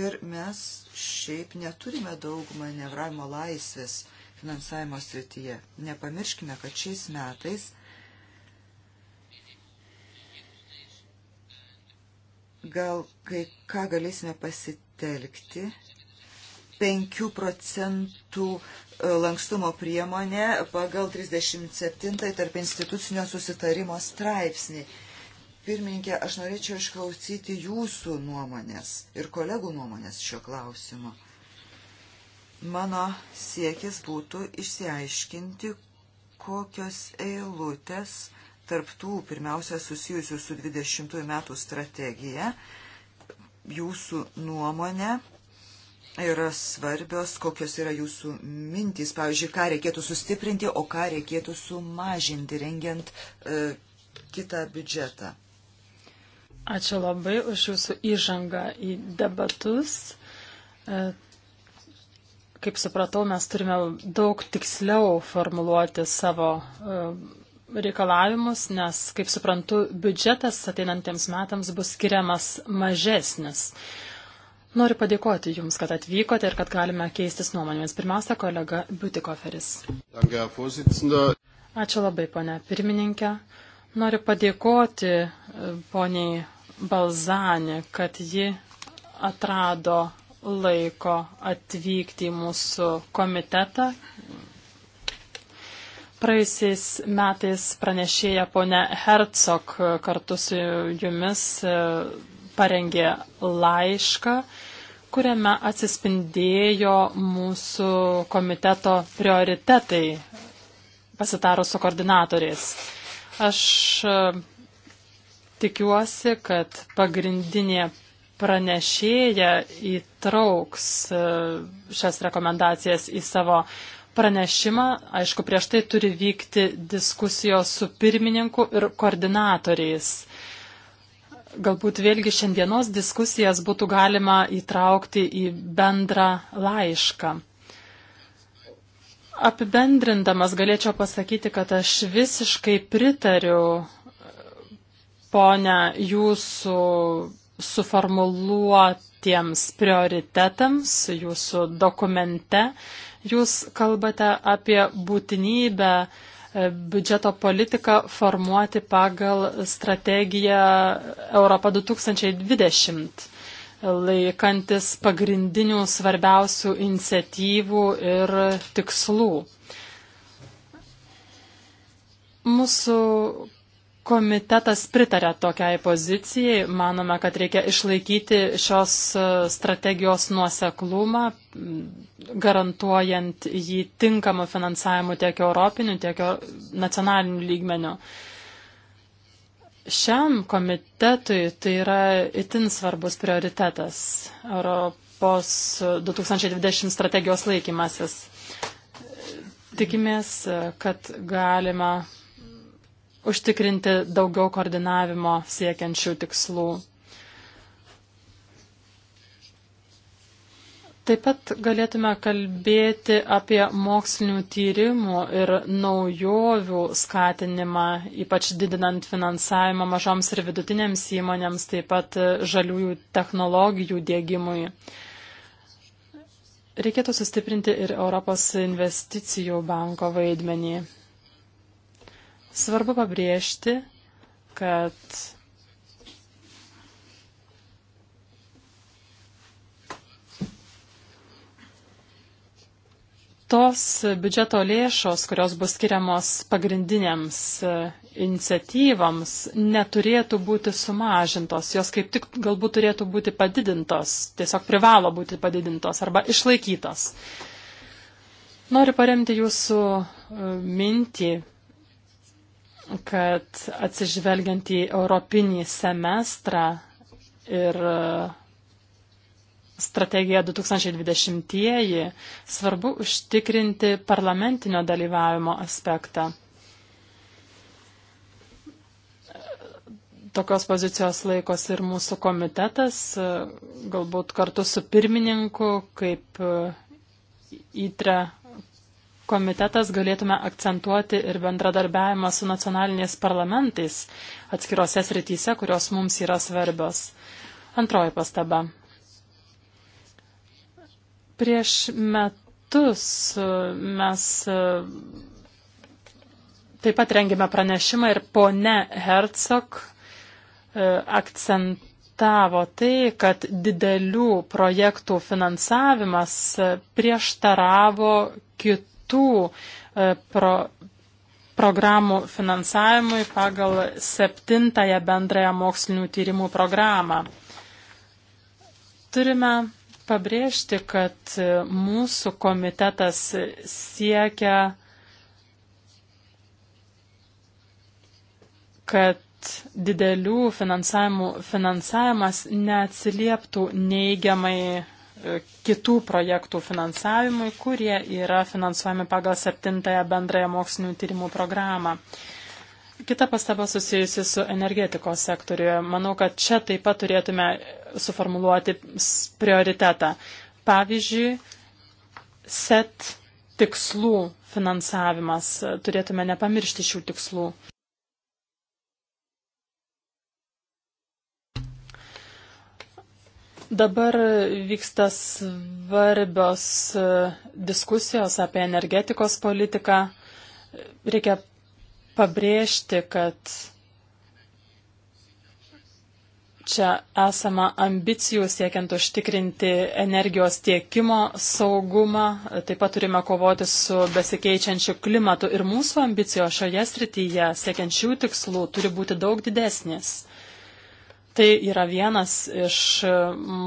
Ir mes šiaip neturime daug manevravimo laisvės finansavimo srityje. Nepamirškime, kad šiais metais gal kai ką galėsime pasitelkti 5 procentų e, lankstumo priemonė pagal 37 tarp institucinio susitarimo straipsnį. Pirmininkė, aš norėčiau išklausyti jūsų nuomonės ir kolegų nuomonės šio klausimu. Mano siekis būtų išsiaiškinti, kokios eilutės tarptų pirmiausia susijusių su 20 metų strategija jūsų nuomonė yra svarbios, kokios yra jūsų mintys, pavyzdžiui, ką reikėtų sustiprinti, o ką reikėtų sumažinti, rengiant e, kitą biudžetą. Ačiū labai už jūsų įžangą į debatus. E, kaip supratau, mes turime daug tiksliau formuluoti savo e, reikalavimus, nes, kaip suprantu, biudžetas ateinantiems metams bus skiriamas mažesnis. E, Noriu padėkoti Jums, kad atvykote ir kad galime keistis nuomonėmis. Pirmiausia, kolega Butikoferis. Ačiū labai, ponė pirmininkė. Noriu padėkoti e, poniai Balzani, kad ji atrado laiko atvykti į mūsų komitetą. Praėjusiais metais pranešėja ponė Hercog kartu su jumis e, parengė laišką kuriame atsispindėjo mūsų komiteto prioritetai pasitarus su koordinatoriais. Aš e, tikiuosi, kad pagrindinė pranešėja įtrauks e, šias rekomendacijas į savo pranešimą. Aišku, prieš tai turi vykti diskusijos su pirmininku ir koordinatoriais galbūt vėlgi šiandienos diskusijas būtų galima įtraukti į bendrą laišką. Apibendrindamas galėčiau pasakyti, kad aš visiškai pritariu, ponia, jūsų suformuluotiems prioritetams jūsų dokumente. Jūs kalbate apie būtinybę uh, biudžeto politiką formuoti pagal strategiją Europa 2020 laikantis pagrindinių svarbiausių iniciatyvų ir tikslų. Mūsų Komitetas pritarė tokiai pozicijai. Manome, kad reikia išlaikyti šios e, strategijos nuoseklumą, garantuojant jį tinkamą finansavimu tiek europiniu, tiek nacionaliniu lygmeniu. Šiam komitetui tai yra itin svarbus prioritetas Europos 2020 strategijos laikymasis. Tikimės, kad galima užtikrinti daugiau koordinavimo siekiančių tikslų. Taip pat galėtume kalbėti apie mokslinių tyrimų ir naujovių skatinimą, ypač didinant finansavimą mažoms ir vidutinėms įmonėms, taip pat žaliųjų technologijų dėgymui. Reikėtų sustiprinti ir Europos investicijų banko vaidmenį. Svarbu pabrėžti, kad tos biudžeto lėšos, kurios bus skiriamos pagrindinėms e, iniciatyvams, neturėtų būti sumažintos, jos kaip tik galbūt turėtų būti padidintos, tiesiog privalo būti padidintos arba išlaikytos. Noriu paremti jūsų e, mintį, kad atsižvelgiant į Europinį semestrą ir e, strategiją 2020-ieji, svarbu užtikrinti parlamentinio dalyvavimo aspektą. Tokios pozicijos laikosi ir mūsų komitetas, e, galbūt kartu su pirmininku, kaip e, įtre komitetas galėtume akcentuoti ir bendradarbiavimą su nacionaliniais parlamentais atskirose srityse, kurios mums yra svarbios. Antroji pastaba. Prieš metus e, mes e, taip pat rengėme pranešimą ir pone Hercog akcentuojame akcentavo tai, kad didelių projektų finansavimas e, prieštaravo kitų kitų e, pro, programų finansavimui pagal septintąją bendrąją mokslinių tyrimų programą. Turime pabrėžti, kad e, mūsų komitetas siekia, kad didelių finansavimų finansavimas neatsilieptų neigiamai kitų projektų finansavimui, kurie yra finansuojami pagal septintąją bendrąją mokslinių tyrimų programą. Kita pastaba susijusi su energetikos sektoriuje. Manau, kad čia taip pat turėtume suformuluoti prioritetą. Pavyzdžiui, set tikslų finansavimas. Turėtume nepamiršti šių tikslų. Dabar vyksta svarbios e, diskusijos apie energetikos politiką. Reikia pabrėžti, kad čia esama ambicijų siekiant užtikrinti energijos tiekimo saugumą, taip pat turime kovoti su besikeičiančiu klimatu ir mūsų ambicijos šioje srityje siekiant šių tikslų turi būti daug didesnės. Tai yra vienas iš e,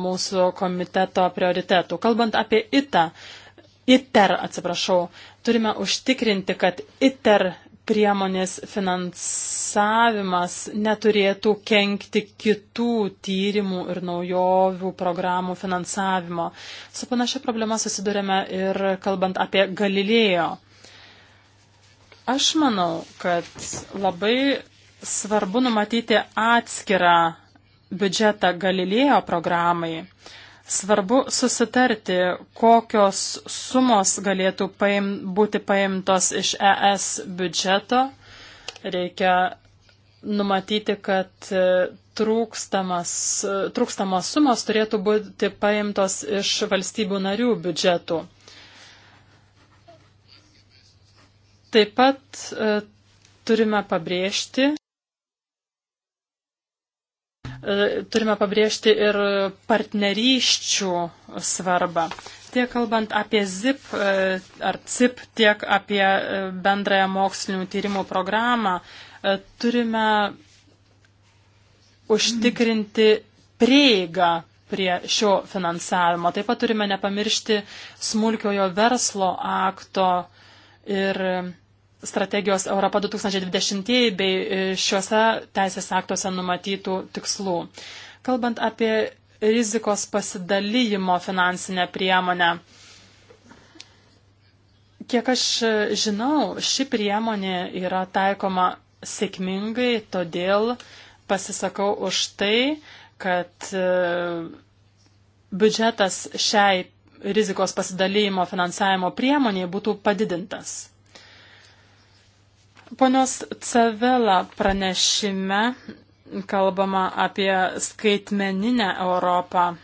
mūsų komiteto prioritetų. Kalbant apie ITA, ITER, atsiprašau, turime užtikrinti, kad ITER priemonės finansavimas neturėtų kenkti kitų tyrimų ir naujovių programų finansavimo. Su panašia problema susidurėme ir kalbant apie Galilėjo. Aš manau, kad labai svarbu numatyti atskirą biudžetą Galilėjo programai, svarbu susitarti, kokios sumos galėtų paim, būti paimtos iš ES biudžeto. Reikia numatyti, kad e, e, trūkstamos sumos turėtų būti paimtos iš valstybių narių biudžetų. Taip pat e, turime pabrėžti, E, turime pabrėžti ir partneryščių svarbą. Tiek kalbant apie ZIP e, ar CIP, tiek apie e, bendrąją mokslinių tyrimų programą, turime užtikrinti prieigą prie šio finansavimo. Taip pat turime nepamiršti smulkiojo verslo akto ir strategijos Europa 2020 bei e, šiuose teisės aktuose numatytų tikslų. Kalbant apie rizikos pasidalymo finansinę priemonę, kiek aš žinau, ši priemonė yra taikoma sėkmingai, todėl pasisakau už tai, kad e, biudžetas šiai rizikos pasidalymo finansavimo priemoniai būtų padidintas. Ponios Cavela pranešime kalbama apie skaitmeninę Europą.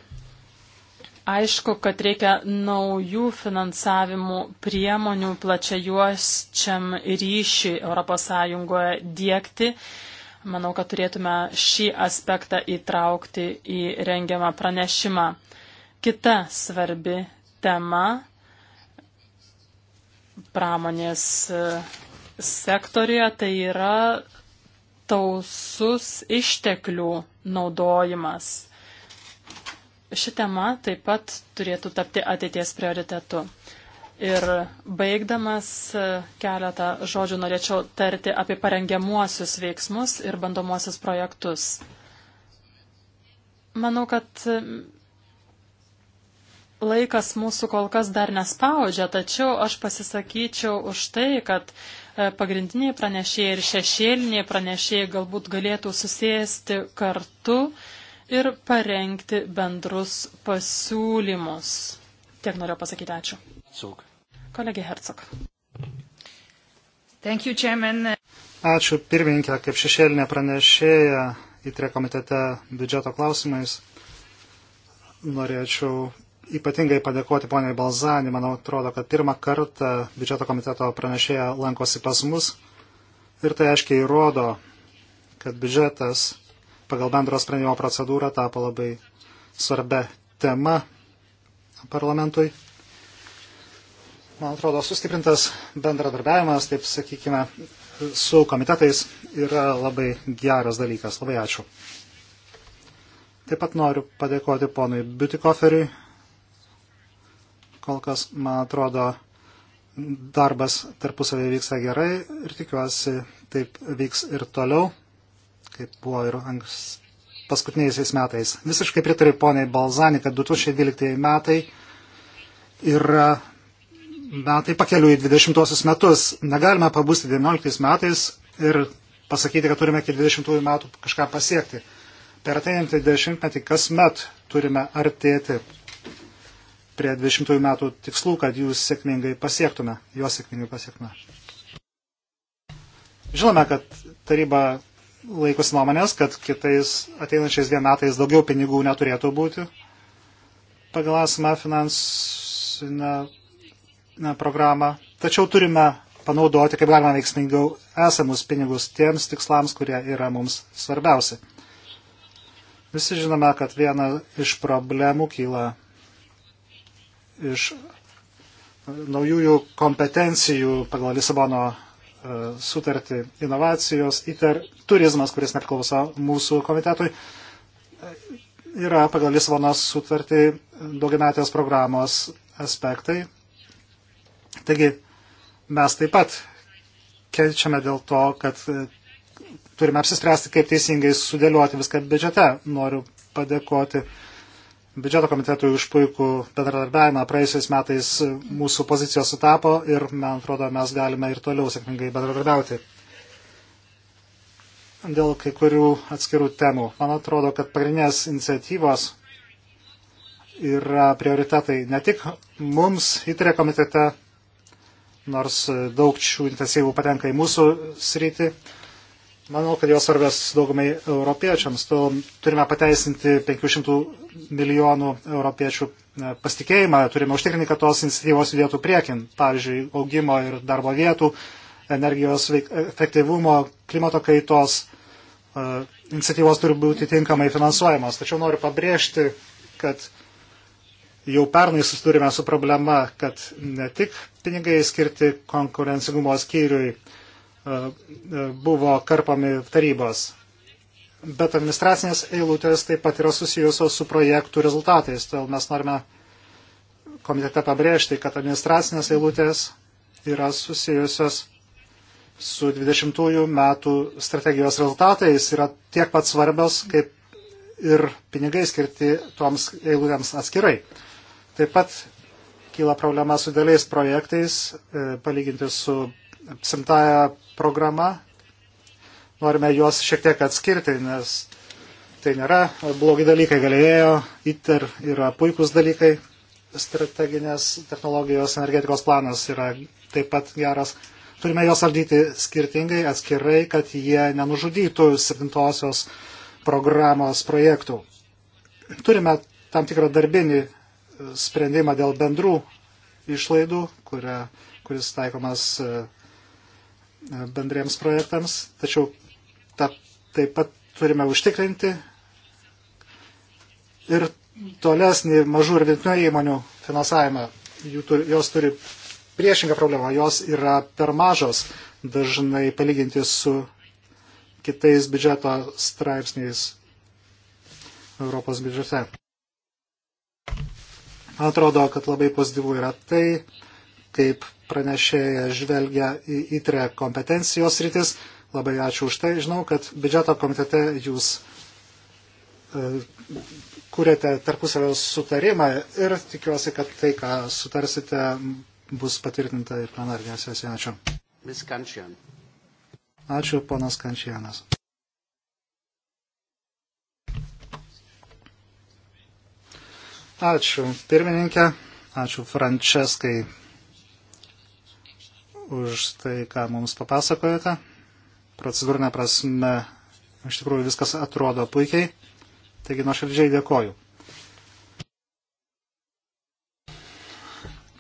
Aišku, kad reikia naujų finansavimų priemonių plačiajuosčiam ryšiui ES dėkti. Manau, kad turėtume šį aspektą įtraukti į rengiamą pranešimą. Kita svarbi tema - pramonės sektorija, tai yra tausus išteklių naudojimas. Ši tema taip pat turėtų tapti ateities prioritetu. Ir baigdamas keletą žodžių norėčiau tarti apie parengiamuosius veiksmus ir bandomuosius projektus. Manau, kad laikas mūsų kol kas dar nespaudžia, tačiau aš pasisakyčiau už tai, kad uh, E, pagrindiniai pranešėjai ir šešėliniai pranešėjai galbūt galėtų susėsti kartu ir parengti bendrus pasiūlymus. Tiek noriu pasakyti ačiū. Zug. Kolegė Hercog. Thank you, Chairman. Ačiū pirmininkė, kaip šešėlinė pranešėja įtrė komitete biudžeto klausimais. Norėčiau ypatingai padėkoti poniai Balzani. Manau, atrodo, kad pirmą kartą biudžeto komiteto pranešėja lankosi pas mus. Ir tai aiškiai įrodo, kad biudžetas pagal bendro sprendimo procedūrą tapo labai svarbia tema parlamentui. Man atrodo, sustiprintas bendradarbiavimas, taip sakykime, su komitetais yra labai geras dalykas. Labai ačiū. Taip pat noriu padėkoti ponui Biutikoferiui kol kas, man atrodo, darbas tarpusavėje vyksta gerai ir tikiuosi taip vyks ir toliau, kaip buvo ir anks, paskutiniaisiais metais. Visiškai pritariu poniai Balzani, kad 2012 metai yra metai pakeliu į 20 metus. Negalime pabusti 19 metais ir pasakyti, kad turime iki 20 metų kažką pasiekti. Per ateinantį dešimtmetį kasmet turime artėti prie 20 metų tikslų, kad jūs sėkmingai pasiektume, juos sėkmingai pasiektume. Žinome, kad taryba laikosi nuomonės, kad kitais ateinančiais dviem metais daugiau pinigų neturėtų būti pagal esamą finansinę programą. Tačiau turime panaudoti, kaip galima veiksmingiau, esamus pinigus tiems tikslams, kurie yra mums svarbiausi. Visi žinome, kad viena iš problemų kyla iš naujųjų kompetencijų pagal Lisabono e, sutartį inovacijos, ITER turizmas, kuris nepriklauso mūsų komitetui, e, yra pagal Lisabonos sutartį daugiametės programos aspektai. Taigi mes taip pat keičiame dėl to, kad e, turime apsispręsti, kaip teisingai sudėlioti viską biudžete. Noriu padėkoti uh, biudžeto komitetui už puikų bendradarbiavimą. Praėjusiais metais mūsų pozicijos sutapo ir, man atrodo, mes galime ir toliau sėkmingai bendradarbiauti. Dėl kai kurių atskirų temų. Man atrodo, kad pagrindinės iniciatyvos yra prioritetai ne tik mums įtrė komitete, nors daug šių intensyvų patenka į mūsų sritį, Manau, kad jos svarbios daugumai europiečiams. Tu turime pateisinti 500 milijonų europiečių e, pasitikėjimą, turime užtikrinti, kad tos iniciatyvos vietų priekin, pavyzdžiui, augimo ir darbo vietų, energijos efektyvumo, klimato kaitos e, iniciatyvos turi būti tinkamai finansuojamos. Tačiau noriu pabrėžti, kad jau pernai susidūrėme su problema, kad ne tik pinigai skirti konkurencingumo skyriui E, e, buvo karpami tarybos. Bet administracinės eilutės taip pat yra susijusios su projektų rezultatais. Todėl mes norime komitete pabrėžti, kad administracinės eilutės yra susijusios su 20 metų strategijos rezultatais, yra tiek pat svarbios, kaip ir pinigai skirti toms eilutėms atskirai. Taip pat kyla problema su dėliais projektais, e, palyginti su simtąją programą. Norime juos šiek tiek atskirti, nes tai nėra blogi dalykai. Galėjo, ITER yra puikus dalykai, strateginės technologijos energetikos planas yra taip pat geras. Turime juos valdyti skirtingai, atskirai, kad jie nenužudytų septintosios programos projektų. Turime tam tikrą darbinį sprendimą dėl bendrų išlaidų, kuria, kuris taikomas bendriems projektams, tačiau ta, taip pat turime užtikrinti ir tolesnį mažų ir vidutinių įmonių finansavimą. Turi, jos turi priešingą problemą, jos yra per mažos dažnai palyginti su kitais biudžeto straipsniais Europos biudžete. Man atrodo, kad labai pozityvų yra tai, kaip pranešėja žvelgia į įtrę kompetencijos rytis. Labai ačiū už tai. Žinau, kad biudžeto komitete jūs e, kūrėte tarpusavio sutarimą ir tikiuosi, kad tai, ką sutarsite, bus patvirtinta ir plenarinė sesija. Ačiū. Ačiū, ponas Kančianas. Ačiū, pirmininkė. Ačiū, Franceskai, už tai, ką mums papasakojate. Procedūrinė prasme, iš tikrųjų viskas atrodo puikiai. Taigi nuoširdžiai dėkoju.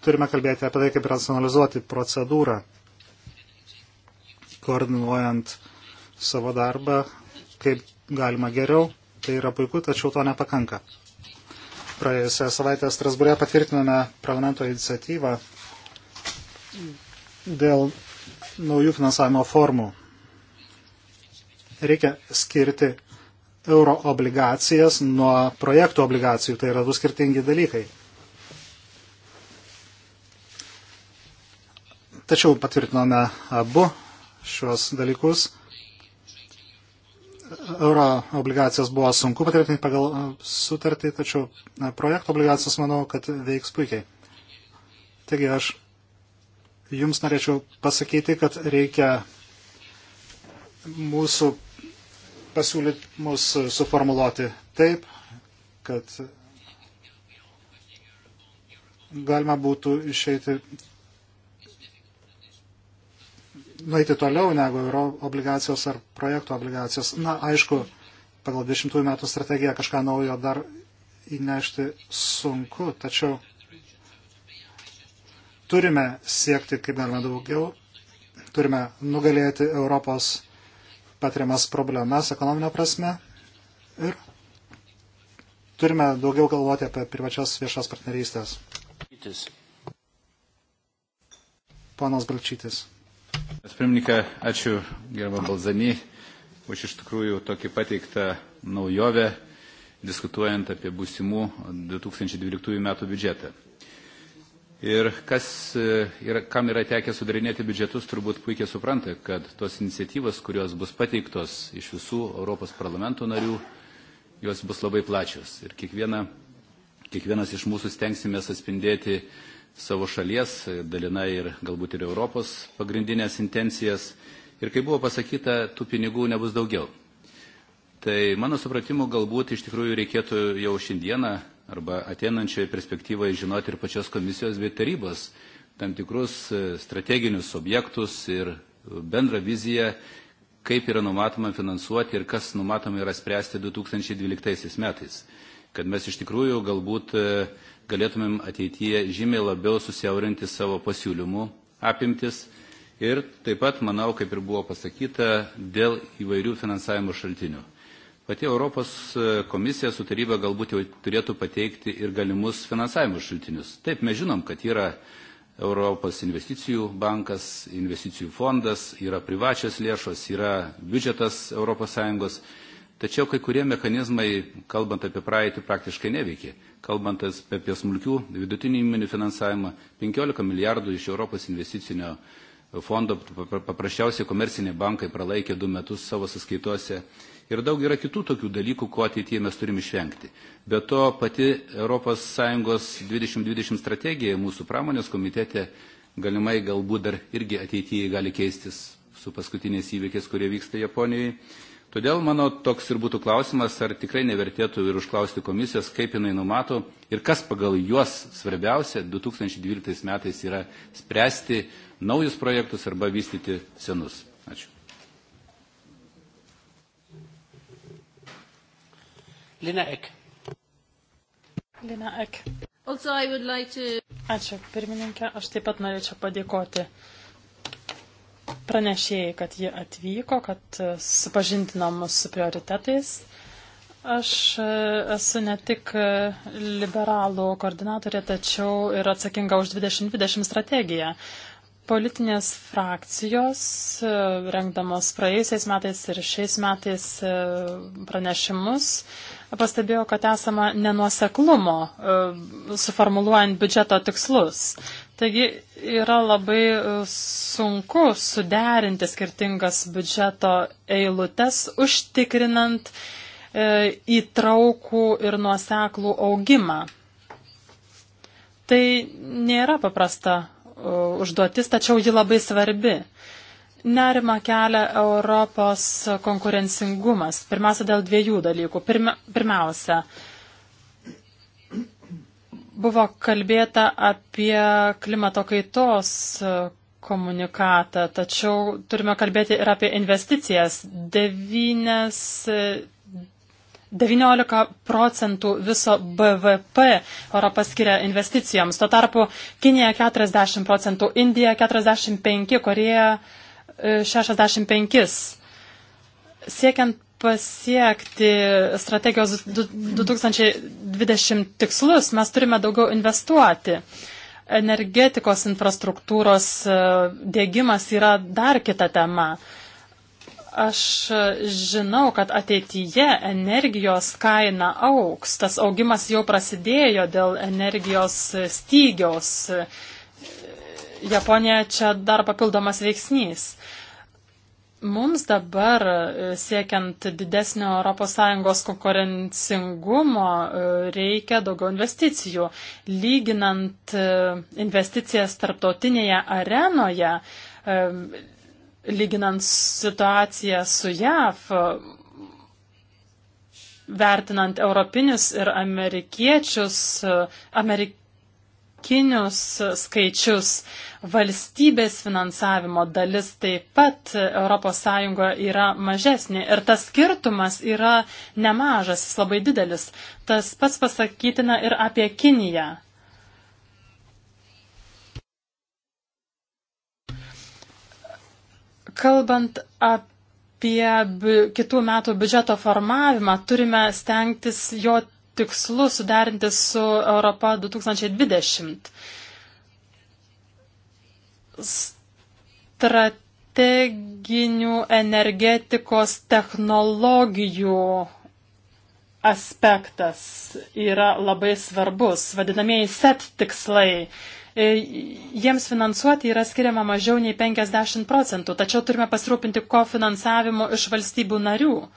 Turime kalbėti apie tai, kaip racionalizuoti procedūrą, koordinuojant savo darbą, kaip galima geriau. Tai yra puiku, tačiau to nepakanka. Praėjusią savaitę Strasbūrė patvirtinome parlamento iniciatyvą dėl naujų finansavimo formų. Reikia skirti euro obligacijas nuo projektų obligacijų, tai yra du skirtingi dalykai. Tačiau patvirtinome abu šios dalykus. Euro obligacijas buvo sunku patvirtinti pagal e, sutartį, tačiau e, projektų obligacijas manau, kad veiks puikiai. Taigi aš jums norėčiau pasakyti, kad reikia mūsų pasiūlymus suformuluoti taip, kad galima būtų išeiti, nueiti toliau negu euro obligacijos ar projektų obligacijos. Na, aišku, pagal 20 metų strategiją kažką naujo dar įnešti sunku, tačiau turime siekti kaip galima daugiau, turime nugalėti Europos patiriamas problemas ekonominio prasme ir turime daugiau galvoti apie privačias viešas partnerystės. Ponas Balčytis. Pirmininkė, ačiū gerbą Balzanį už iš tikrųjų tokį pateiktą naujovę, diskutuojant apie būsimų 2012 metų biudžetą. Ir kas, ir e, kam yra tekę sudarinėti biudžetus, turbūt puikiai supranta, kad tos iniciatyvas, kurios bus pateiktos iš visų Europos parlamento narių, jos bus labai plačios. Ir kiekviena, kiekvienas iš mūsų stengsimės atspindėti savo šalies, dalinai ir galbūt ir Europos pagrindinės intencijas. Ir kaip buvo pasakyta, tų pinigų nebus daugiau. Tai mano supratimu galbūt iš tikrųjų reikėtų jau šiandieną arba ateinančioje perspektyvoje žinoti ir pačios komisijos bei tarybos tam tikrus e, strateginius objektus ir e, bendrą viziją, kaip yra numatoma finansuoti ir kas numatoma yra spręsti 2012 metais. Kad mes iš tikrųjų galbūt e, galėtumėm ateityje žymiai labiau susiaurinti savo pasiūlymų apimtis ir taip pat, manau, kaip ir buvo pasakyta, dėl įvairių finansavimo šaltinių. Pati Europos e, komisija su taryba galbūt jau turėtų pateikti ir galimus finansavimo šaltinius. Taip, mes žinom, kad yra Europos investicijų bankas, investicijų fondas, yra privačios lėšos, yra biudžetas ES, tačiau kai kurie mechanizmai, kalbant apie praeitį, praktiškai neveikia. Kalbant apie smulkių vidutinių įmonių finansavimą, 15 milijardų iš Europos investicinio fondo paprasčiausiai komerciniai bankai pralaikė du metus savo sąskaitose Ir daug yra kitų tokių dalykų, ko ateityje mes turim išvengti. Be to, pati ES 2020 strategija mūsų pramonės komitete galimai galbūt dar irgi ateityje gali keistis su paskutiniais įvykiais, kurie vyksta Japonijoje. Todėl mano toks ir būtų klausimas, ar tikrai nevertėtų ir užklausti komisijos, kaip jinai numato ir kas pagal juos svarbiausia 2012 metais yra spręsti naujus projektus arba vystyti senus. Ačiū. Lina Ek. Lina Ek. Also, I would like to... Ačiū, pirmininkė. Aš taip pat norėčiau padėkoti pranešėjai, kad ji atvyko, kad e, supažintino mus su prioritetais. Aš e, esu ne tik e, liberalų koordinatorė, tačiau ir atsakinga už 2020 strategiją. Politinės frakcijos, rengdamos praėjusiais metais ir šiais metais pranešimus, pastebėjo, kad esama nenuoseklumo e, suformuluojant biudžeto tikslus. Taigi yra labai e, sunku suderinti skirtingas biudžeto eilutes, užtikrinant e, įtraukų ir nuoseklų augimą. Tai nėra paprasta užduotis, tačiau ji labai svarbi. Nerima kelia Europos konkurencingumas. Pirmiausia, dėl dviejų dalykų. Pirma, pirmiausia, buvo kalbėta apie klimato kaitos komunikatą, tačiau turime kalbėti ir apie investicijas. 9 19 procentų viso BVP Europą skiria investicijoms. Tuo tarpu Kinija 40 procentų, Indija 45, Korėja 65. Siekiant pasiekti strategijos 2020 tikslus, mes turime daugiau investuoti. Energetikos infrastruktūros e, dėgymas yra dar kita tema. Aš žinau, kad ateityje energijos kaina auks. Tas augimas jau prasidėjo dėl energijos stygiaus Japonija čia dar papildomas veiksnys. Mums dabar e, siekiant didesnio ES konkurencingumo e, reikia daugiau investicijų. Lyginant e, investicijas tarptautinėje arenoje, lyginant situaciją su JAV, vertinant europinius ir amerikiečius, amerik šiuolaikinius skaičius, valstybės finansavimo dalis taip pat ES yra mažesnė ir tas skirtumas yra nemažas, jis labai didelis. Tas pats pasakytina ir apie Kiniją. Kalbant apie apie kitų metų biudžeto formavimą turime stengtis jo tikslu suderinti su Europa 2020. Strateginių energetikos technologijų aspektas yra labai svarbus, vadinamieji set tikslai. E, jiems finansuoti yra skiriama mažiau nei 50 procentų, tačiau turime pasirūpinti kofinansavimu iš valstybių narių. Uh,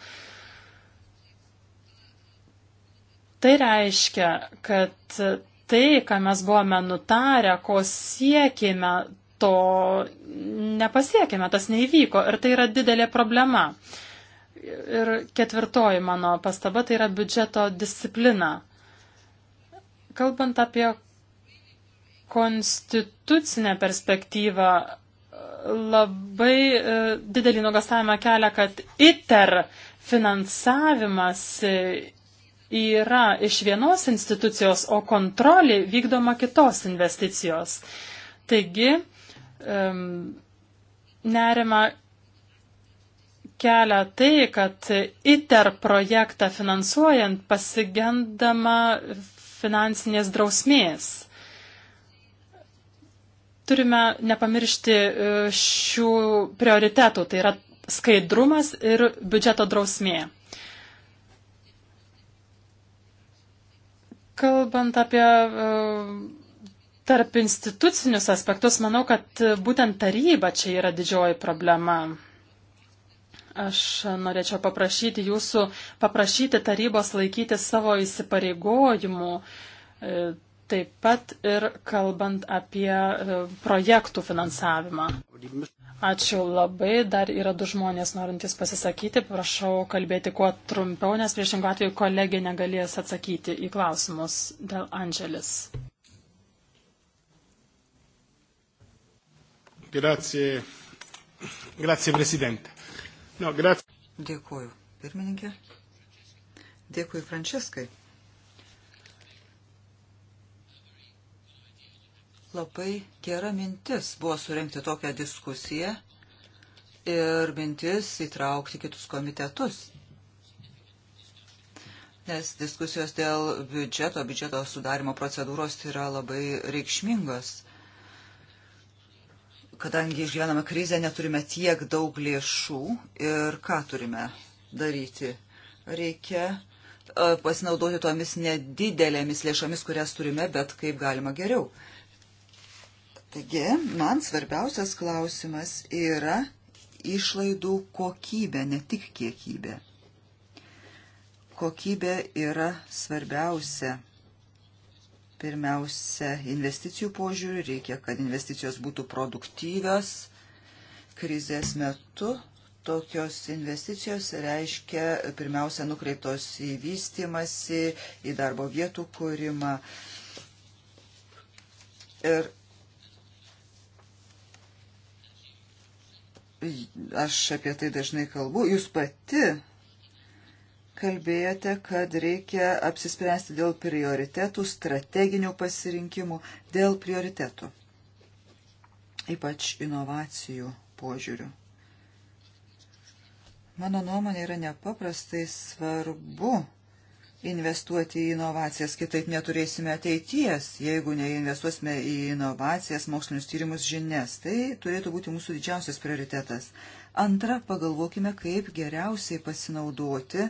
Tai reiškia, kad tai, ką mes buvome nutarę, ko siekėme, to nepasiekėme, tas neįvyko ir tai yra didelė problema. Ir ketvirtoji mano pastaba tai yra biudžeto disciplina. Kalbant apie konstitucinę perspektyvą, labai e, didelį nuogastavimą kelia, kad ITER finansavimas yra iš vienos institucijos, o kontrolė vykdoma kitos investicijos. Taigi, um, nerima kelia tai, kad ITER projektą finansuojant pasigendama finansinės drausmės. Turime nepamiršti e, šių prioritetų, tai yra skaidrumas ir biudžeto drausmė. Kalbant apie e, tarp institucinius aspektus, manau, kad būtent taryba čia yra didžioji problema. Aš norėčiau paprašyti jūsų, paprašyti tarybos laikyti savo įsipareigojimų e, taip pat ir kalbant apie e, projektų finansavimą. Ačiū labai. Dar yra du žmonės norintys pasisakyti. Prašau kalbėti kuo trumpiau, nes priešingų atveju kolegė negalės atsakyti į klausimus dėl Andželis. Grazie. Grazie, prezidente. No, grazie. Dėkuoju, pirmininkė. Dėkui, Frančiskai. Labai gera mintis buvo surenkti tokią diskusiją ir mintis įtraukti kitus komitetus. Nes diskusijos dėl biudžeto, biudžeto sudarimo procedūros tai yra labai reikšmingos. Kadangi išgyvename krizę, neturime tiek daug lėšų ir ką turime daryti. Reikia e, pasinaudoti tomis nedidelėmis lėšomis, kurias turime, bet kaip galima geriau. Taigi, man svarbiausias klausimas yra išlaidų kokybė, ne tik kiekybė. Kokybė yra svarbiausia. Pirmiausia, investicijų požiūrių reikia, kad investicijos būtų produktyvios. Krizės metu tokios investicijos reiškia pirmiausia nukreiptos į vystimąsi, į darbo vietų kūrimą. Ir aš apie tai dažnai kalbu, jūs pati kalbėjote, kad reikia apsispręsti dėl prioritetų, strateginių pasirinkimų, dėl prioritetų, ypač inovacijų požiūrių. Mano nuomonė yra nepaprastai svarbu investuoti į inovacijas, kitaip neturėsime ateities, jeigu neinvestuosime į inovacijas, mokslinius tyrimus, žinias. Tai turėtų būti mūsų didžiausias prioritetas. Antra, pagalvokime, kaip geriausiai pasinaudoti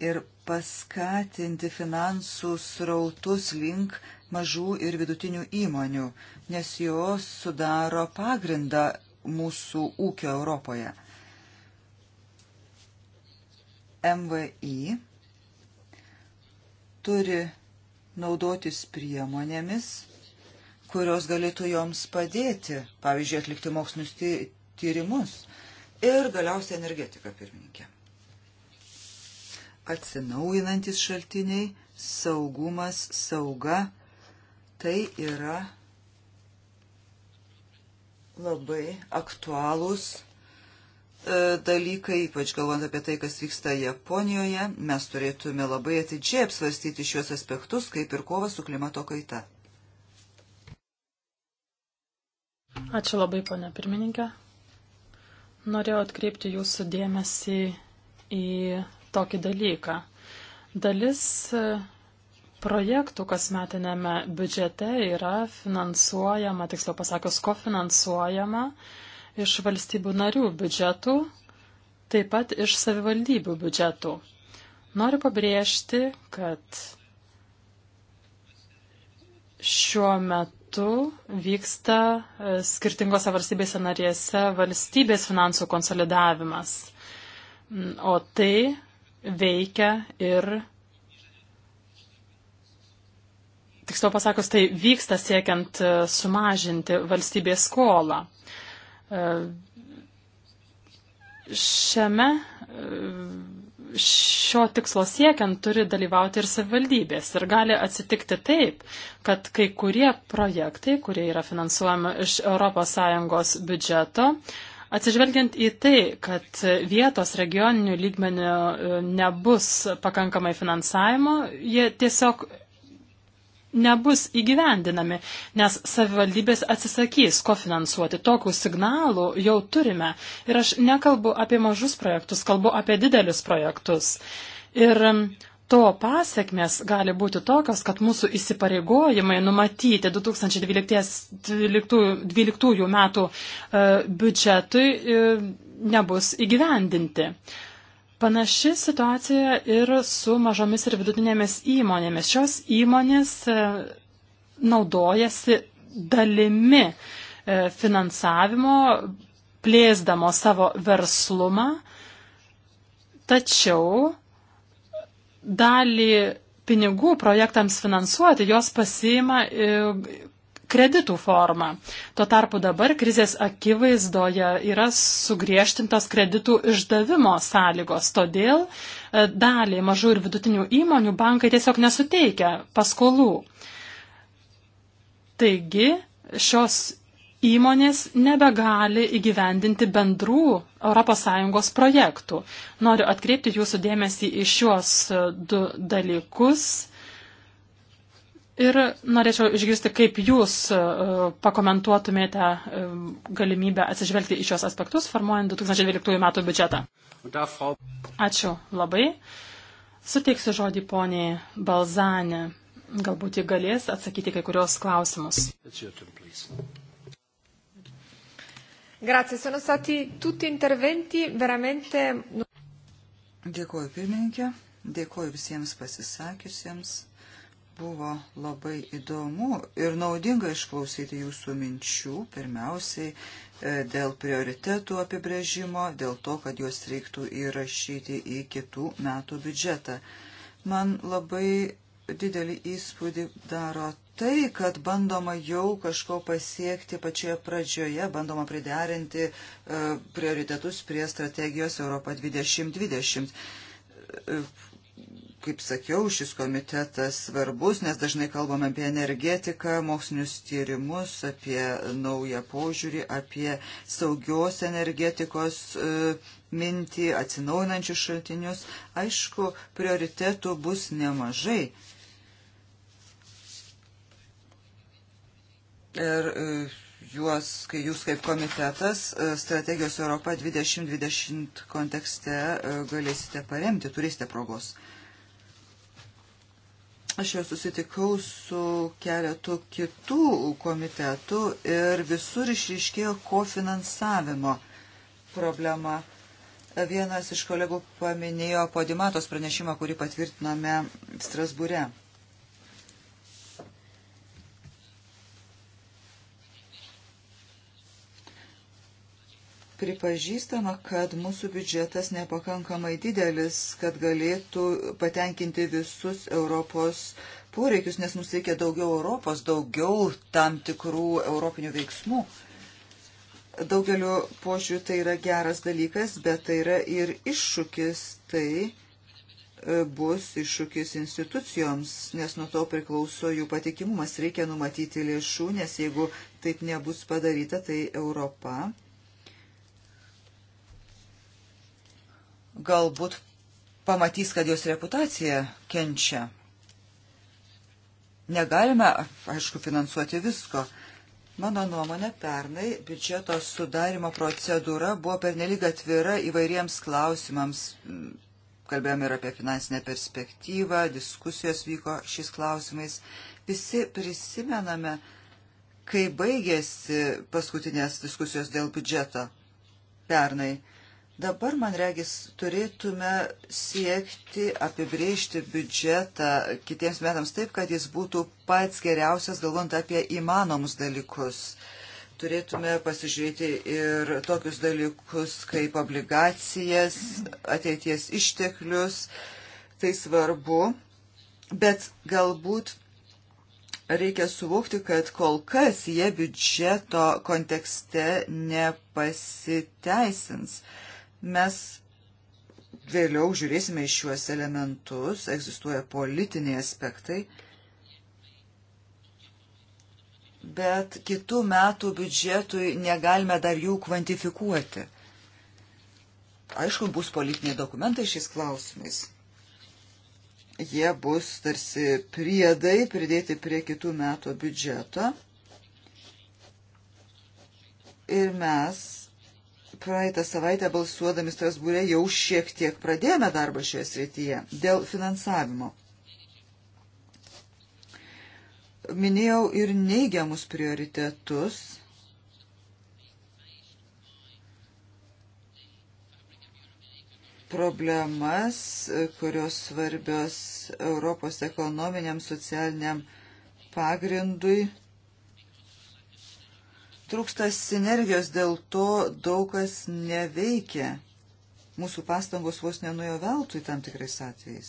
ir paskatinti finansų srautus link mažų ir vidutinių įmonių, nes jos sudaro pagrindą mūsų ūkio Europoje. MVI turi naudotis priemonėmis, kurios galėtų joms padėti, pavyzdžiui, atlikti mokslinius ty tyrimus. Ir galiausiai energetika pirmininkė. Atsinaujinantis šaltiniai, saugumas, sauga, tai yra labai aktualūs E, dalykai, ypač galvojant apie tai, kas vyksta Japonijoje, mes turėtume labai atidžiai apsvarstyti šios aspektus, kaip ir kova su klimato kaita. Ačiū labai, ponia pirmininkė. Norėjau atkreipti jūsų dėmesį į tokį dalyką. Dalis e, projektų kasmetinėme biudžete yra finansuojama, tiksliau pasakius, kofinansuojama finansuojama iš valstybių narių biudžetų, taip pat iš savivaldybių biudžetų. Noriu pabrėžti, kad šiuo metu vyksta e, skirtingose valstybėse narėse valstybės finansų konsolidavimas, mm, o tai veikia ir tiksliau pasakius, tai vyksta siekiant e, sumažinti valstybės skolą. Šiame šio tikslo siekiant turi dalyvauti ir savivaldybės. Ir gali atsitikti taip, kad kai kurie projektai, kurie yra finansuojami iš ES biudžeto, Atsižvelgiant į tai, kad vietos regioninių lygmenių nebus pakankamai finansavimo, jie tiesiog nebus įgyvendinami, nes savivaldybės atsisakys kofinansuoti. Tokių signalų jau turime. Ir aš nekalbu apie mažus projektus, kalbu apie didelius projektus. Ir to pasiekmes gali būti tokios, kad mūsų įsipareigojimai numatyti 2012 metų biudžetui nebus įgyvendinti. Panaši situacija ir su mažomis ir vidutinėmis įmonėmis. Šios įmonės e, naudojasi dalimi e, finansavimo, plėsdamo savo verslumą, tačiau dalį pinigų projektams finansuoti jos pasiima e, kreditų formą. Tuo tarpu dabar krizės akivaizdoje yra sugriežtintos kreditų išdavimo sąlygos, todėl e, daliai mažų ir vidutinių įmonių bankai tiesiog nesuteikia paskolų. Taigi, šios įmonės nebegali įgyvendinti bendrų ES projektų. Noriu atkreipti jūsų dėmesį į šiuos e, du dalykus Ir norėčiau išgirsti, kaip Jūs e, pakomentuotumėte e, galimybę atsižvelgti į šios aspektus, formuojant 2012 metų biudžetą. Ačiū labai. Suteiksiu žodį poniai Balzanė. Galbūt ji galės atsakyti kai kurios klausimus. Grazie, sono stati tutti interventi veramente. Nu- dėkuoju pirmininkė, dėkuoju visiems pasisakiusiems Buvo labai įdomu ir naudinga išklausyti jūsų minčių, pirmiausiai e, dėl prioritetų apibrėžimo, dėl to, kad juos reiktų įrašyti į kitų metų biudžetą. Man labai didelį įspūdį daro tai, kad bandoma jau kažko pasiekti pačioje pradžioje, bandoma priderinti e, prioritetus prie strategijos Europa 2020. E, kaip sakiau, šis komitetas svarbus, nes dažnai kalbame apie energetiką, mokslinius tyrimus, apie naują požiūrį, apie saugios energetikos e, mintį, atsinaujinančius šaltinius. Aišku, prioritetų bus nemažai. Ir e, juos, kai jūs kaip komitetas e, strategijos Europa 2020 kontekste galėsite paremti, turėsite progos. Aš jau susitikau su keletu kitų komitetų ir visur išryškėjo kofinansavimo problema. Vienas iš kolegų paminėjo podimatos pranešimą, kurį patvirtinome Strasbūre. pripažįstama, kad mūsų biudžetas nepakankamai didelis, kad galėtų patenkinti visus Europos poreikius, nes mums reikia daugiau Europos, daugiau tam tikrų europinių veiksmų. Daugeliu požiūrių tai yra geras dalykas, bet tai yra ir iššūkis. Tai e, bus iššūkis institucijoms, nes nuo to priklauso jų patikimumas. Reikia numatyti lėšų, nes jeigu taip nebus padaryta, tai Europa galbūt pamatys, kad jos reputacija kenčia. Negalime, aišku, finansuoti visko. Mano nuomonė, pernai biudžeto sudarimo procedūra buvo pernelyg atvira įvairiems klausimams. Kalbėjome ir apie finansinę perspektyvą, diskusijos vyko šiais klausimais. Visi prisimename, kai baigėsi paskutinės diskusijos dėl biudžeto pernai. Dabar, man regis, turėtume siekti apibrėžti biudžetą kitiems metams taip, kad jis būtų pats geriausias, galvant apie įmanomus dalykus turėtume pasižiūrėti ir tokius dalykus kaip obligacijas, ateities išteklius, tai svarbu, bet galbūt reikia suvokti, kad kol kas jie biudžeto kontekste nepasiteisins. Uh, Mes vėliau žiūrėsime iš šiuos elementus, egzistuoja politiniai aspektai, bet kitų metų biudžetui negalime dar jų kvantifikuoti. Aišku, bus politiniai dokumentai šiais klausimais. Jie bus tarsi priedai pridėti prie kitų metų biudžeto. Ir mes praeitą savaitę balsuodami Strasbūrė jau šiek tiek pradėjome darbą šioje srityje dėl finansavimo. Minėjau ir neigiamus prioritetus. problemas, kurios svarbios Europos ekonominiam, socialiniam pagrindui trūksta sinergijos, dėl to daug kas neveikia. Mūsų pastangos vos nenuėjo veltui tam tikrais atvejais.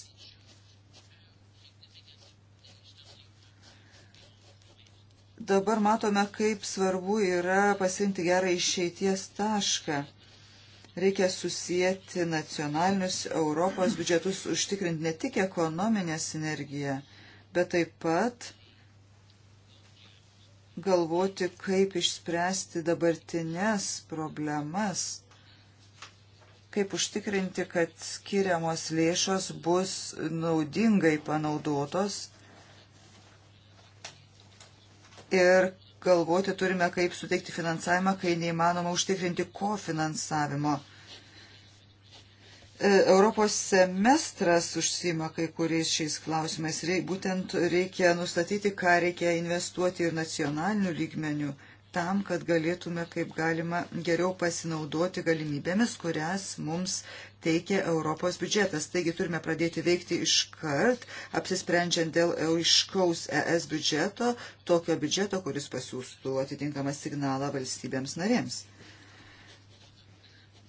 Dabar matome, kaip svarbu yra pasirinkti gerą išeities tašką. Reikia susijęti nacionalinius Europos biudžetus, užtikrinti ne tik ekonominę sinergiją, bet taip pat galvoti, kaip išspręsti dabartinės problemas, kaip užtikrinti, kad skiriamos lėšos bus naudingai panaudotos ir galvoti turime, kaip suteikti finansavimą, kai neįmanoma užtikrinti kofinansavimo. finansavimo E, Europos semestras užsima kai kuriais šiais klausimais. Rei, būtent reikia nustatyti, ką reikia investuoti ir nacionalinių lygmenių tam, kad galėtume kaip galima geriau pasinaudoti galimybėmis, kurias mums teikia Europos biudžetas. Taigi turime pradėti veikti iškart, apsisprendžiant dėl aiškaus e, ES biudžeto, tokio biudžeto, kuris pasiūstų atitinkamą signalą valstybėms narėms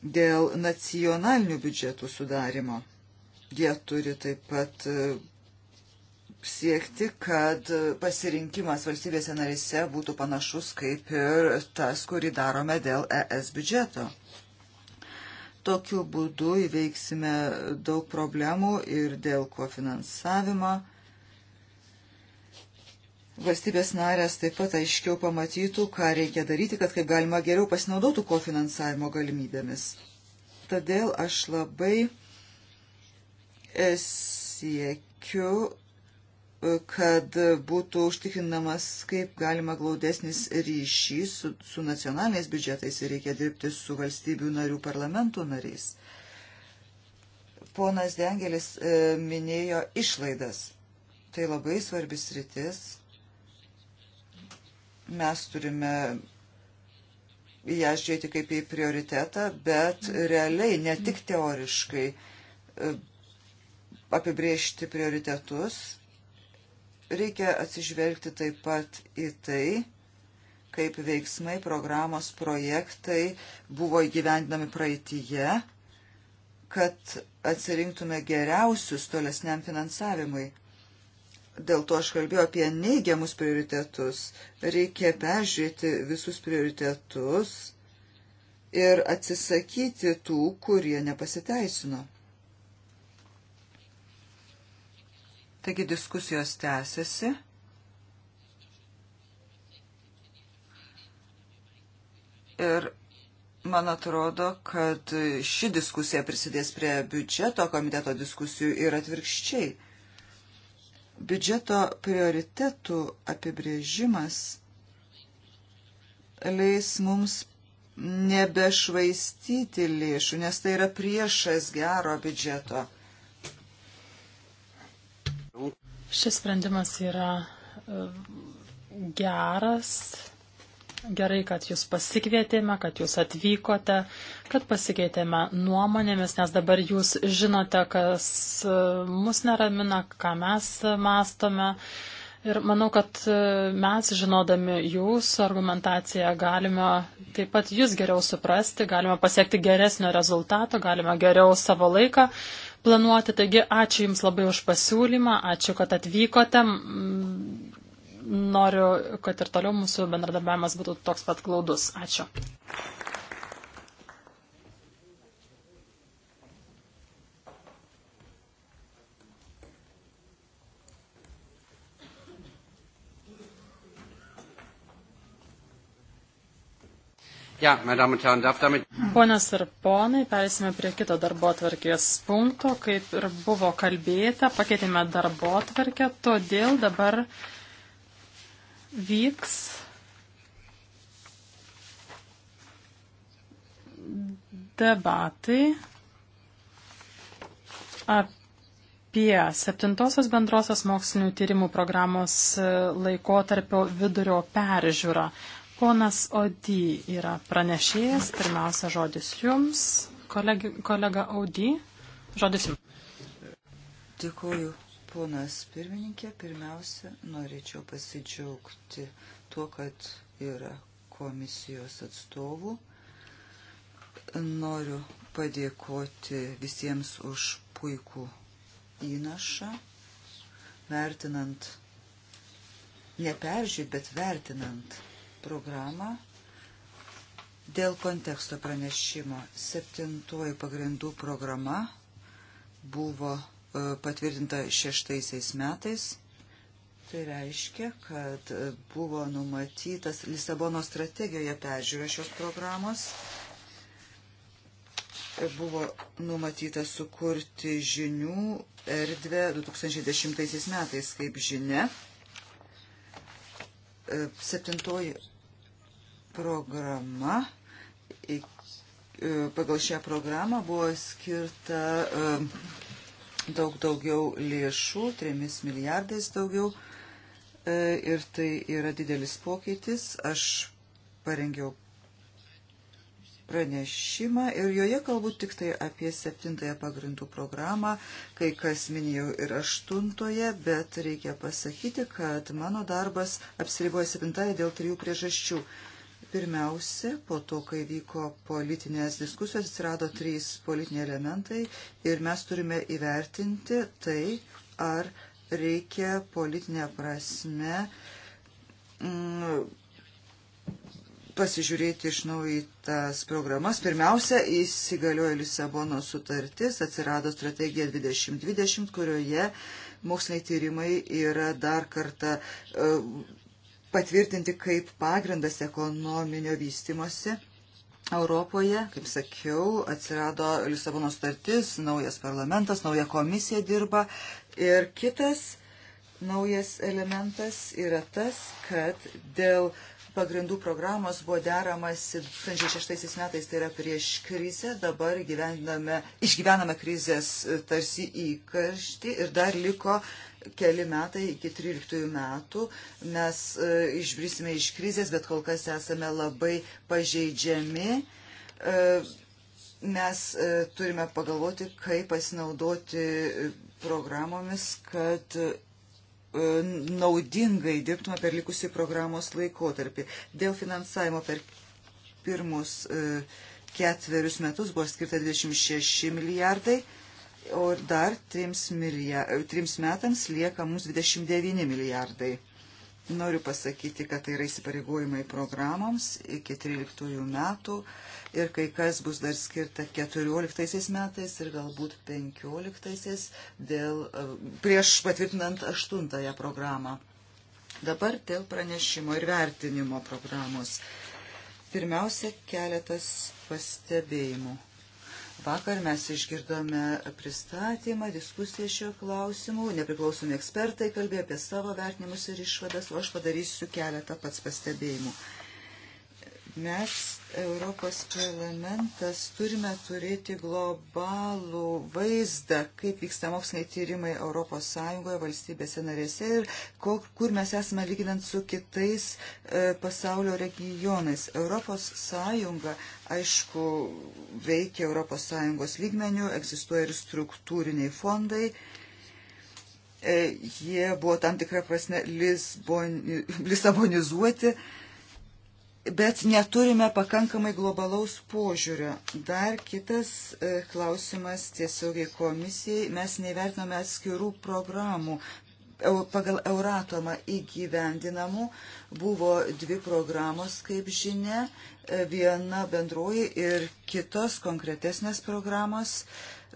dėl nacionalinių biudžetų sudarimo. Jie turi taip pat e, siekti, kad pasirinkimas valstybėse narėse būtų panašus kaip ir tas, kurį darome dėl ES biudžeto. Tokiu būdu įveiksime daug problemų ir dėl kofinansavimo. finansavimo valstybės narės taip pat aiškiau pamatytų, ką reikia daryti, kad kaip galima geriau pasinaudotų kofinansavimo galimybėmis. Todėl aš labai e, siekiu, e, kad būtų užtikrinamas kaip galima glaudesnis ryšys su, su nacionaliniais biudžetais ir reikia dirbti su valstybių narių parlamentų nariais. Ponas Dengelis e, minėjo išlaidas. Tai labai svarbis rytis, Mes turime į ją žiūrėti kaip į prioritetą, bet realiai, ne tik teoriškai, e, apibriežti prioritetus, reikia atsižvelgti taip pat į tai, kaip veiksmai, programos, projektai buvo įgyvendinami praeitįje, kad atsirinktume geriausius tolesniam finansavimui. Dėl to aš kalbėjau apie neigiamus prioritetus. Reikia peržiūrėti visus prioritetus ir atsisakyti tų, kurie nepasiteisino. Taigi diskusijos tęsiasi. Ir man atrodo, kad ši diskusija prisidės prie biudžeto komiteto diskusijų ir atvirkščiai. Biudžeto prioritetų apibrėžimas leis mums nebešvaistyti lėšų, nes tai yra priešas gero biudžeto. Šis sprendimas yra e, geras Gerai, kad jūs pasikvietėme, kad jūs atvykote, kad pasikeitėme nuomonėmis, nes dabar jūs žinote, kas e, mus neramina, ką mes mastome. Ir manau, kad e, mes, žinodami jūsų argumentaciją, galime taip pat jūs geriau suprasti, galime pasiekti geresnio rezultato, galime geriau savo laiką planuoti. Taigi, ačiū Jums labai už pasiūlymą, ačiū, kad atvykote noriu, kad ir toliau mūsų bendradarbiavimas būtų toks pat glaudus. Ačiū. Ja, Ponios ir ponai, perėsime prie kito darbo atvarkės punkto, kaip ir buvo kalbėta, pakeitėme darbo atvarkę, todėl dabar vyks debatai apie septintosios bendrosios mokslinių tyrimų programos laikotarpio vidurio peržiūrą. Ponas Odi yra pranešėjas. Pirmiausia, žodis jums. Kolegi, kolega Odi, žodis jums. Dėkuoju, Ponas pirmininkė, pirmiausia, norėčiau pasidžiaugti tuo, kad yra komisijos atstovų. Noriu padėkoti visiems už puikų įnašą, vertinant, neperžiūrėt, bet vertinant programą. Dėl konteksto pranešimo septintoji pagrindų programa buvo patvirtinta šeštaisiais metais. Tai reiškia, kad buvo numatytas Lisabono strategijoje peržiūrė šios programos. Buvo numatyta sukurti žinių erdvę 2010 metais, kaip žinia. E, septintoji programa. E, pagal šią programą buvo skirta e, daug daugiau lėšų, 3 milijardais daugiau. E, ir tai yra didelis pokytis. Aš parengiau pranešimą ir joje kalbu tik tai apie septintąją pagrindų programą, kai kas minėjau ir aštuntoje, bet reikia pasakyti, kad mano darbas apsiriboja septintąją dėl trijų priežasčių. Pirmiausia, po to, kai vyko politinės diskusijos, atsirado trys politiniai elementai ir mes turime įvertinti tai, ar reikia politinė prasme mm, pasižiūrėti iš naujo į tas programas. Pirmiausia, įsigaliojo Lisabono sutartis, atsirado strategija 2020, kurioje moksliniai tyrimai yra dar kartą e, patvirtinti kaip pagrindas ekonominio vystimosi. Europoje, kaip sakiau, atsirado Lisabono startis, naujas parlamentas, nauja komisija dirba ir kitas naujas elementas yra tas, kad dėl pagrindų programos buvo deramas 2006 metais, tai yra prieš krizę, dabar išgyvename krizės e, tarsi įkaršti ir dar liko keli metai iki 13 metų. Mes e, išbrisime iš krizės, bet kol kas esame labai pažeidžiami. E, mes e, turime pagalvoti, kaip pasinaudoti e, programomis, kad E, naudingai dirbtume per likusį programos laikotarpį. Dėl finansavimo per pirmus e, ketverius metus buvo skirta 26 milijardai, o dar trims, milija, trims metams lieka mums 29 milijardai. Noriu pasakyti, kad tai yra įsipareigojimai programoms iki 13 metų ir kai kas bus dar skirta 14 metais ir galbūt 15 dėl, prieš patvirtinant 8 programą. Dabar dėl pranešimo ir vertinimo programos. Pirmiausia, keletas pastebėjimų. Vakar mes išgirdome pristatymą, diskusiją šio klausimu, nepriklausomi ekspertai kalbėjo apie savo vertinimus ir išvadas, o aš padarysiu keletą pats pastebėjimų. Mes, Europos parlamentas, turime turėti globalų vaizdą, kaip vyksta moksliniai tyrimai Europos Sąjungoje, valstybėse narėse ir kur mes esame lyginant su kitais e, pasaulio regionais. Europos Sąjunga, aišku, veikia Europos Sąjungos lygmenių, egzistuoja ir struktūriniai fondai e, jie buvo tam tikrą prasme Lisbon, lisabonizuoti bet neturime pakankamai globalaus požiūrio. Dar kitas e, klausimas tiesiogiai komisijai. Mes nevertiname atskirų programų. Pagal Euratomą įgyvendinamų buvo dvi programos, kaip žinia, e, viena bendroji ir kitos konkretesnės programos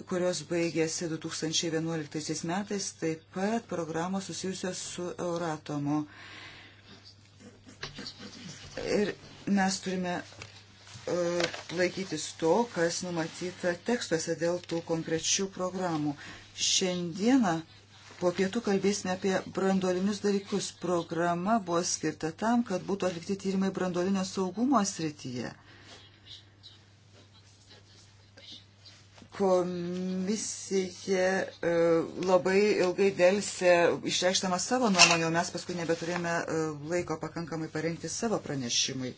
kurios baigėsi 2011 metais, taip pat programos susijusios su Euratomu. E, Ir mes turime e, laikytis to, kas numatyta tekstuose dėl tų konkrečių programų. Šiandieną po pietų kalbėsime apie branduolinius dalykus. Programa buvo skirta tam, kad būtų atlikti tyrimai branduolinio saugumo srityje. komisija e, labai ilgai dėlsė išreikštama savo nuomonę, o mes paskui nebeturėjome e, laiko pakankamai parengti savo pranešimui.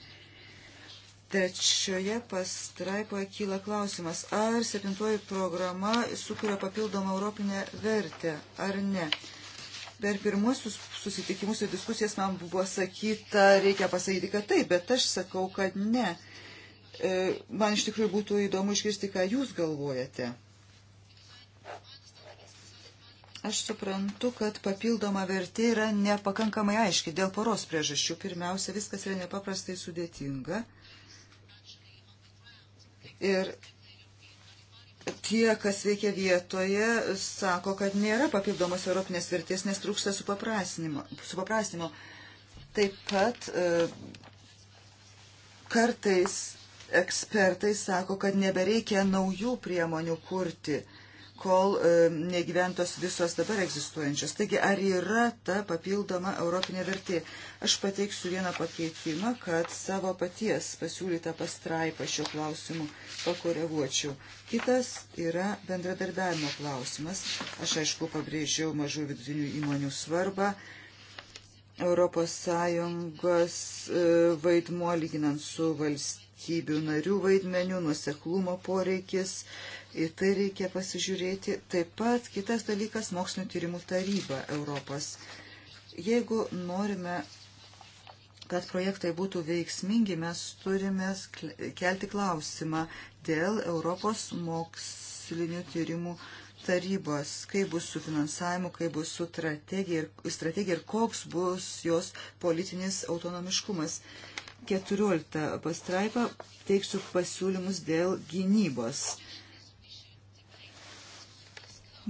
Trečioje pastraipoje kyla klausimas, ar septintoji programa sukuria papildomą europinę vertę, ar ne. Per pirmuosius susitikimus ir diskusijas man buvo sakyta, reikia pasakyti, kad taip, bet aš sakau, kad ne E, man iš tikrųjų būtų įdomu išgirsti, ką jūs galvojate. Aš suprantu, kad papildoma vertė yra nepakankamai aiški dėl poros priežasčių. Pirmiausia, viskas yra nepaprastai sudėtinga. Ir tie, kas veikia vietoje, sako, kad nėra papildomos europinės vertės, nes trūksta supaprastinimo. supaprastinimo. Taip pat e, kartais Ekspertai sako, kad nebereikia naujų priemonių kurti, kol e, negyventos visos dabar egzistuojančios. Taigi, ar yra ta papildoma europinė vertė? Aš pateiksiu vieną pakeitimą, kad savo paties pasiūlytą pastraipą šio klausimu pakoreguočiau. Kitas yra bendradarbiavimo klausimas. Aš aišku pabrėžiau mažų vidutinių įmonių svarbą. Europos Sąjungos e, vaidmuo lyginant su valstybė valstybių narių vaidmenių, nuseklumo poreikis, į tai reikia pasižiūrėti. Taip pat kitas dalykas - mokslinio tyrimų taryba Europos. Jeigu norime kad projektai būtų veiksmingi, mes turime kelti klausimą dėl Europos mokslinių tyrimų tarybos, kaip bus su finansavimu, kaip bus su strategija ir, strategija ir koks bus jos politinis autonomiškumas. 14 pastraipą teiksiu pasiūlymus dėl gynybos.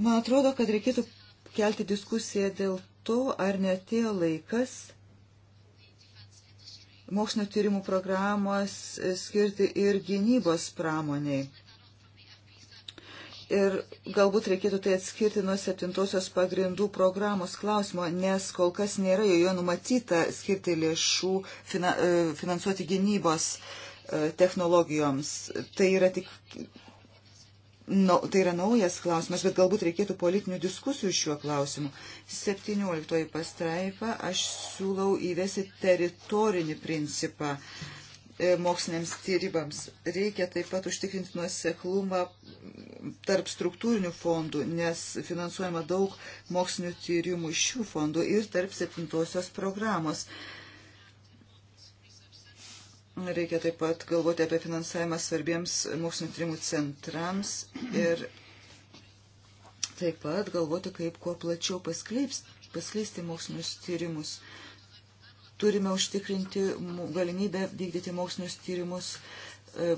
Man atrodo, kad reikėtų kelti diskusiją dėl to, ar netėjo laikas mokslinio tyrimų programos skirti ir gynybos pramoniai. Ir galbūt reikėtų tai atskirti nuo septintosios pagrindų programos klausimo, nes kol kas nėra joje numatyta skirti lėšų fina, e, finansuoti gynybos e, technologijoms. Tai yra tik. No, tai yra naujas klausimas, bet galbūt reikėtų politinių diskusijų šiuo klausimu. 17 pastraipa aš siūlau įvesti teritorinį principą. Uh, E, moksliniams tyrimams. Reikia taip pat užtikrinti nuoseklumą tarp struktūrinių fondų, nes finansuojama daug mokslinių tyrimų iš šių fondų ir tarp septintosios programos. Reikia taip pat galvoti apie finansavimą svarbiems mokslinio tyrimų centrams ir taip pat galvoti, kaip kuo plačiau paskleisti mokslinius tyrimus. Uh, turime užtikrinti galimybę vykdyti mokslinius tyrimus e,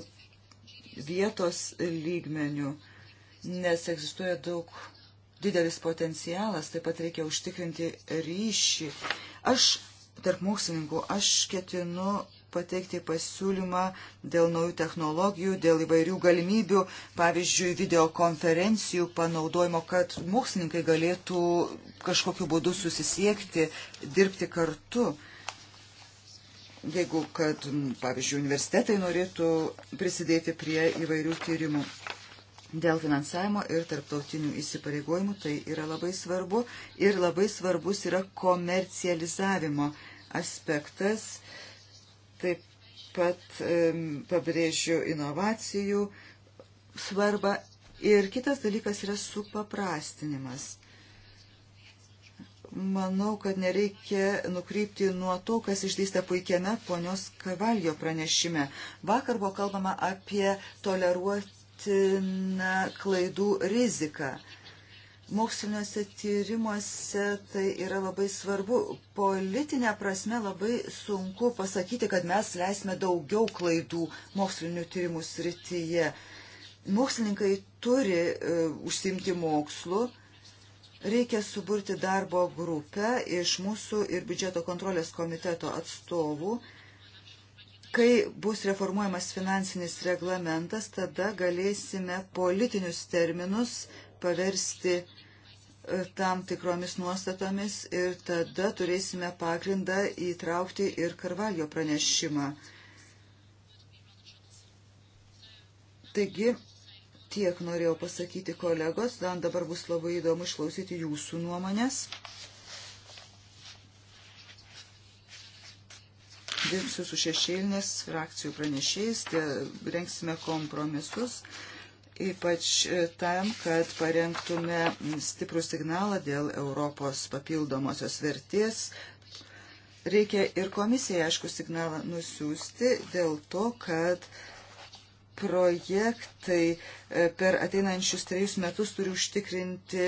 vietos lygmenių, nes egzistuoja daug didelis potencialas, taip pat reikia užtikrinti ryšį. Aš tarp mokslininkų, aš ketinu pateikti pasiūlymą dėl naujų technologijų, dėl įvairių galimybių, pavyzdžiui, videokonferencijų panaudojimo, kad mokslininkai galėtų kažkokiu būdu susisiekti, dirbti kartu jeigu, kad, pavyzdžiui, universitetai norėtų prisidėti prie įvairių tyrimų. Dėl finansavimo ir tarptautinių įsipareigojimų tai yra labai svarbu ir labai svarbus yra komercializavimo aspektas. Taip pat um, pabrėžiu inovacijų svarbą ir kitas dalykas yra supaprastinimas. Manau, kad nereikia nukrypti nuo to, kas išdėstė puikiame ponios Kavaljo pranešime. Vakar buvo kalbama apie toleruotiną klaidų riziką. Moksliniuose tyrimuose tai yra labai svarbu. Politinė prasme labai sunku pasakyti, kad mes leisime daugiau klaidų mokslinių tyrimų srityje. Mokslininkai turi e, užsimti mokslu Reikia suburti darbo grupę iš mūsų ir biudžeto kontrolės komiteto atstovų. Kai bus reformuojamas finansinis reglamentas, tada galėsime politinius terminus paversti e, tam tikromis nuostatomis ir tada turėsime pagrindą įtraukti ir Karvalio pranešimą. Taigi, Tiek norėjau pasakyti kolegos, dan dabar bus labai įdomu išklausyti jūsų nuomonės. Dirbsiu su šešėlinės frakcijų pranešėjais, rengsime kompromisus, ypač e, tam, kad parengtume stiprų signalą dėl Europos papildomosios vertės reikia ir komisijai aišku signalą nusiųsti dėl to, kad projektai e, per ateinančius trejus metus turi užtikrinti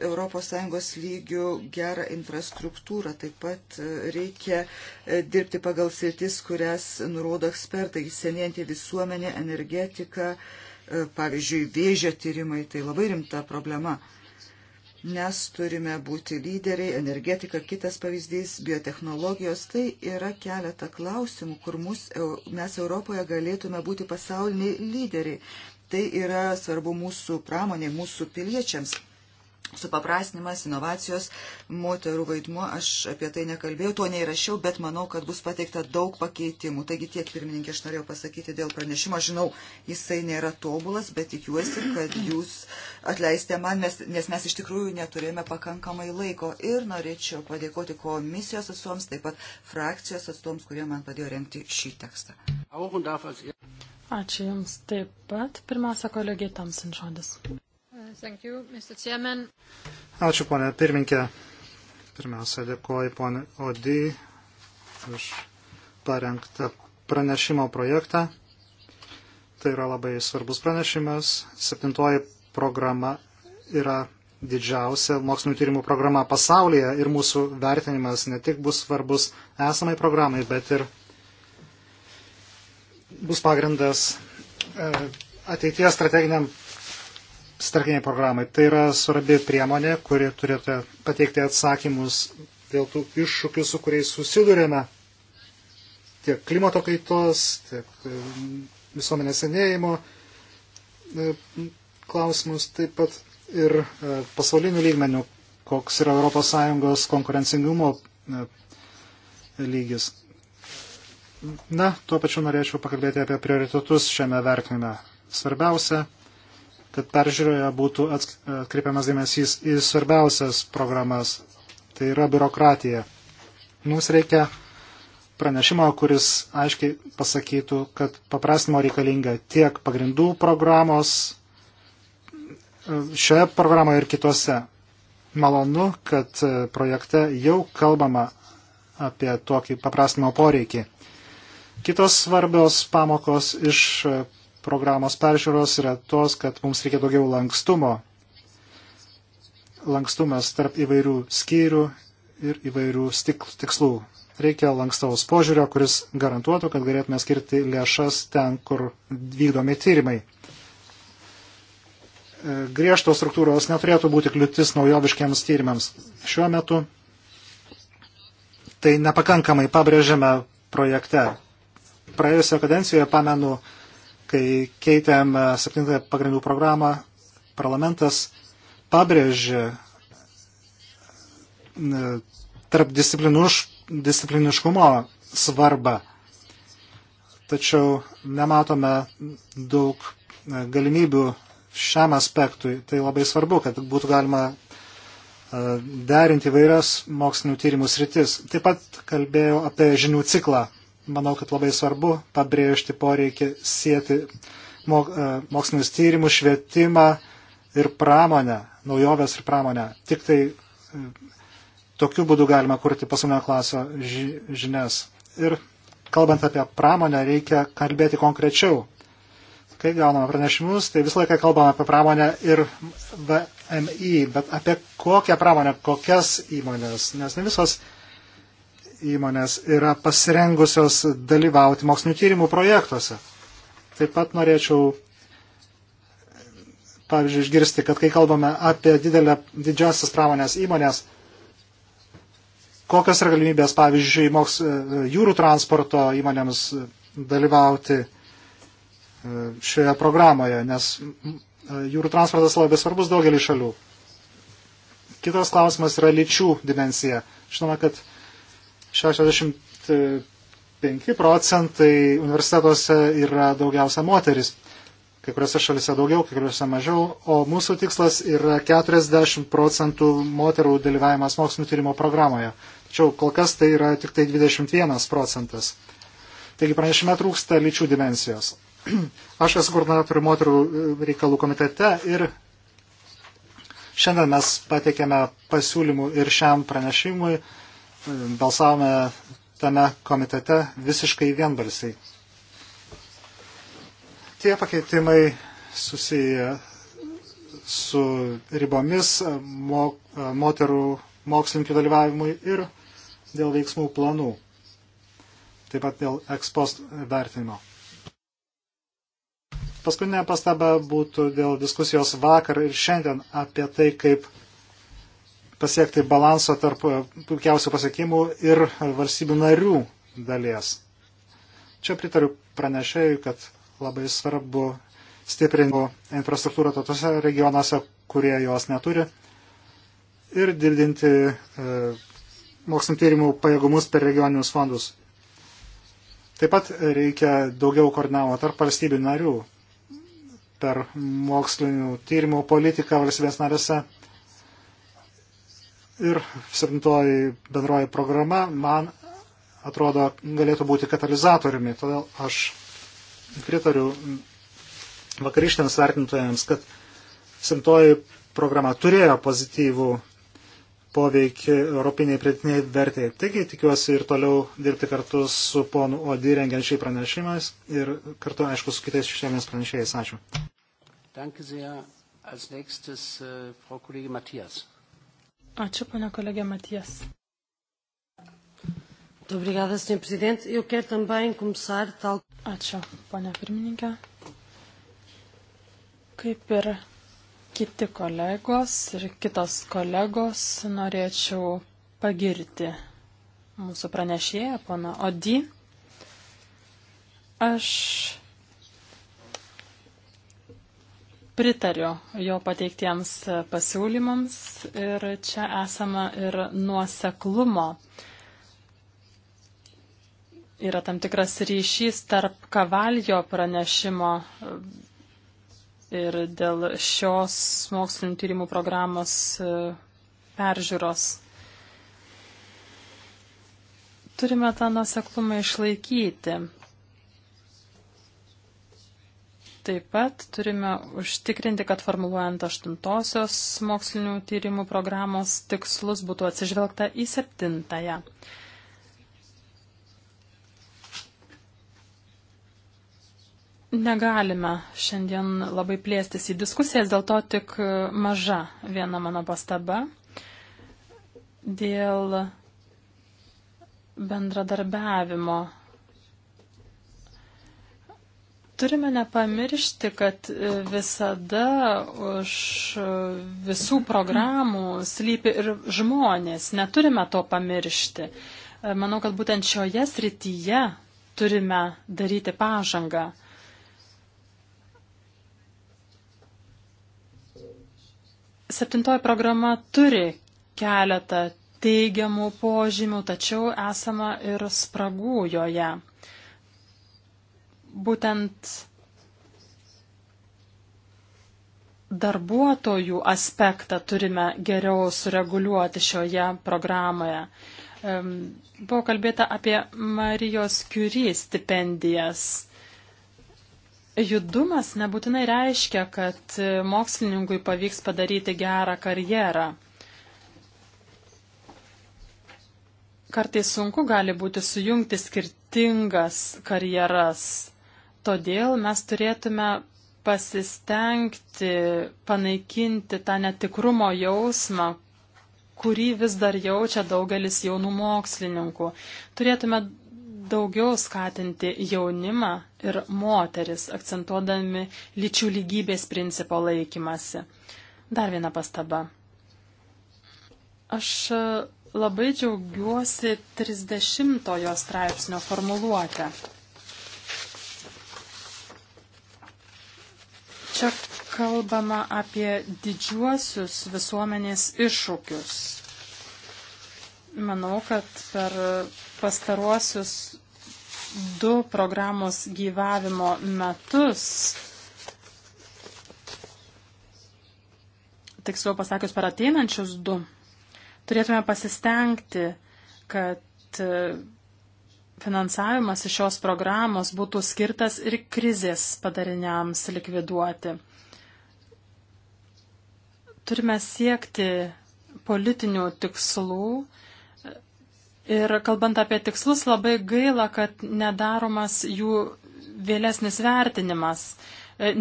ES lygių gerą infrastruktūrą. Taip pat e, reikia e, dirbti pagal sritis, kurias nurodo ekspertai, senėjantį visuomenę, energetiką, pavyzdžiui, vėžio tyrimai, tai labai rimta problema. Mes turime būti lyderiai, energetika, kitas pavyzdys, biotehnologijos. Tai yra keletą klausimų, kur mus, mes Europoje galėtume būti pasauliniai lyderiai. Tai yra svarbu mūsų pramoniai, mūsų piliečiams supaprastinimas, inovacijos, moterų vaidmuo, aš apie tai nekalbėjau, to neįrašiau, bet manau, kad bus pateikta daug pakeitimų. Taigi tiek, pirmininkė, aš norėjau pasakyti dėl pranešimo. Žinau, jisai nėra tobulas, bet tikiuosi, kad jūs atleistė man, nes mes iš tikrųjų neturėjome pakankamai laiko. Ir norėčiau padėkoti komisijos atstovams, taip pat frakcijos atstovams, kurie man padėjo renkti šį tekstą. Ačiū Jums taip pat. Pirmiausia, kolegė Tamsin žodis. Thank you, Mr. Chairman. Ačiū, ponė pirminkė. Pirmiausia, dėkoju ponė Odi už parengtą pranešimo projektą. Tai yra labai svarbus pranešimas. Septintoji programa yra didžiausia mokslinio tyrimų programa pasaulyje ir mūsų vertinimas ne tik bus svarbus esamai programai, bet ir bus pagrindas e, ateities strateginiam strateginiai programai. Tai yra svarbi priemonė, kuri turėtų pateikti atsakymus dėl tų iššūkių, su kuriais susidurėme tiek klimato kaitos, tiek e, visuomenės senėjimo e, klausimus, taip pat ir e, pasaulinių lygmenių, koks yra ES konkurencingumo lygis. Na, tuo pačiu norėčiau pakalbėti apie prioritetus šiame vertinime. Svarbiausia kad peržiūroje būtų atkreipiamas dėmesys į svarbiausias programas. Tai yra biurokratija. Mums reikia pranešimo, kuris aiškiai pasakytų, kad paprastimo reikalinga tiek pagrindų programos e, šioje programoje ir kitose. Malonu, kad e, projekte jau kalbama apie tokį paprastimo poreikį. Kitos svarbios pamokos iš e, programos peržiūros yra tos, kad mums reikia daugiau lankstumo. Lankstumas tarp įvairių skyrių ir įvairių tikslų. Reikia lankstaus požiūrio, kuris garantuotų, kad galėtume skirti lėšas ten, kur vykdomi tyrimai. E, griežtos struktūros neturėtų būti kliūtis naujoviškiams tyrimams. Šiuo metu tai nepakankamai pabrėžiame projekte. Praėjusioje kadencijoje, pamenu, kai keitėm e, septintąją pagrindų programą, parlamentas pabrėžė e, tarp discipliniškumo svarbą. Tačiau nematome daug e, galimybių šiam aspektui. Tai labai svarbu, kad būtų galima derinti vairias mokslinių tyrimų sritis. Taip pat kalbėjau apie žinių ciklą manau, kad labai svarbu pabrėžti poreikį sieti e, mokslinius tyrimus, švietimą ir pramonę, naujoves ir pramonę. Tik tai e, tokiu būdu galima kurti pasaulinio klaso žinias. Ir kalbant apie pramonę, reikia kalbėti konkrečiau. Kai gauname pranešimus, tai visą laiką kalbame apie pramonę ir VMI, bet apie kokią pramonę, kokias įmonės, nes ne visos įmonės yra pasirengusios dalyvauti mokslinių tyrimų projektuose. Taip pat norėčiau, pavyzdžiui, išgirsti, kad kai kalbame apie didelę, didžiasias pramonės įmonės, kokios yra galimybės, pavyzdžiui, moks, jūrų transporto įmonėms dalyvauti e, šioje programoje, nes e, jūrų transportas labai svarbus daugelį šalių. Kitas klausimas yra lyčių dimensija. Žinoma, kad 65 procentai universitetuose yra daugiausia moteris. Kai kuriuose šalise daugiau, kai kuriuose mažiau. O mūsų tikslas yra 40 procentų moterų dalyvavimas mokslinio tyrimo programoje. Tačiau kol kas tai yra tik tai 21 procentas. Taigi pranešime trūksta lyčių dimensijos. Aš esu koordinatorių moterų e, reikalų komitete ir šiandien mes pateikėme pasiūlymų ir šiam pranešimui balsavome tame komitete visiškai vienbalsiai. Tie pakeitimai susiję su ribomis mo, moterų mokslininkų dalyvavimui ir dėl veiksmų planų, taip pat dėl ekspost vertinimo. Paskutinė pastaba būtų dėl diskusijos vakar ir šiandien apie tai, kaip pasiekti balanso tarp e, puikiausių pasiekimų ir valstybių narių dalies. Čia pritariu pranešėjui, kad labai svarbu stiprinti infrastruktūrą tose regionuose, kurie jos neturi, ir didinti e, mokslinio tyrimų pajėgumus per regioninius fondus. Taip pat reikia daugiau koordinavimo tarp valstybių narių per mokslinių tyrimų politiką valstybės narėse ir septintoji bendroji programa man atrodo galėtų būti katalizatoriumi. Todėl aš pritariu vakarištėms vertintojams, kad septintoji programa turėjo pozityvų poveikį europiniai pridėtiniai vertėjai. Taigi tikiuosi ir toliau dirbti kartu su ponu Odi rengiant šį pranešimą ir kartu, aišku, su kitais šešėlėmis pranešėjais. Ačiū. Danke sehr. Als nächstes äh, Frau Kollege Matthias. Ačiū, ponia kolegė Matijas. Obrigada, senhor presidente. Eu quero também começar tal. Ačiū, ponia pirmininkė. Kaip ir kiti kolegos ir kitos kolegos, norėčiau pagirti mūsų pranešėją, pana Odi. Aš pritariu jo pateiktiems pasiūlymams ir čia esama ir nuoseklumo. Yra tam tikras ryšys tarp kavaljo pranešimo e, ir dėl šios mokslinio tyrimų programos e, peržiūros. Turime tą nuoseklumą išlaikyti. Taip pat turime užtikrinti, kad formuluojant aštuntosios mokslinių tyrimų programos tikslus būtų atsižvelgta į septintąją. Negalime šiandien labai plėstis į diskusijas, dėl to tik maža viena mano pastaba dėl bendradarbiavimo Turime nepamiršti, kad e, visada už e, visų programų slypi ir žmonės. Neturime to pamiršti. E, manau, kad būtent šioje srityje turime daryti pažangą. Septintoji programa turi keletą teigiamų požymių, tačiau esama ir spragų joje būtent darbuotojų aspektą turime geriau sureguliuoti šioje programoje. Buvo kalbėta apie Marijos Curie stipendijas. Judumas nebūtinai reiškia, kad mokslininkui pavyks padaryti gerą karjerą. Kartais sunku gali būti sujungti skirtingas karjeras. Todėl mes turėtume pasistengti panaikinti tą netikrumo jausmą, kurį vis dar jaučia daugelis jaunų mokslininkų. Turėtume daugiau skatinti jaunimą ir moteris, akcentuodami lyčių lygybės principo laikymasi. Dar viena pastaba. Aš e, labai džiaugiuosi 30 straipsnio formuluotę. Čia kalbama apie didžiuosius visuomenės iššūkius. Manau, kad per pastaruosius du programos gyvavimo metus tiksliau pasakius, per ateinančius du, turėtume pasistengti, kad finansavimas iš šios programos būtų skirtas ir krizės padariniams likviduoti. Turime siekti politinių tikslų ir kalbant apie tikslus labai gaila, kad nedaromas jų vėlesnis vertinimas.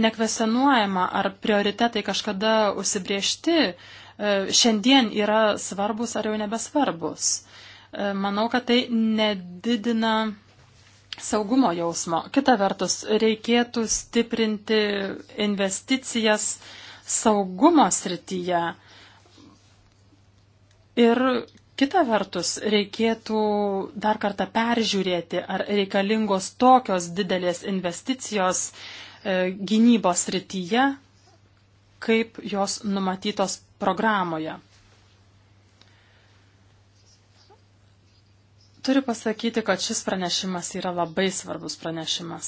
Nekvesenuojama, ar prioritetai kažkada užsibriežti e, šiandien yra svarbus ar jau nebesvarbus. E, manau, kad tai nedidina saugumo jausmo. Kita vertus, reikėtų stiprinti investicijas saugumo srityje. Ir kita vertus, reikėtų dar kartą peržiūrėti, ar reikalingos tokios didelės investicijos e, gynybos srityje, kaip jos numatytos programoje. Turiu pasakyti, kad šis pranešimas yra labai svarbus pranešimas.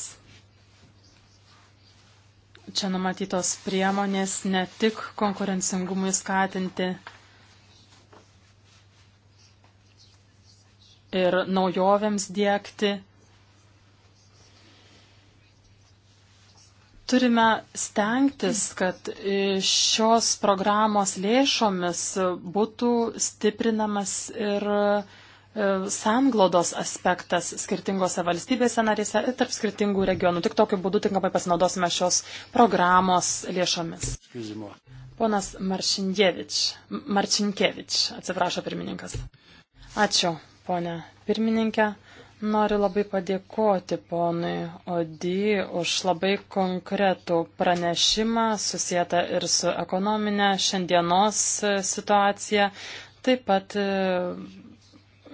Čia numatytos priemonės ne tik konkurencingumui skatinti ir naujovėms dėkti. Turime stengtis, kad šios programos lėšomis būtų stiprinamas ir uh, E, samglodos aspektas skirtingose valstybėse narėse ir tarp skirtingų regionų. Tik tokiu būdu tinkamai pasinaudosime šios programos lėšomis. Ponas Maršinkievič, Marčinkievič, atsiprašo pirmininkas. Ačiū, ponė pirmininkė. Noriu labai padėkoti ponui Odi už labai konkretų pranešimą susijęta ir su ekonominė šiandienos e, situacija, taip pat e,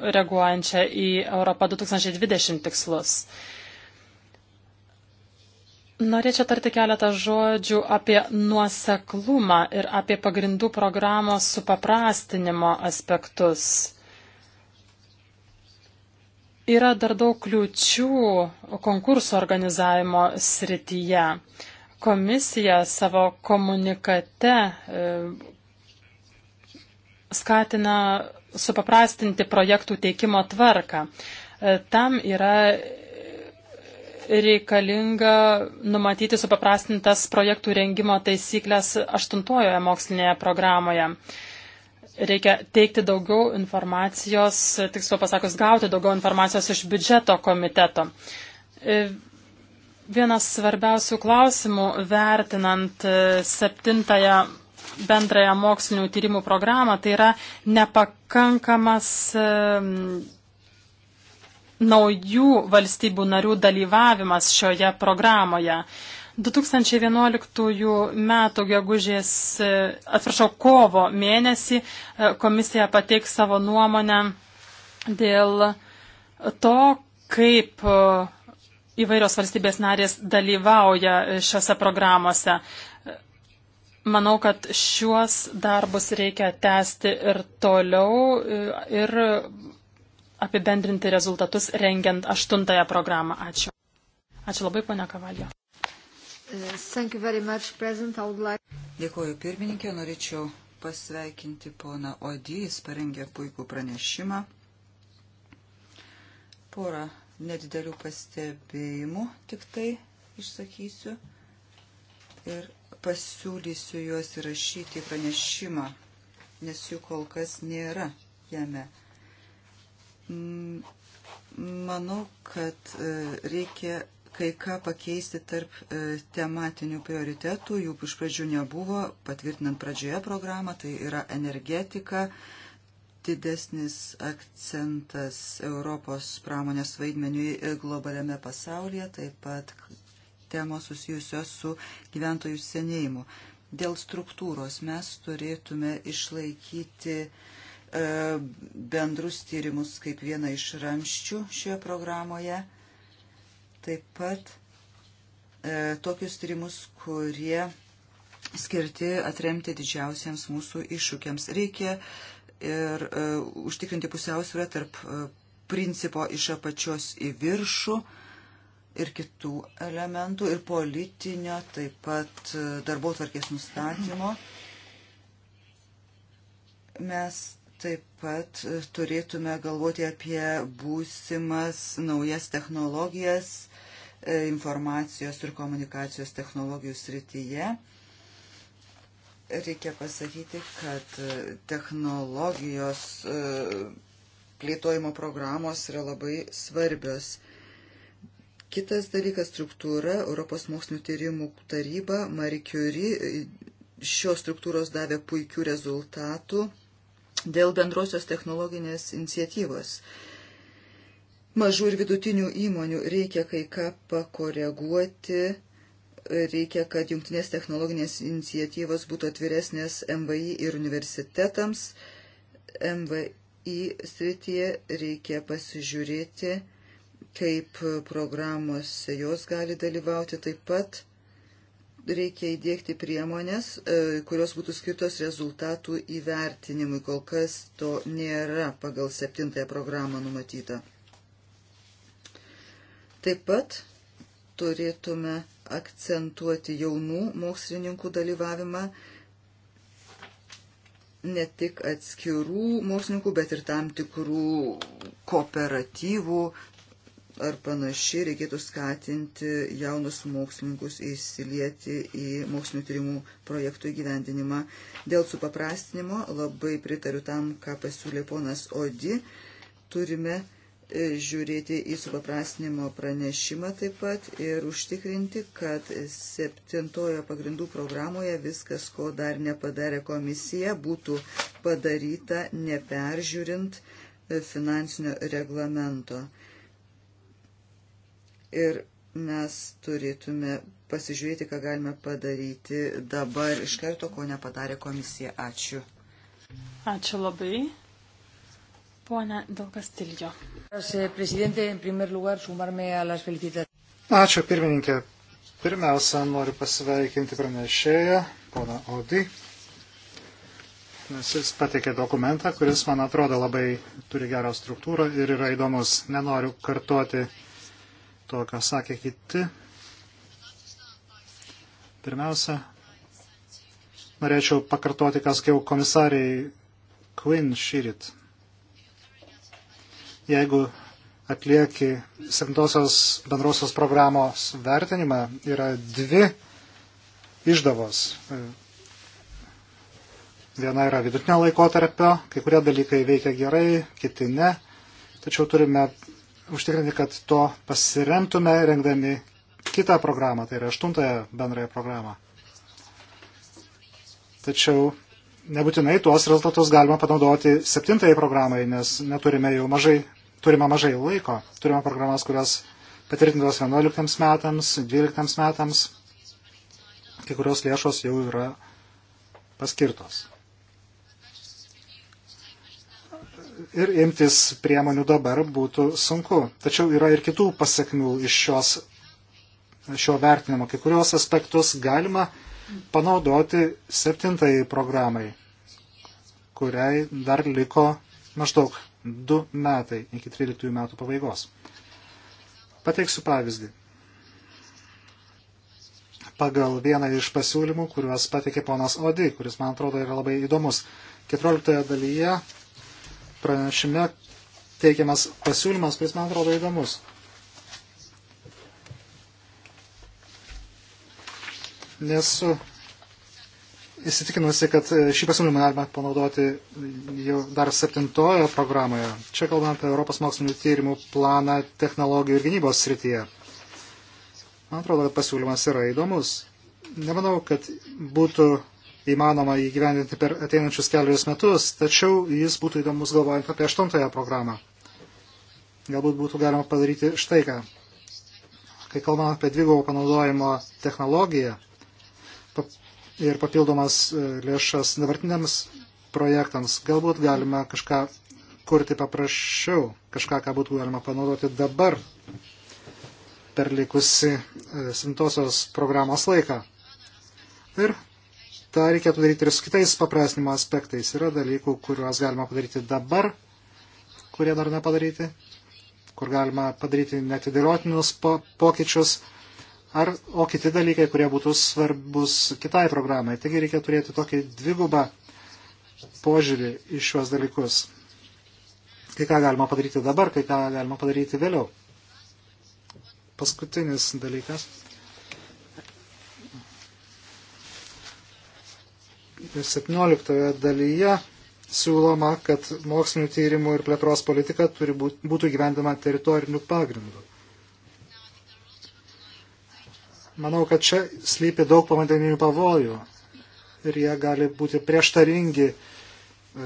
reaguojančią į Europą 2020 tikslus. Norėčiau tarti keletą žodžių apie nuoseklumą ir apie pagrindų programos supaprastinimo aspektus. Yra dar daug kliučių konkursų organizavimo srityje. Komisija savo komunikate e, skatina supaprastinti projektų teikimo tvarką. E, tam yra reikalinga numatyti supaprastintas projektų rengimo taisyklės aštuntojoje mokslinėje programoje. Reikia teikti daugiau informacijos, tiksliau pasakus, gauti daugiau informacijos iš biudžeto komiteto. E, vienas svarbiausių klausimų vertinant e, septintąją bendrąją mokslinių tyrimų programą, tai yra nepakankamas naujų valstybių narių dalyvavimas šioje programoje. 2011 m. gegužės, e, atsiprašau, kovo mėnesį e, komisija pateiks savo nuomonę dėl to, kaip e, įvairios valstybės narės dalyvauja šiuose programuose. Manau, kad šiuos darbus reikia tęsti ir toliau e, ir apibendrinti rezultatus rengiant aštuntąją programą. Ačiū. Ačiū labai, ponia Kavalio. Much, like... Dėkuoju pirmininkė, norėčiau pasveikinti poną Odį, jis parengė puikų pranešimą. Porą nedidelių pastebėjimų tik tai išsakysiu. Ir pasiūlysiu juos įrašyti į pranešimą, nes jų kol kas nėra jame. Manau, kad e, reikia kai ką pakeisti tarp e, tematinių prioritetų. Jų iš pradžių nebuvo, patvirtinant pradžioje programą, tai yra energetika, didesnis akcentas Europos pramonės vaidmeniui globaliame pasaulyje, taip pat temos susijusios su gyventojų senėjimu. Dėl struktūros mes turėtume išlaikyti e, bendrus tyrimus kaip vieną iš ramščių šioje programoje. Taip pat e, tokius tyrimus, kurie skirti atremti didžiausiems mūsų iššūkiams. Reikia ir e, užtikrinti pusiausvyrą tarp e, principo iš apačios į viršų. E, ir kitų elementų, ir politinio, taip pat e, darbo tvarkės nustatymo. Mes taip pat e, turėtume galvoti apie būsimas naujas technologijas e, informacijos ir komunikacijos technologijų srityje. Reikia pasakyti, kad technologijos plėtojimo programos yra labai svarbios Kitas dalykas - struktūra, Europos mokslinio tyrimų taryba, Marie Curie, e, šios struktūros davė puikių rezultatų dėl bendrosios technologinės iniciatyvos. Mažų ir vidutinių įmonių reikia kai ką pakoreguoti, reikia, kad jungtinės technologinės iniciatyvos būtų atviresnės MVI ir universitetams. MVI srityje reikia pasižiūrėti, kaip programuose jos gali dalyvauti. Taip pat reikia įdėkti priemonės, e, kurios būtų skirtos rezultatų įvertinimui. Kol kas to nėra pagal septintąją programą numatyta. Taip pat turėtume akcentuoti jaunų mokslininkų dalyvavimą ne tik atskirų mokslininkų, bet ir tam tikrų kooperatyvų, ar panašiai reikėtų skatinti jaunus mokslininkus įsilieti į mokslinio tyrimų projektų įgyvendinimą. Dėl supaprastinimo labai pritariu tam, ką pasiūlė ponas Odi. Turime e, žiūrėti į supaprastinimo pranešimą taip pat ir užtikrinti, kad septintojo pagrindų programoje viskas, ko dar nepadarė komisija, būtų padaryta neperžiūrint e, finansinio reglamento ir mes turėtume pasižiūrėti, ką galime padaryti dabar iš karto, ko nepadarė komisija. Ačiū. Ačiū labai. Pone Dalkastiljo. Ačiū pirmininkė. Pirmiausia, noriu pasveikinti pranešėją, poną Odį, nes jis pateikė dokumentą, kuris, man atrodo, labai turi gerą struktūrą ir yra įdomus. Nenoriu kartuoti to, ką sakė kiti. Pirmiausia, norėčiau pakartoti, ką sakiau komisariai Quinn šyrit. Jeigu atlieki septintosios bendrosios programos vertinimą, yra dvi išdavos. Viena yra vidutinio laikotarpio, kai kurie dalykai veikia gerai, kiti ne. Tačiau turime užtikrinti, kad to pasiremtume, rengdami kitą programą, tai yra aštuntąją bendrąją programą. Tačiau nebūtinai tuos rezultatus galima panaudoti septintajai programai, nes neturime jau mažai, turime mažai laiko. Turime programas, kurios patvirtintos 11 metams, 12 metams, kai kurios lėšos jau yra paskirtos. ir imtis priemonių dabar būtų sunku. Tačiau yra ir kitų pasiekmių iš šios, šio vertinimo. Kai kurios aspektus galima panaudoti septintai programai, kuriai dar liko maždaug du metai iki 13 metų pabaigos. Pateiksiu pavyzdį. Pagal vieną iš pasiūlymų, kuriuos pateikė ponas Odi, kuris man atrodo yra labai įdomus. 14 dalyje pranešime teikiamas pasiūlymas, kuris man atrodo įdomus. Nesu įsitikinusi, kad šį pasiūlymą galima panaudoti jau dar septintojo programoje. Čia kalbame apie Europos mokslinių tyrimų planą technologijų ir gynybos srityje. Man atrodo, kad pasiūlymas yra įdomus. Nemanau, kad būtų įmanoma įgyvendinti per ateinančius kelius metus, tačiau jis būtų įdomus galvojant apie aštuntąją programą. Galbūt būtų galima padaryti štai ką. Kai kalbame apie dvigubo panaudojimo technologiją ir papildomas e, lėšas dabartiniams projektams, galbūt galima kažką kurti paprasčiau, kažką, ką būtų galima panaudoti dabar per likusi e, simtosios programos laiką. Ir tą reikėtų daryti ir su kitais paprastinimo aspektais. Yra dalykų, kuriuos galima padaryti dabar, kurie dar nepadaryti, kur galima padaryti netidėliotinus po, pokyčius, ar, o kiti dalykai, kurie būtų svarbus kitai programai. Taigi reikia turėti tokį dvigubą požiūrį į šiuos dalykus. Kai ką galima padaryti dabar, kai ką galima padaryti vėliau. Paskutinis dalykas 17 dalyje siūloma, kad mokslinių tyrimų ir plėtros politika turi būt, būtų gyvendama teritoriniu pagrindu. Manau, kad čia slypi daug povandeninių pavojų ir jie gali būti prieštaringi, e,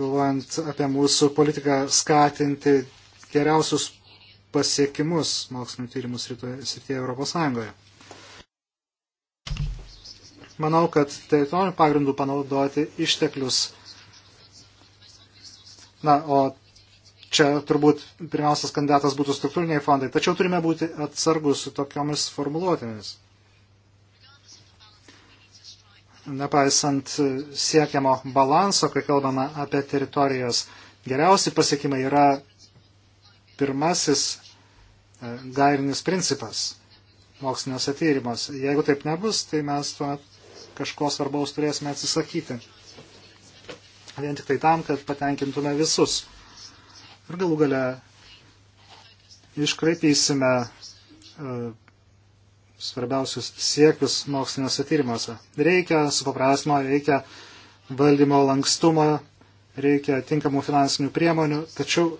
galvojant apie mūsų politiką skatinti geriausius pasiekimus mokslinių tyrimų srityje Europos Sąjungoje. Manau, kad teritorinių pagrindų panaudoti išteklius. Na, o čia turbūt pirmiausias kandidatas būtų struktūriniai fondai. Tačiau turime būti atsargus su tokiomis formuluotėmis. Nepaisant siekiamo balanso, kai kalbame apie teritorijas, geriausi pasiekimai yra pirmasis e, gairinis principas moksliniuose tyrimuose. Jeigu taip nebus, tai mes tuomet kažko svarbaus turėsime atsisakyti. Vien tik tai tam, kad patenkintume visus. Ir galų gale iškraipysime uh, svarbiausius siekius moksliniuose tyrimuose. Reikia supaprasmo, reikia valdymo lankstumo, reikia tinkamų finansinių priemonių, tačiau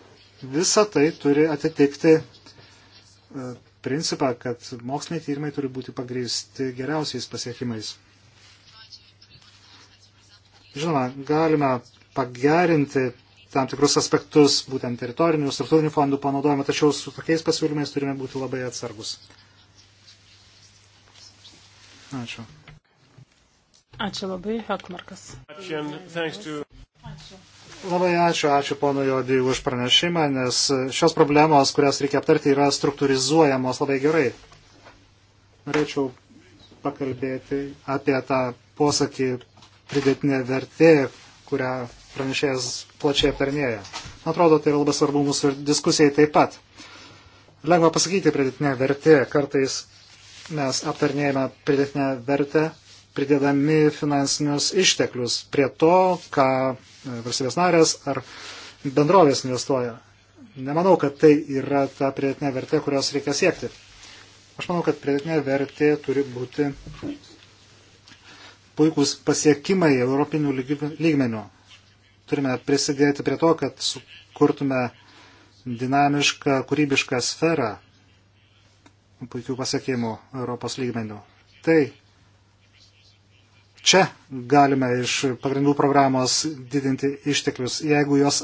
visa tai turi atitikti uh, principą, kad moksliniai tyrimai turi būti pagrįsti geriausiais pasiekimais. Žinoma, galime pagerinti tam tikrus aspektus, būtent teritorinių, struktūrinių fondų panaudojimą, tačiau su tokiais pasiūlymais turime būti labai atsargus. Ačiū. Ačiū labai, Hekmarkas. Ačiū. Labai ačiū, ačiū pono Jodį už pranešimą, nes šios problemos, kurias reikia aptarti, yra struktūrizuojamos labai gerai. Norėčiau pakalbėti apie tą posakį pridėtinė vertė, kurią pranešėjas plačiai aptarnėja. Man atrodo, tai yra labai svarbu mūsų diskusijai taip pat. Lengva pasakyti pridėtinė vertė. Kartais mes aptarnėjame pridėtinę vertę, pridėdami finansinius išteklius prie to, ką e, valstybės narės ar bendrovės investuoja. Nemanau, kad tai yra ta pridėtinė vertė, kurios reikia siekti. Aš manau, kad pridėtinė vertė turi būti puikūs pasiekimai europinių lygmenių. Turime prisidėti prie to, kad sukurtume dinamišką, kūrybišką sferą puikių pasiekimų Europos lygmenių. Tai čia galime iš pagrindų programos didinti išteklius. Jeigu jos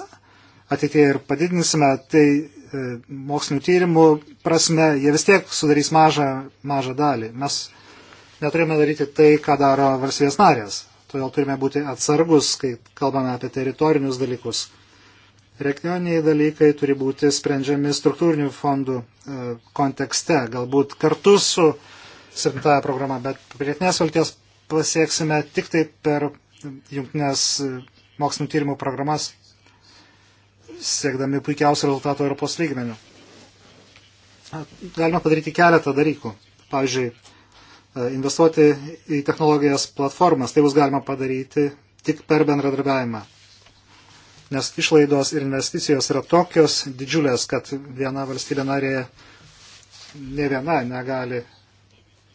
ateitie ir padidinsime, tai e, mokslinių tyrimų prasme jie vis tiek sudarys mažą, mažą dalį. Mes neturime daryti tai, ką daro valstybės narės. Todėl turime būti atsargus, kai kalbame apie teritorinius dalykus. Regioniniai dalykai turi būti sprendžiami struktūrinių fondų e, kontekste, galbūt kartu su septintaja programa, bet pilietinės valties pasieksime tik tai per jungtinės e, mokslinio tyrimų programas, siekdami puikiausių rezultatų Europos lygmenių. Galima padaryti keletą dalykų. Pavyzdžiui, E, investuoti į technologijas platformas. Tai bus galima padaryti tik per bendradarbiavimą. Nes išlaidos ir investicijos yra tokios didžiulės, kad viena valstybė narė ne viena negali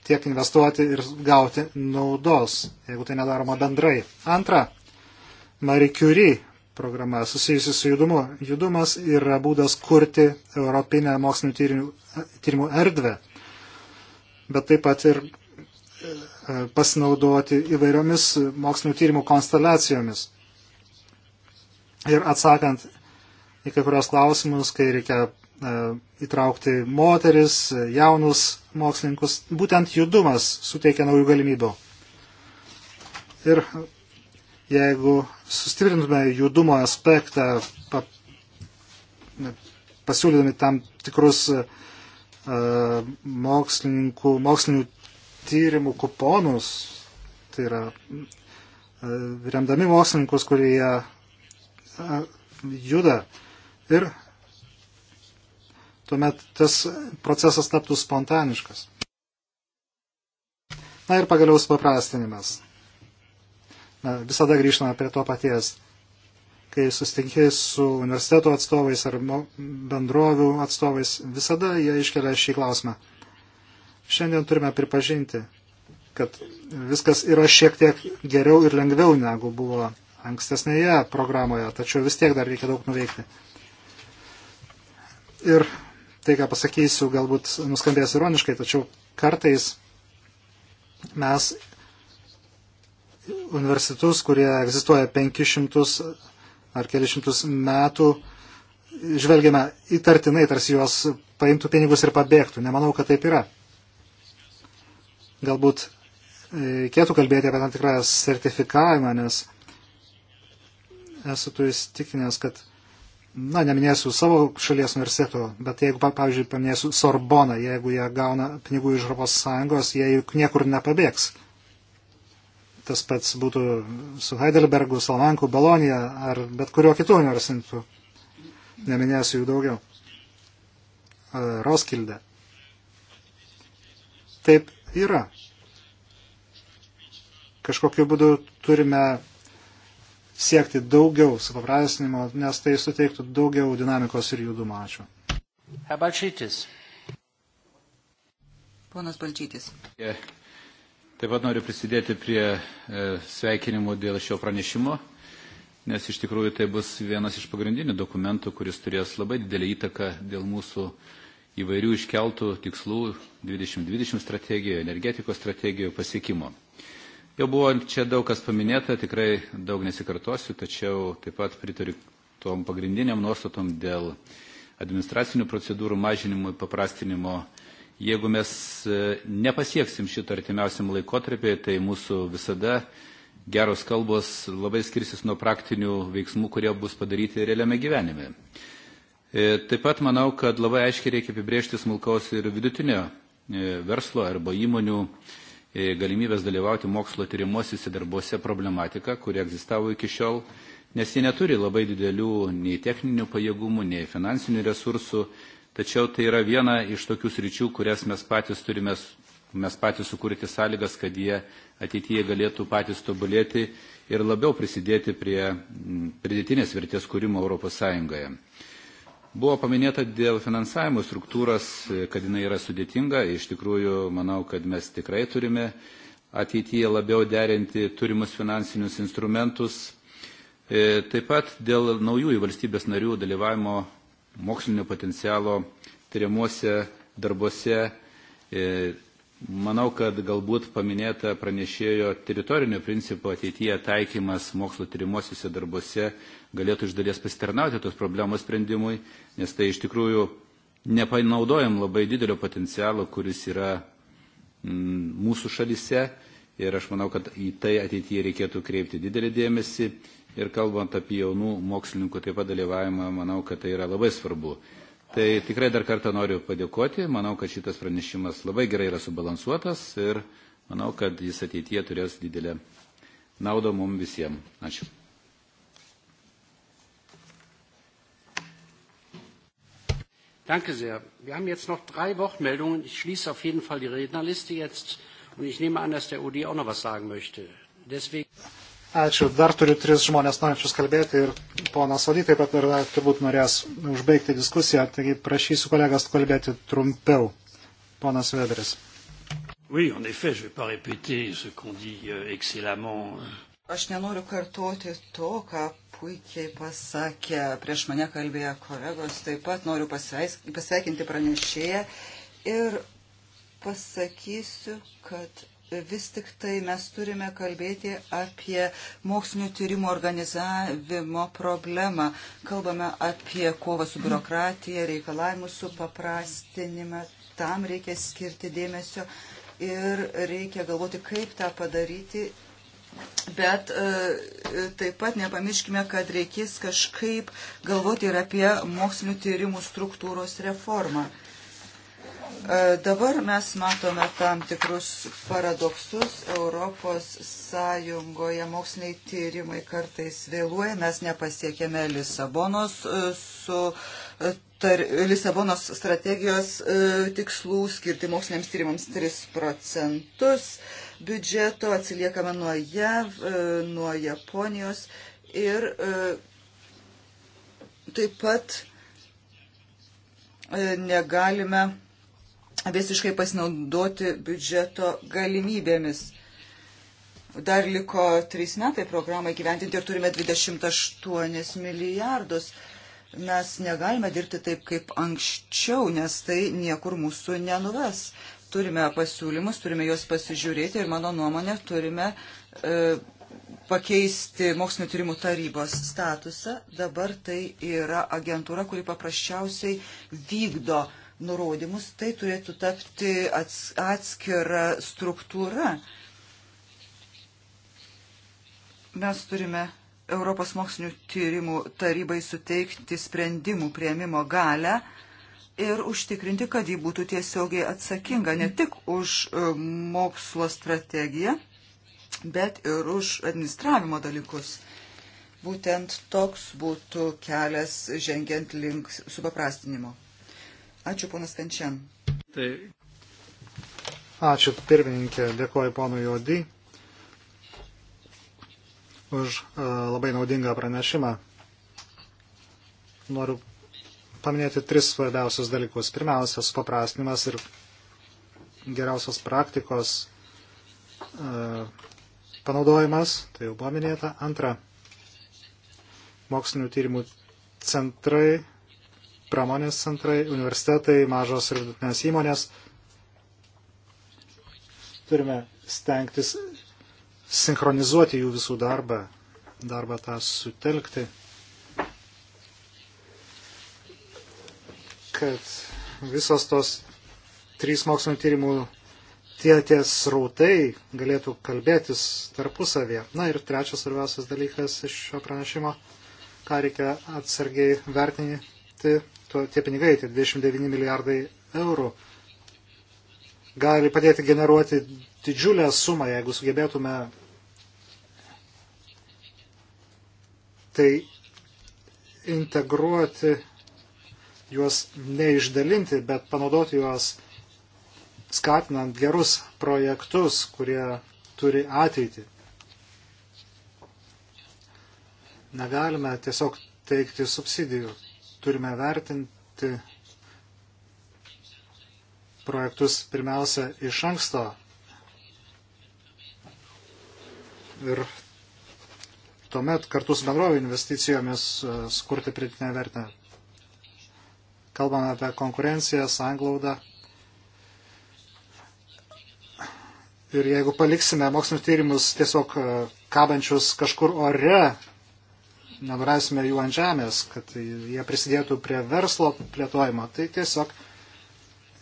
tiek investuoti ir gauti naudos, jeigu tai nedaroma bendrai. Antra, Marie Curie programa susijusi su judumu. Judumas yra būdas kurti europinę mokslinio tyrimų, tyrimų erdvę, bet taip pat ir E, pasinaudoti įvairiomis mokslinio tyrimų konsteliacijomis. Ir atsakant į kai kurios klausimus, kai reikia e, įtraukti moteris, jaunus mokslininkus, būtent judumas suteikia naujų galimybių. Ir jeigu sustiprintume judumo aspektą, pa, pasiūlydami tam tikrus uh, mokslininkų, mokslinių tyrimų kuponus, tai yra e, remdami mokslininkus, kurie e, juda. Ir tuomet tas procesas taptų spontaniškas. Na ir pagaliau supaprastinimas. Na, visada grįžtame prie to paties. Kai susitinkė su universiteto atstovais ar bendrovių atstovais, visada jie iškelia šį klausimą. Šiandien turime pripažinti, kad viskas yra šiek tiek geriau ir lengviau negu buvo ankstesnėje programoje, tačiau vis tiek dar reikia daug nuveikti. Ir tai, ką pasakysiu, galbūt nuskambės ironiškai, tačiau kartais mes universitetus, kurie egzistuoja 500 ar kelišimtus metų, žvelgiame įtartinai, tarsi juos paimtų pinigus ir pabėgtų. Nemanau, kad taip yra galbūt e, reikėtų kalbėti apie tam tikrą sertifikavimą, nes esu tu įstikinęs, kad, na, neminėsiu savo šalies universitetų, bet jeigu, pavyzdžiui, paminėsiu Sorboną, jeigu jie gauna pinigų iš Europos Sąjungos, jie juk niekur nepabėgs. Tas pats būtų su Heidelbergu, Salamanku, Balonija ar bet kuriuo kitu universitetu. Neminėsiu jų daugiau. E, Roskilde. Taip, yra. Kažkokiu būdu turime siekti daugiau supaprastinimo, nes tai suteiktų daugiau dinamikos ir judumo. Ačiū. Balčytis. Ponas Balčytis. Taip pat noriu prisidėti prie e, sveikinimų dėl šio pranešimo, nes iš tikrųjų tai bus vienas iš pagrindinių dokumentų, kuris turės labai didelį įtaką dėl mūsų įvairių iškeltų tikslų 2020 strategijoje, energetikos strategijoje pasiekimo. Jau buvo čia daug kas paminėta, tikrai daug nesikartosiu, tačiau taip pat pritariu tom pagrindiniam nuostatom dėl administracinių procedūrų mažinimo ir paprastinimo. Jeigu mes e, nepasieksim šitą artimiausiam laikotarpį, tai mūsų visada geros kalbos labai skirsis nuo praktinių veiksmų, kurie bus padaryti realiame gyvenime. E, taip pat manau, kad labai aiškiai reikia apibriežti smulkaus ir vidutinio e, verslo arba įmonių e, galimybės dalyvauti mokslo tyrimuosiuose darbuose problematiką, kuri egzistavo iki šiol, nes jie neturi labai didelių nei techninių pajėgumų, nei finansinių resursų, tačiau tai yra viena iš tokių sričių, kurias mes patys turime, mes patys sukurti sąlygas, kad jie ateityje galėtų patys tobulėti ir labiau prisidėti prie pridėtinės vertės kūrimo Europos Sąjungoje. Buvo paminėta dėl finansavimo struktūros, kad jinai yra sudėtinga. Iš tikrųjų, manau, kad mes tikrai turime ateityje labiau derinti turimus finansinius instrumentus. E, taip pat dėl naujųjų valstybės narių dalyvavimo mokslinio potencialo tyriamuose darbuose. E, manau, kad galbūt paminėta pranešėjo teritorinio principo ateityje taikymas mokslo tyrimuosiuose darbuose galėtų iš dalies pasitarnauti tos problemos sprendimui, nes tai iš tikrųjų nepanaudojam labai didelio potencialo, kuris yra mm, mūsų šalise ir aš manau, kad į tai ateityje reikėtų kreipti didelį dėmesį ir kalbant apie jaunų mokslininkų taip pat dalyvavimą, manau, kad tai yra labai svarbu. Tai tikrai dar kartą noriu padėkoti, manau, kad šitas pranešimas labai gerai yra subalansuotas ir manau, kad jis ateityje turės didelę naudą mums visiems. Ačiū. Danke sehr. Wir haben jetzt noch drei Wortmeldungen. Ich schließe auf jeden Fall die Rednerliste jetzt und ich nehme an, dass der OD auch noch was sagen möchte. Deswegen. Ačiū. Dar turiu tris žmonės norinčius kalbėti ir ponas Vadį taip pat ir, turbūt norės užbaigti diskusiją, taigi prašysiu kolegas kalbėti trumpiau. Ponas Vederis. Oui, en effet, je vais pas répéter ce qu'on dit euh, excellemment. Aš nenoriu kartoti to, ką puikiai pasakė, prieš mane kalbėjo kolegos, taip pat noriu pasveikinti pranešėją ir pasakysiu, kad vis tik tai mes turime kalbėti apie mokslinio tyrimo organizavimo problemą. Kalbame apie kovą su biurokratija, reikalavimus su paprastinimą, tam reikia skirti dėmesio ir reikia galvoti, kaip tą padaryti Bet e, e, taip pat nepamirškime, kad reikės kažkaip galvoti ir apie mokslinių tyrimų struktūros reformą. E, dabar mes matome tam tikrus paradoksus. Europos Sąjungoje moksliniai tyrimai kartais vėluoja, mes nepasiekėme Lisabonos, su, tar, Lisabonos strategijos tikslų skirti moksliniams tyrimams 3 procentus biudžeto, atsiliekame nuo JAV, e, nuo Japonijos ir e, taip pat e, negalime visiškai pasinaudoti biudžeto galimybėmis. Dar liko 3 metai programai gyventinti ir turime 28 milijardus. Mes negalime dirbti taip kaip anksčiau, nes tai niekur mūsų nenuves turime pasiūlymus, turime juos pasižiūrėti ir mano nuomonė turime e, pakeisti mokslinio tyrimų tarybos statusą. Dabar tai yra agentūra, kuri paprasčiausiai vykdo nurodymus. Tai turėtų tapti ats, atskira struktūra. Mes turime Europos mokslinio tyrimų tarybai suteikti sprendimų prieimimo galę. E, ir užtikrinti, kad ji būtų tiesiogiai atsakinga ne tik už e, mokslo strategiją, bet ir už administravimo dalykus. Būtent toks būtų kelias žengiant link supaprastinimo. Ačiū, ponas Kančian. Tai. Ačiū, pirmininkė. Dėkoju ponui Jodį už e, labai naudingą pranešimą. Noriu paminėti tris svarbiausius dalykus. Pirmiausia, supaprastinimas ir geriausios praktikos e, panaudojimas, tai jau buvo minėta. Antra, mokslinių tyrimų centrai, pramonės centrai, universitetai, mažos ir vidutinės įmonės. Turime stengtis sinchronizuoti jų visų darbą, darbą tą sutelkti. kad visos tos trys mokslinio tyrimų tie tie srautai galėtų kalbėtis tarpusavėje. Na ir trečias svarbiausias dalykas iš šio pranešimo, ką reikia atsargiai vertinti, to, tie pinigai, tie 29 milijardai eurų, gali padėti generuoti didžiulę sumą, jeigu sugebėtume tai integruoti juos neišdalinti, bet panaudoti juos skatinant gerus projektus, kurie turi ateitį. Negalime tiesiog teikti subsidijų. Turime vertinti projektus pirmiausia iš anksto. Ir tuomet kartu su bendrovio investicijomis e, skurti pridėtinę vertę kalbame apie konkurenciją, sanglaudą. Ir jeigu paliksime mokslinius tyrimus tiesiog e, kabančius kažkur ore, nenurasime jų ant žemės, kad jie prisidėtų prie verslo plėtojimo, tai tiesiog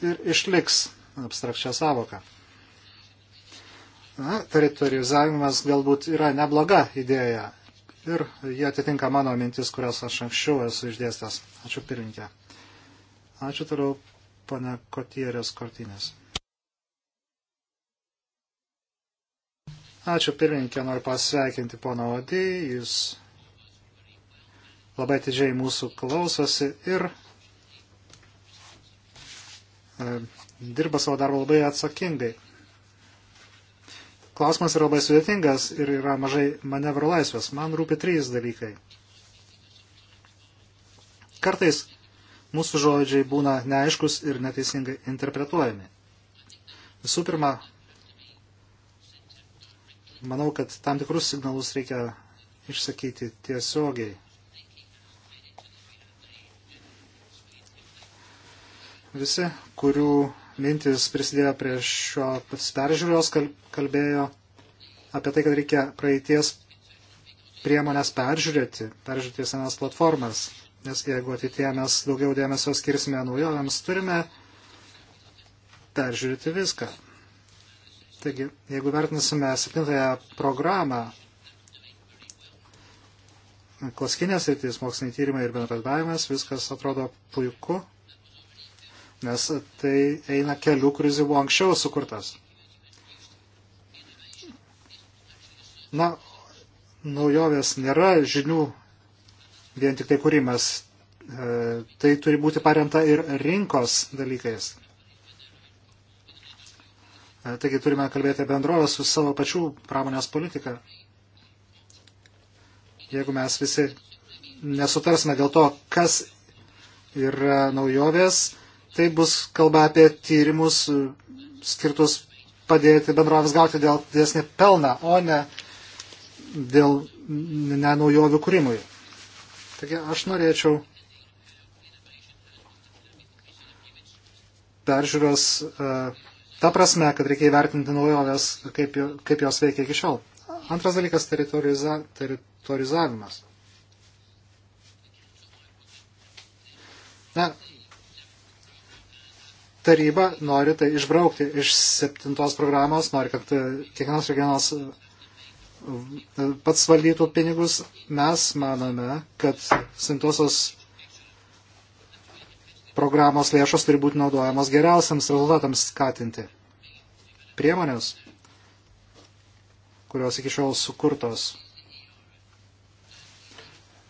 ir išliks abstrakčia savoka. Na, teritorizavimas galbūt yra nebloga idėja ir jie atitinka mano mintis, kurias aš anksčiau esu išdėstęs. Ačiū pirmininkė. Ačiū toliau, pane Kotierės Kortinės. Ačiū pirmininkė, noriu pasveikinti pono Odį, jūs labai didžiai mūsų klausosi ir e, dirba savo darbą labai atsakingai. Klausimas yra labai sudėtingas ir yra mažai manevro laisvės. Man rūpi trys dalykai. Kartais mūsų žodžiai būna neaiškus ir neteisingai interpretuojami. Visų pirma, manau, kad tam tikrus signalus reikia išsakyti tiesiogiai. Visi, kurių mintis prisidėjo prie šio peržiūros, kalbėjo apie tai, kad reikia praeities priemonės peržiūrėti, peržiūrėti senas platformas nes jeigu ateitie mes daugiau dėmesio skirsime naujovėms, turime peržiūrėti viską. Taigi, jeigu vertinsime septintąją programą, klasikinės rytis, moksliniai tyrimai ir bendradarbiavimas, viskas atrodo puiku, nes tai eina keliu, kuris jau buvo anksčiau sukurtas. Na, naujovės nėra žinių vien tik tai kūrimas. E, tai turi būti paremta ir rinkos dalykais. E, taigi turime kalbėti bendrovę su savo pačių pramonės politika. Jeigu mes visi nesutarsime dėl to, kas yra naujovės, tai bus kalba apie tyrimus skirtus padėti bendrovės gauti dėl didesnį pelną, o ne dėl nenaujovių kūrimui. Taigi aš norėčiau peržiūros e, ta prasme, kad reikia įvertinti naujoves, kaip, kaip jos veikia iki šiol. Antras dalykas - teritoriza, teritorizavimas. Na, taryba nori tai išbraukti iš septintos programos, nori, kad e, kiekvienas regionas pats valdytų pinigus, mes manome, kad Sintosios programos lėšos turi būti naudojamos geriausiams rezultatams skatinti. Priemonės, kurios iki šiol sukurtos,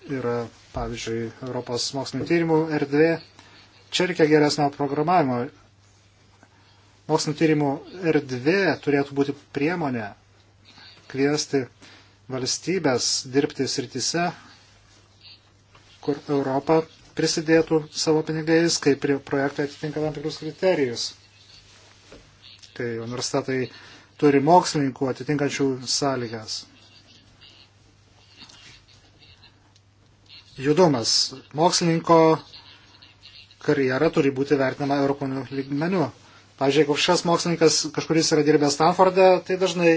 yra, pavyzdžiui, Europos mokslinio tyrimų erdvė. Čia reikia geresnio programavimo. Mokslinio tyrimų erdvė turėtų būti priemonė, kviesti valstybės dirbti srityse, kur Europa prisidėtų savo pinigais, kai projektai atitinka tam tikrus kriterijus. Kai universitetai turi mokslininkų atitinkančių sąlygas. Judumas. Mokslininko karjera turi būti vertinama europiniu lygmeniu. Pavyzdžiui, jeigu šias mokslininkas kažkuris yra dirbęs Stanforde, tai dažnai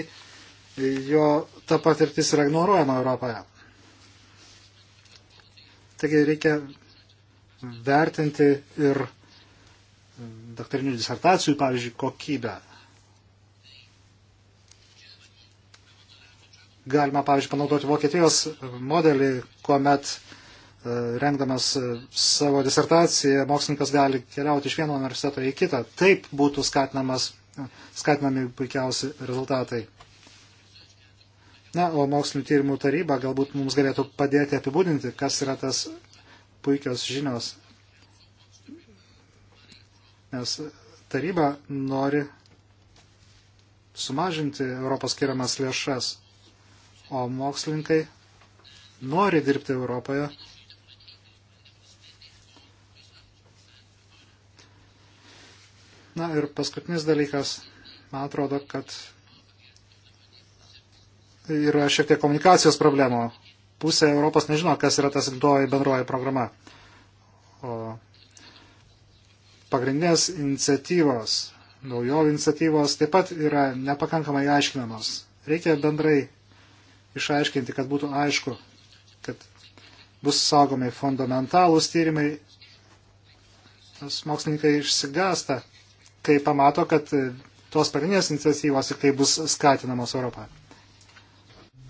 jo ta patirtis yra ignoruojama Europoje. Taigi reikia vertinti ir daktarinių disertacijų, pavyzdžiui, kokybę. Galima, pavyzdžiui, panaudoti Vokietijos modelį, kuomet e, rengdamas e, savo disertaciją, mokslininkas gali keliauti iš vieno universiteto į kitą. Taip būtų skatinamas, skatinami puikiausi rezultatai. Na, o mokslinio tyrimų taryba galbūt mums galėtų padėti apibūdinti, kas yra tas puikios žinios. Nes taryba nori sumažinti Europos skiriamas lėšas, o mokslininkai nori dirbti Europoje. Na ir paskutinis dalykas, man atrodo, kad yra šiek tiek komunikacijos problemų. Pusė Europos nežino, kas yra ta septintoji bendroji programa. O pagrindinės iniciatyvos, naujovių iniciatyvos taip pat yra nepakankamai aiškinamos. Reikia bendrai išaiškinti, kad būtų aišku, kad bus saugomi fundamentalūs tyrimai. Mokslininkai išsigasta, kai pamato, kad tos pagrindinės iniciatyvos tik tai bus skatinamos Europoje.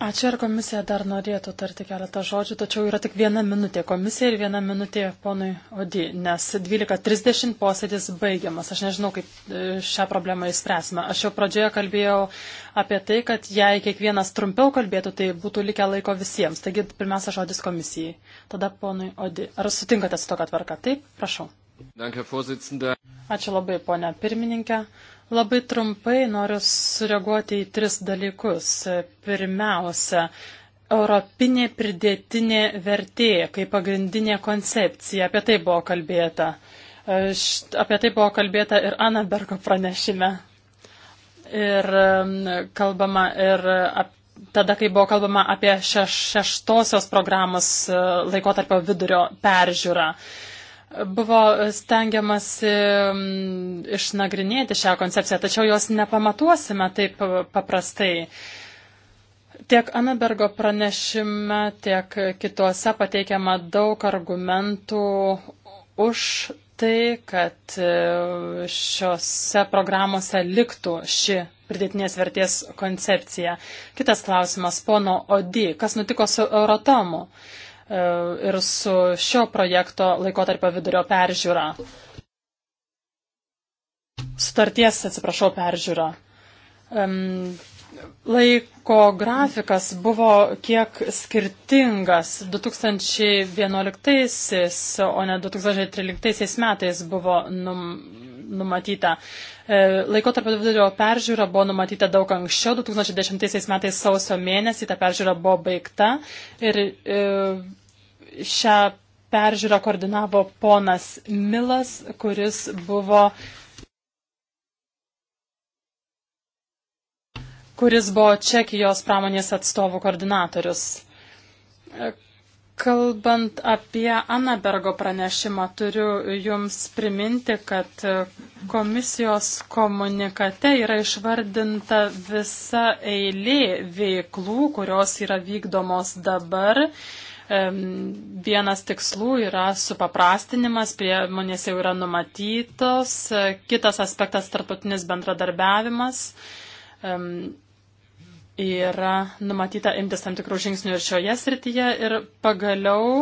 Ačiū ir komisija dar norėtų tarti keletą žodžių, tačiau yra tik viena minutė komisija ir viena minutė ponui Odi, nes 12.30 posėdis baigiamas. Aš nežinau, kaip e, šią problemą įspręsime. Aš jau pradžioje kalbėjau apie tai, kad jei kiekvienas trumpiau kalbėtų, tai būtų likę laiko visiems. Taigi pirmiausia žodis komisijai, tada ponui Odi. Ar sutinkate su tokia tvarka? Taip, prašau. Ačiū labai, ponia pirmininkė. Labai trumpai noriu sureaguoti į tris dalykus. Pirmiausia, europinė pridėtinė vertė kaip pagrindinė koncepcija. Apie tai buvo kalbėta. Apie tai buvo kalbėta ir Anabergo pranešime. Ir kalbama ir apie tada, kai buvo kalbama apie šeš, šeštosios programos e, laikotarpio vidurio peržiūrą buvo stengiamasi mm, išnagrinėti šią koncepciją, tačiau jos nepamatuosime taip paprastai. Tiek Anabergo pranešime, tiek kitose pateikiama daug argumentų už tai, kad e, šiose programuose liktų ši pridėtinės vertės koncepcija. Kitas klausimas, pono Odi, kas nutiko su Eurotomu? Uh, E, ir su šio projekto laikotarpio vidurio peržiūra. Sutarties, atsiprašau, peržiūra. Laiko grafikas buvo kiek skirtingas. 2011, o ne 2013 metais buvo num, numatyta. E, Laiko tarp vidurio peržiūra buvo numatyta daug anksčiau, 2010 metais sausio mėnesį ta peržiūra buvo baigta ir e, šią peržiūrą koordinavo ponas Milas, kuris buvo kuris buvo Čekijos pramonės atstovų koordinatorius. E, Kalbant apie Anabergo pranešimą, turiu Jums priminti, kad komisijos komunikate yra išvardinta visa eilė veiklų, kurios yra vykdomos dabar. Vienas tikslų yra supaprastinimas, priemonės jau yra numatytos, kitas aspektas tarptautinis bendradarbiavimas yra numatyta imtis tam tikrų žingsnių ir šioje srityje ir pagaliau.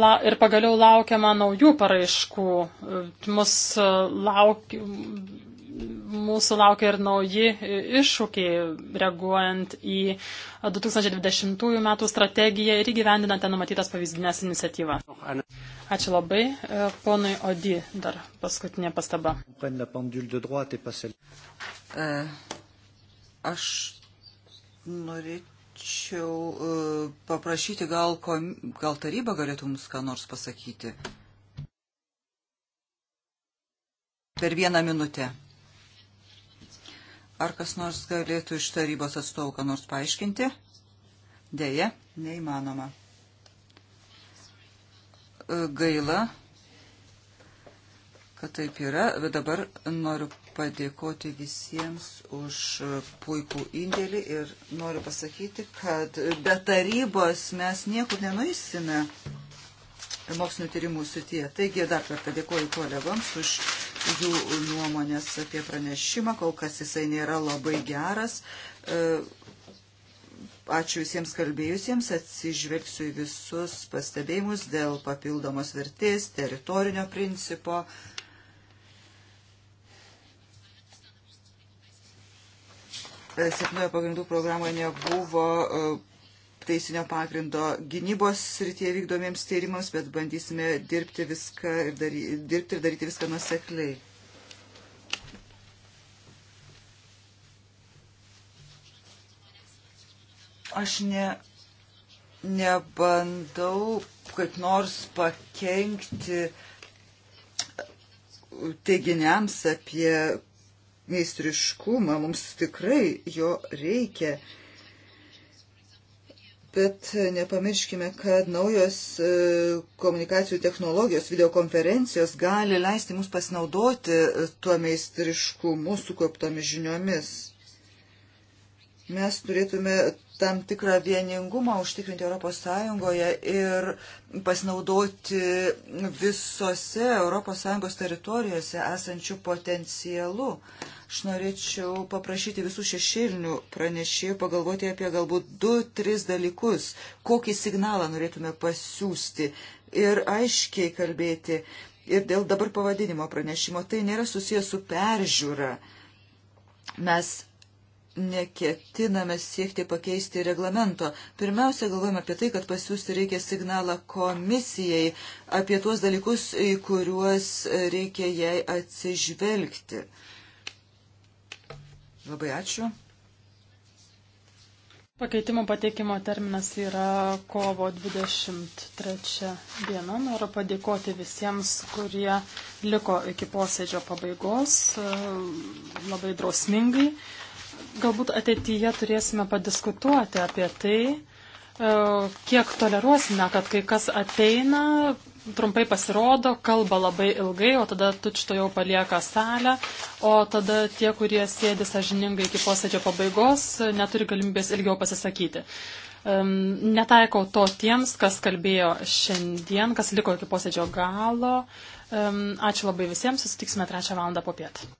La, ir pagaliau laukiama naujų paraiškų. Mus e, lauk, mūsų laukia ir nauji iššūkiai, reaguojant į 2020 m. strategiją ir įgyvendinant ten numatytas pavyzdinės iniciatyvas. Ačiū labai. E, ponui Odi dar paskutinė pastaba. E, aš norėčiau e, paprašyti, gal, gal taryba galėtų mums ką nors pasakyti. Per vieną minutę. Ar kas nors galėtų iš tarybos atstovų ką nors paaiškinti? Deja, neįmanoma. E, gaila, kad taip yra, bet dabar noriu padėkoti visiems už puikų indėlį ir noriu pasakyti, kad be tarybos mes niekur nenuisime mokslinio tyrimų sutie. Taigi dar kartą dėkoju kolegoms už jų nuomonės apie pranešimą, kol kas jisai nėra labai geras. E, ačiū visiems kalbėjusiems, atsižvelgsiu į visus pastebėjimus dėl papildomos vertės, teritorinio principo. E, Septintojo pagrindų programoje nebuvo e, teisinio pagrindo gynybos srityje vykdomiems tyrimams, bet bandysime dirbti, viską ir, dary, dirbti ir daryti viską nusekliai. Aš ne, nebandau kaip nors pakenkti teiginiams apie meistriškumą. Mums tikrai jo reikia. Uh, Bet nepamirškime, kad naujos e, komunikacijų technologijos, videokonferencijos gali leisti mums pasinaudoti e, tuo meistriškumu sukauptomis žiniomis. Mes turėtume tam tikrą vieningumą užtikrinti Europos Sąjungoje ir pasinaudoti visose Europos Sąjungos teritorijose esančių potencialų. Aš norėčiau paprašyti visų šešėlinių pranešėjų pagalvoti apie galbūt du, tris dalykus, kokį signalą norėtume pasiūsti ir aiškiai kalbėti. Ir dėl dabar pavadinimo pranešimo tai nėra susijęs su peržiūra. Mes neketiname siekti pakeisti reglamento. Pirmiausia, galvojame apie tai, kad pasiūsti reikia signalą komisijai apie tuos dalykus, į kuriuos reikia jai atsižvelgti. Labai ačiū. Pakeitimo pateikimo terminas yra kovo 23 diena. Noriu padėkoti visiems, kurie liko iki posėdžio pabaigos e, labai drausmingai. Galbūt ateityje turėsime padiskutuoti apie tai, e, kiek toleruosime, kad kai kas ateina, trumpai pasirodo, kalba labai ilgai, o tada tučto jau palieka salę, o tada tie, kurie sėdi sažiningai iki posėdžio pabaigos, neturi galimybės ilgiau pasisakyti. Netaikau to tiems, kas kalbėjo šiandien, kas liko iki posėdžio galo. Ačiū labai visiems, susitiksime trečią valandą po pietų.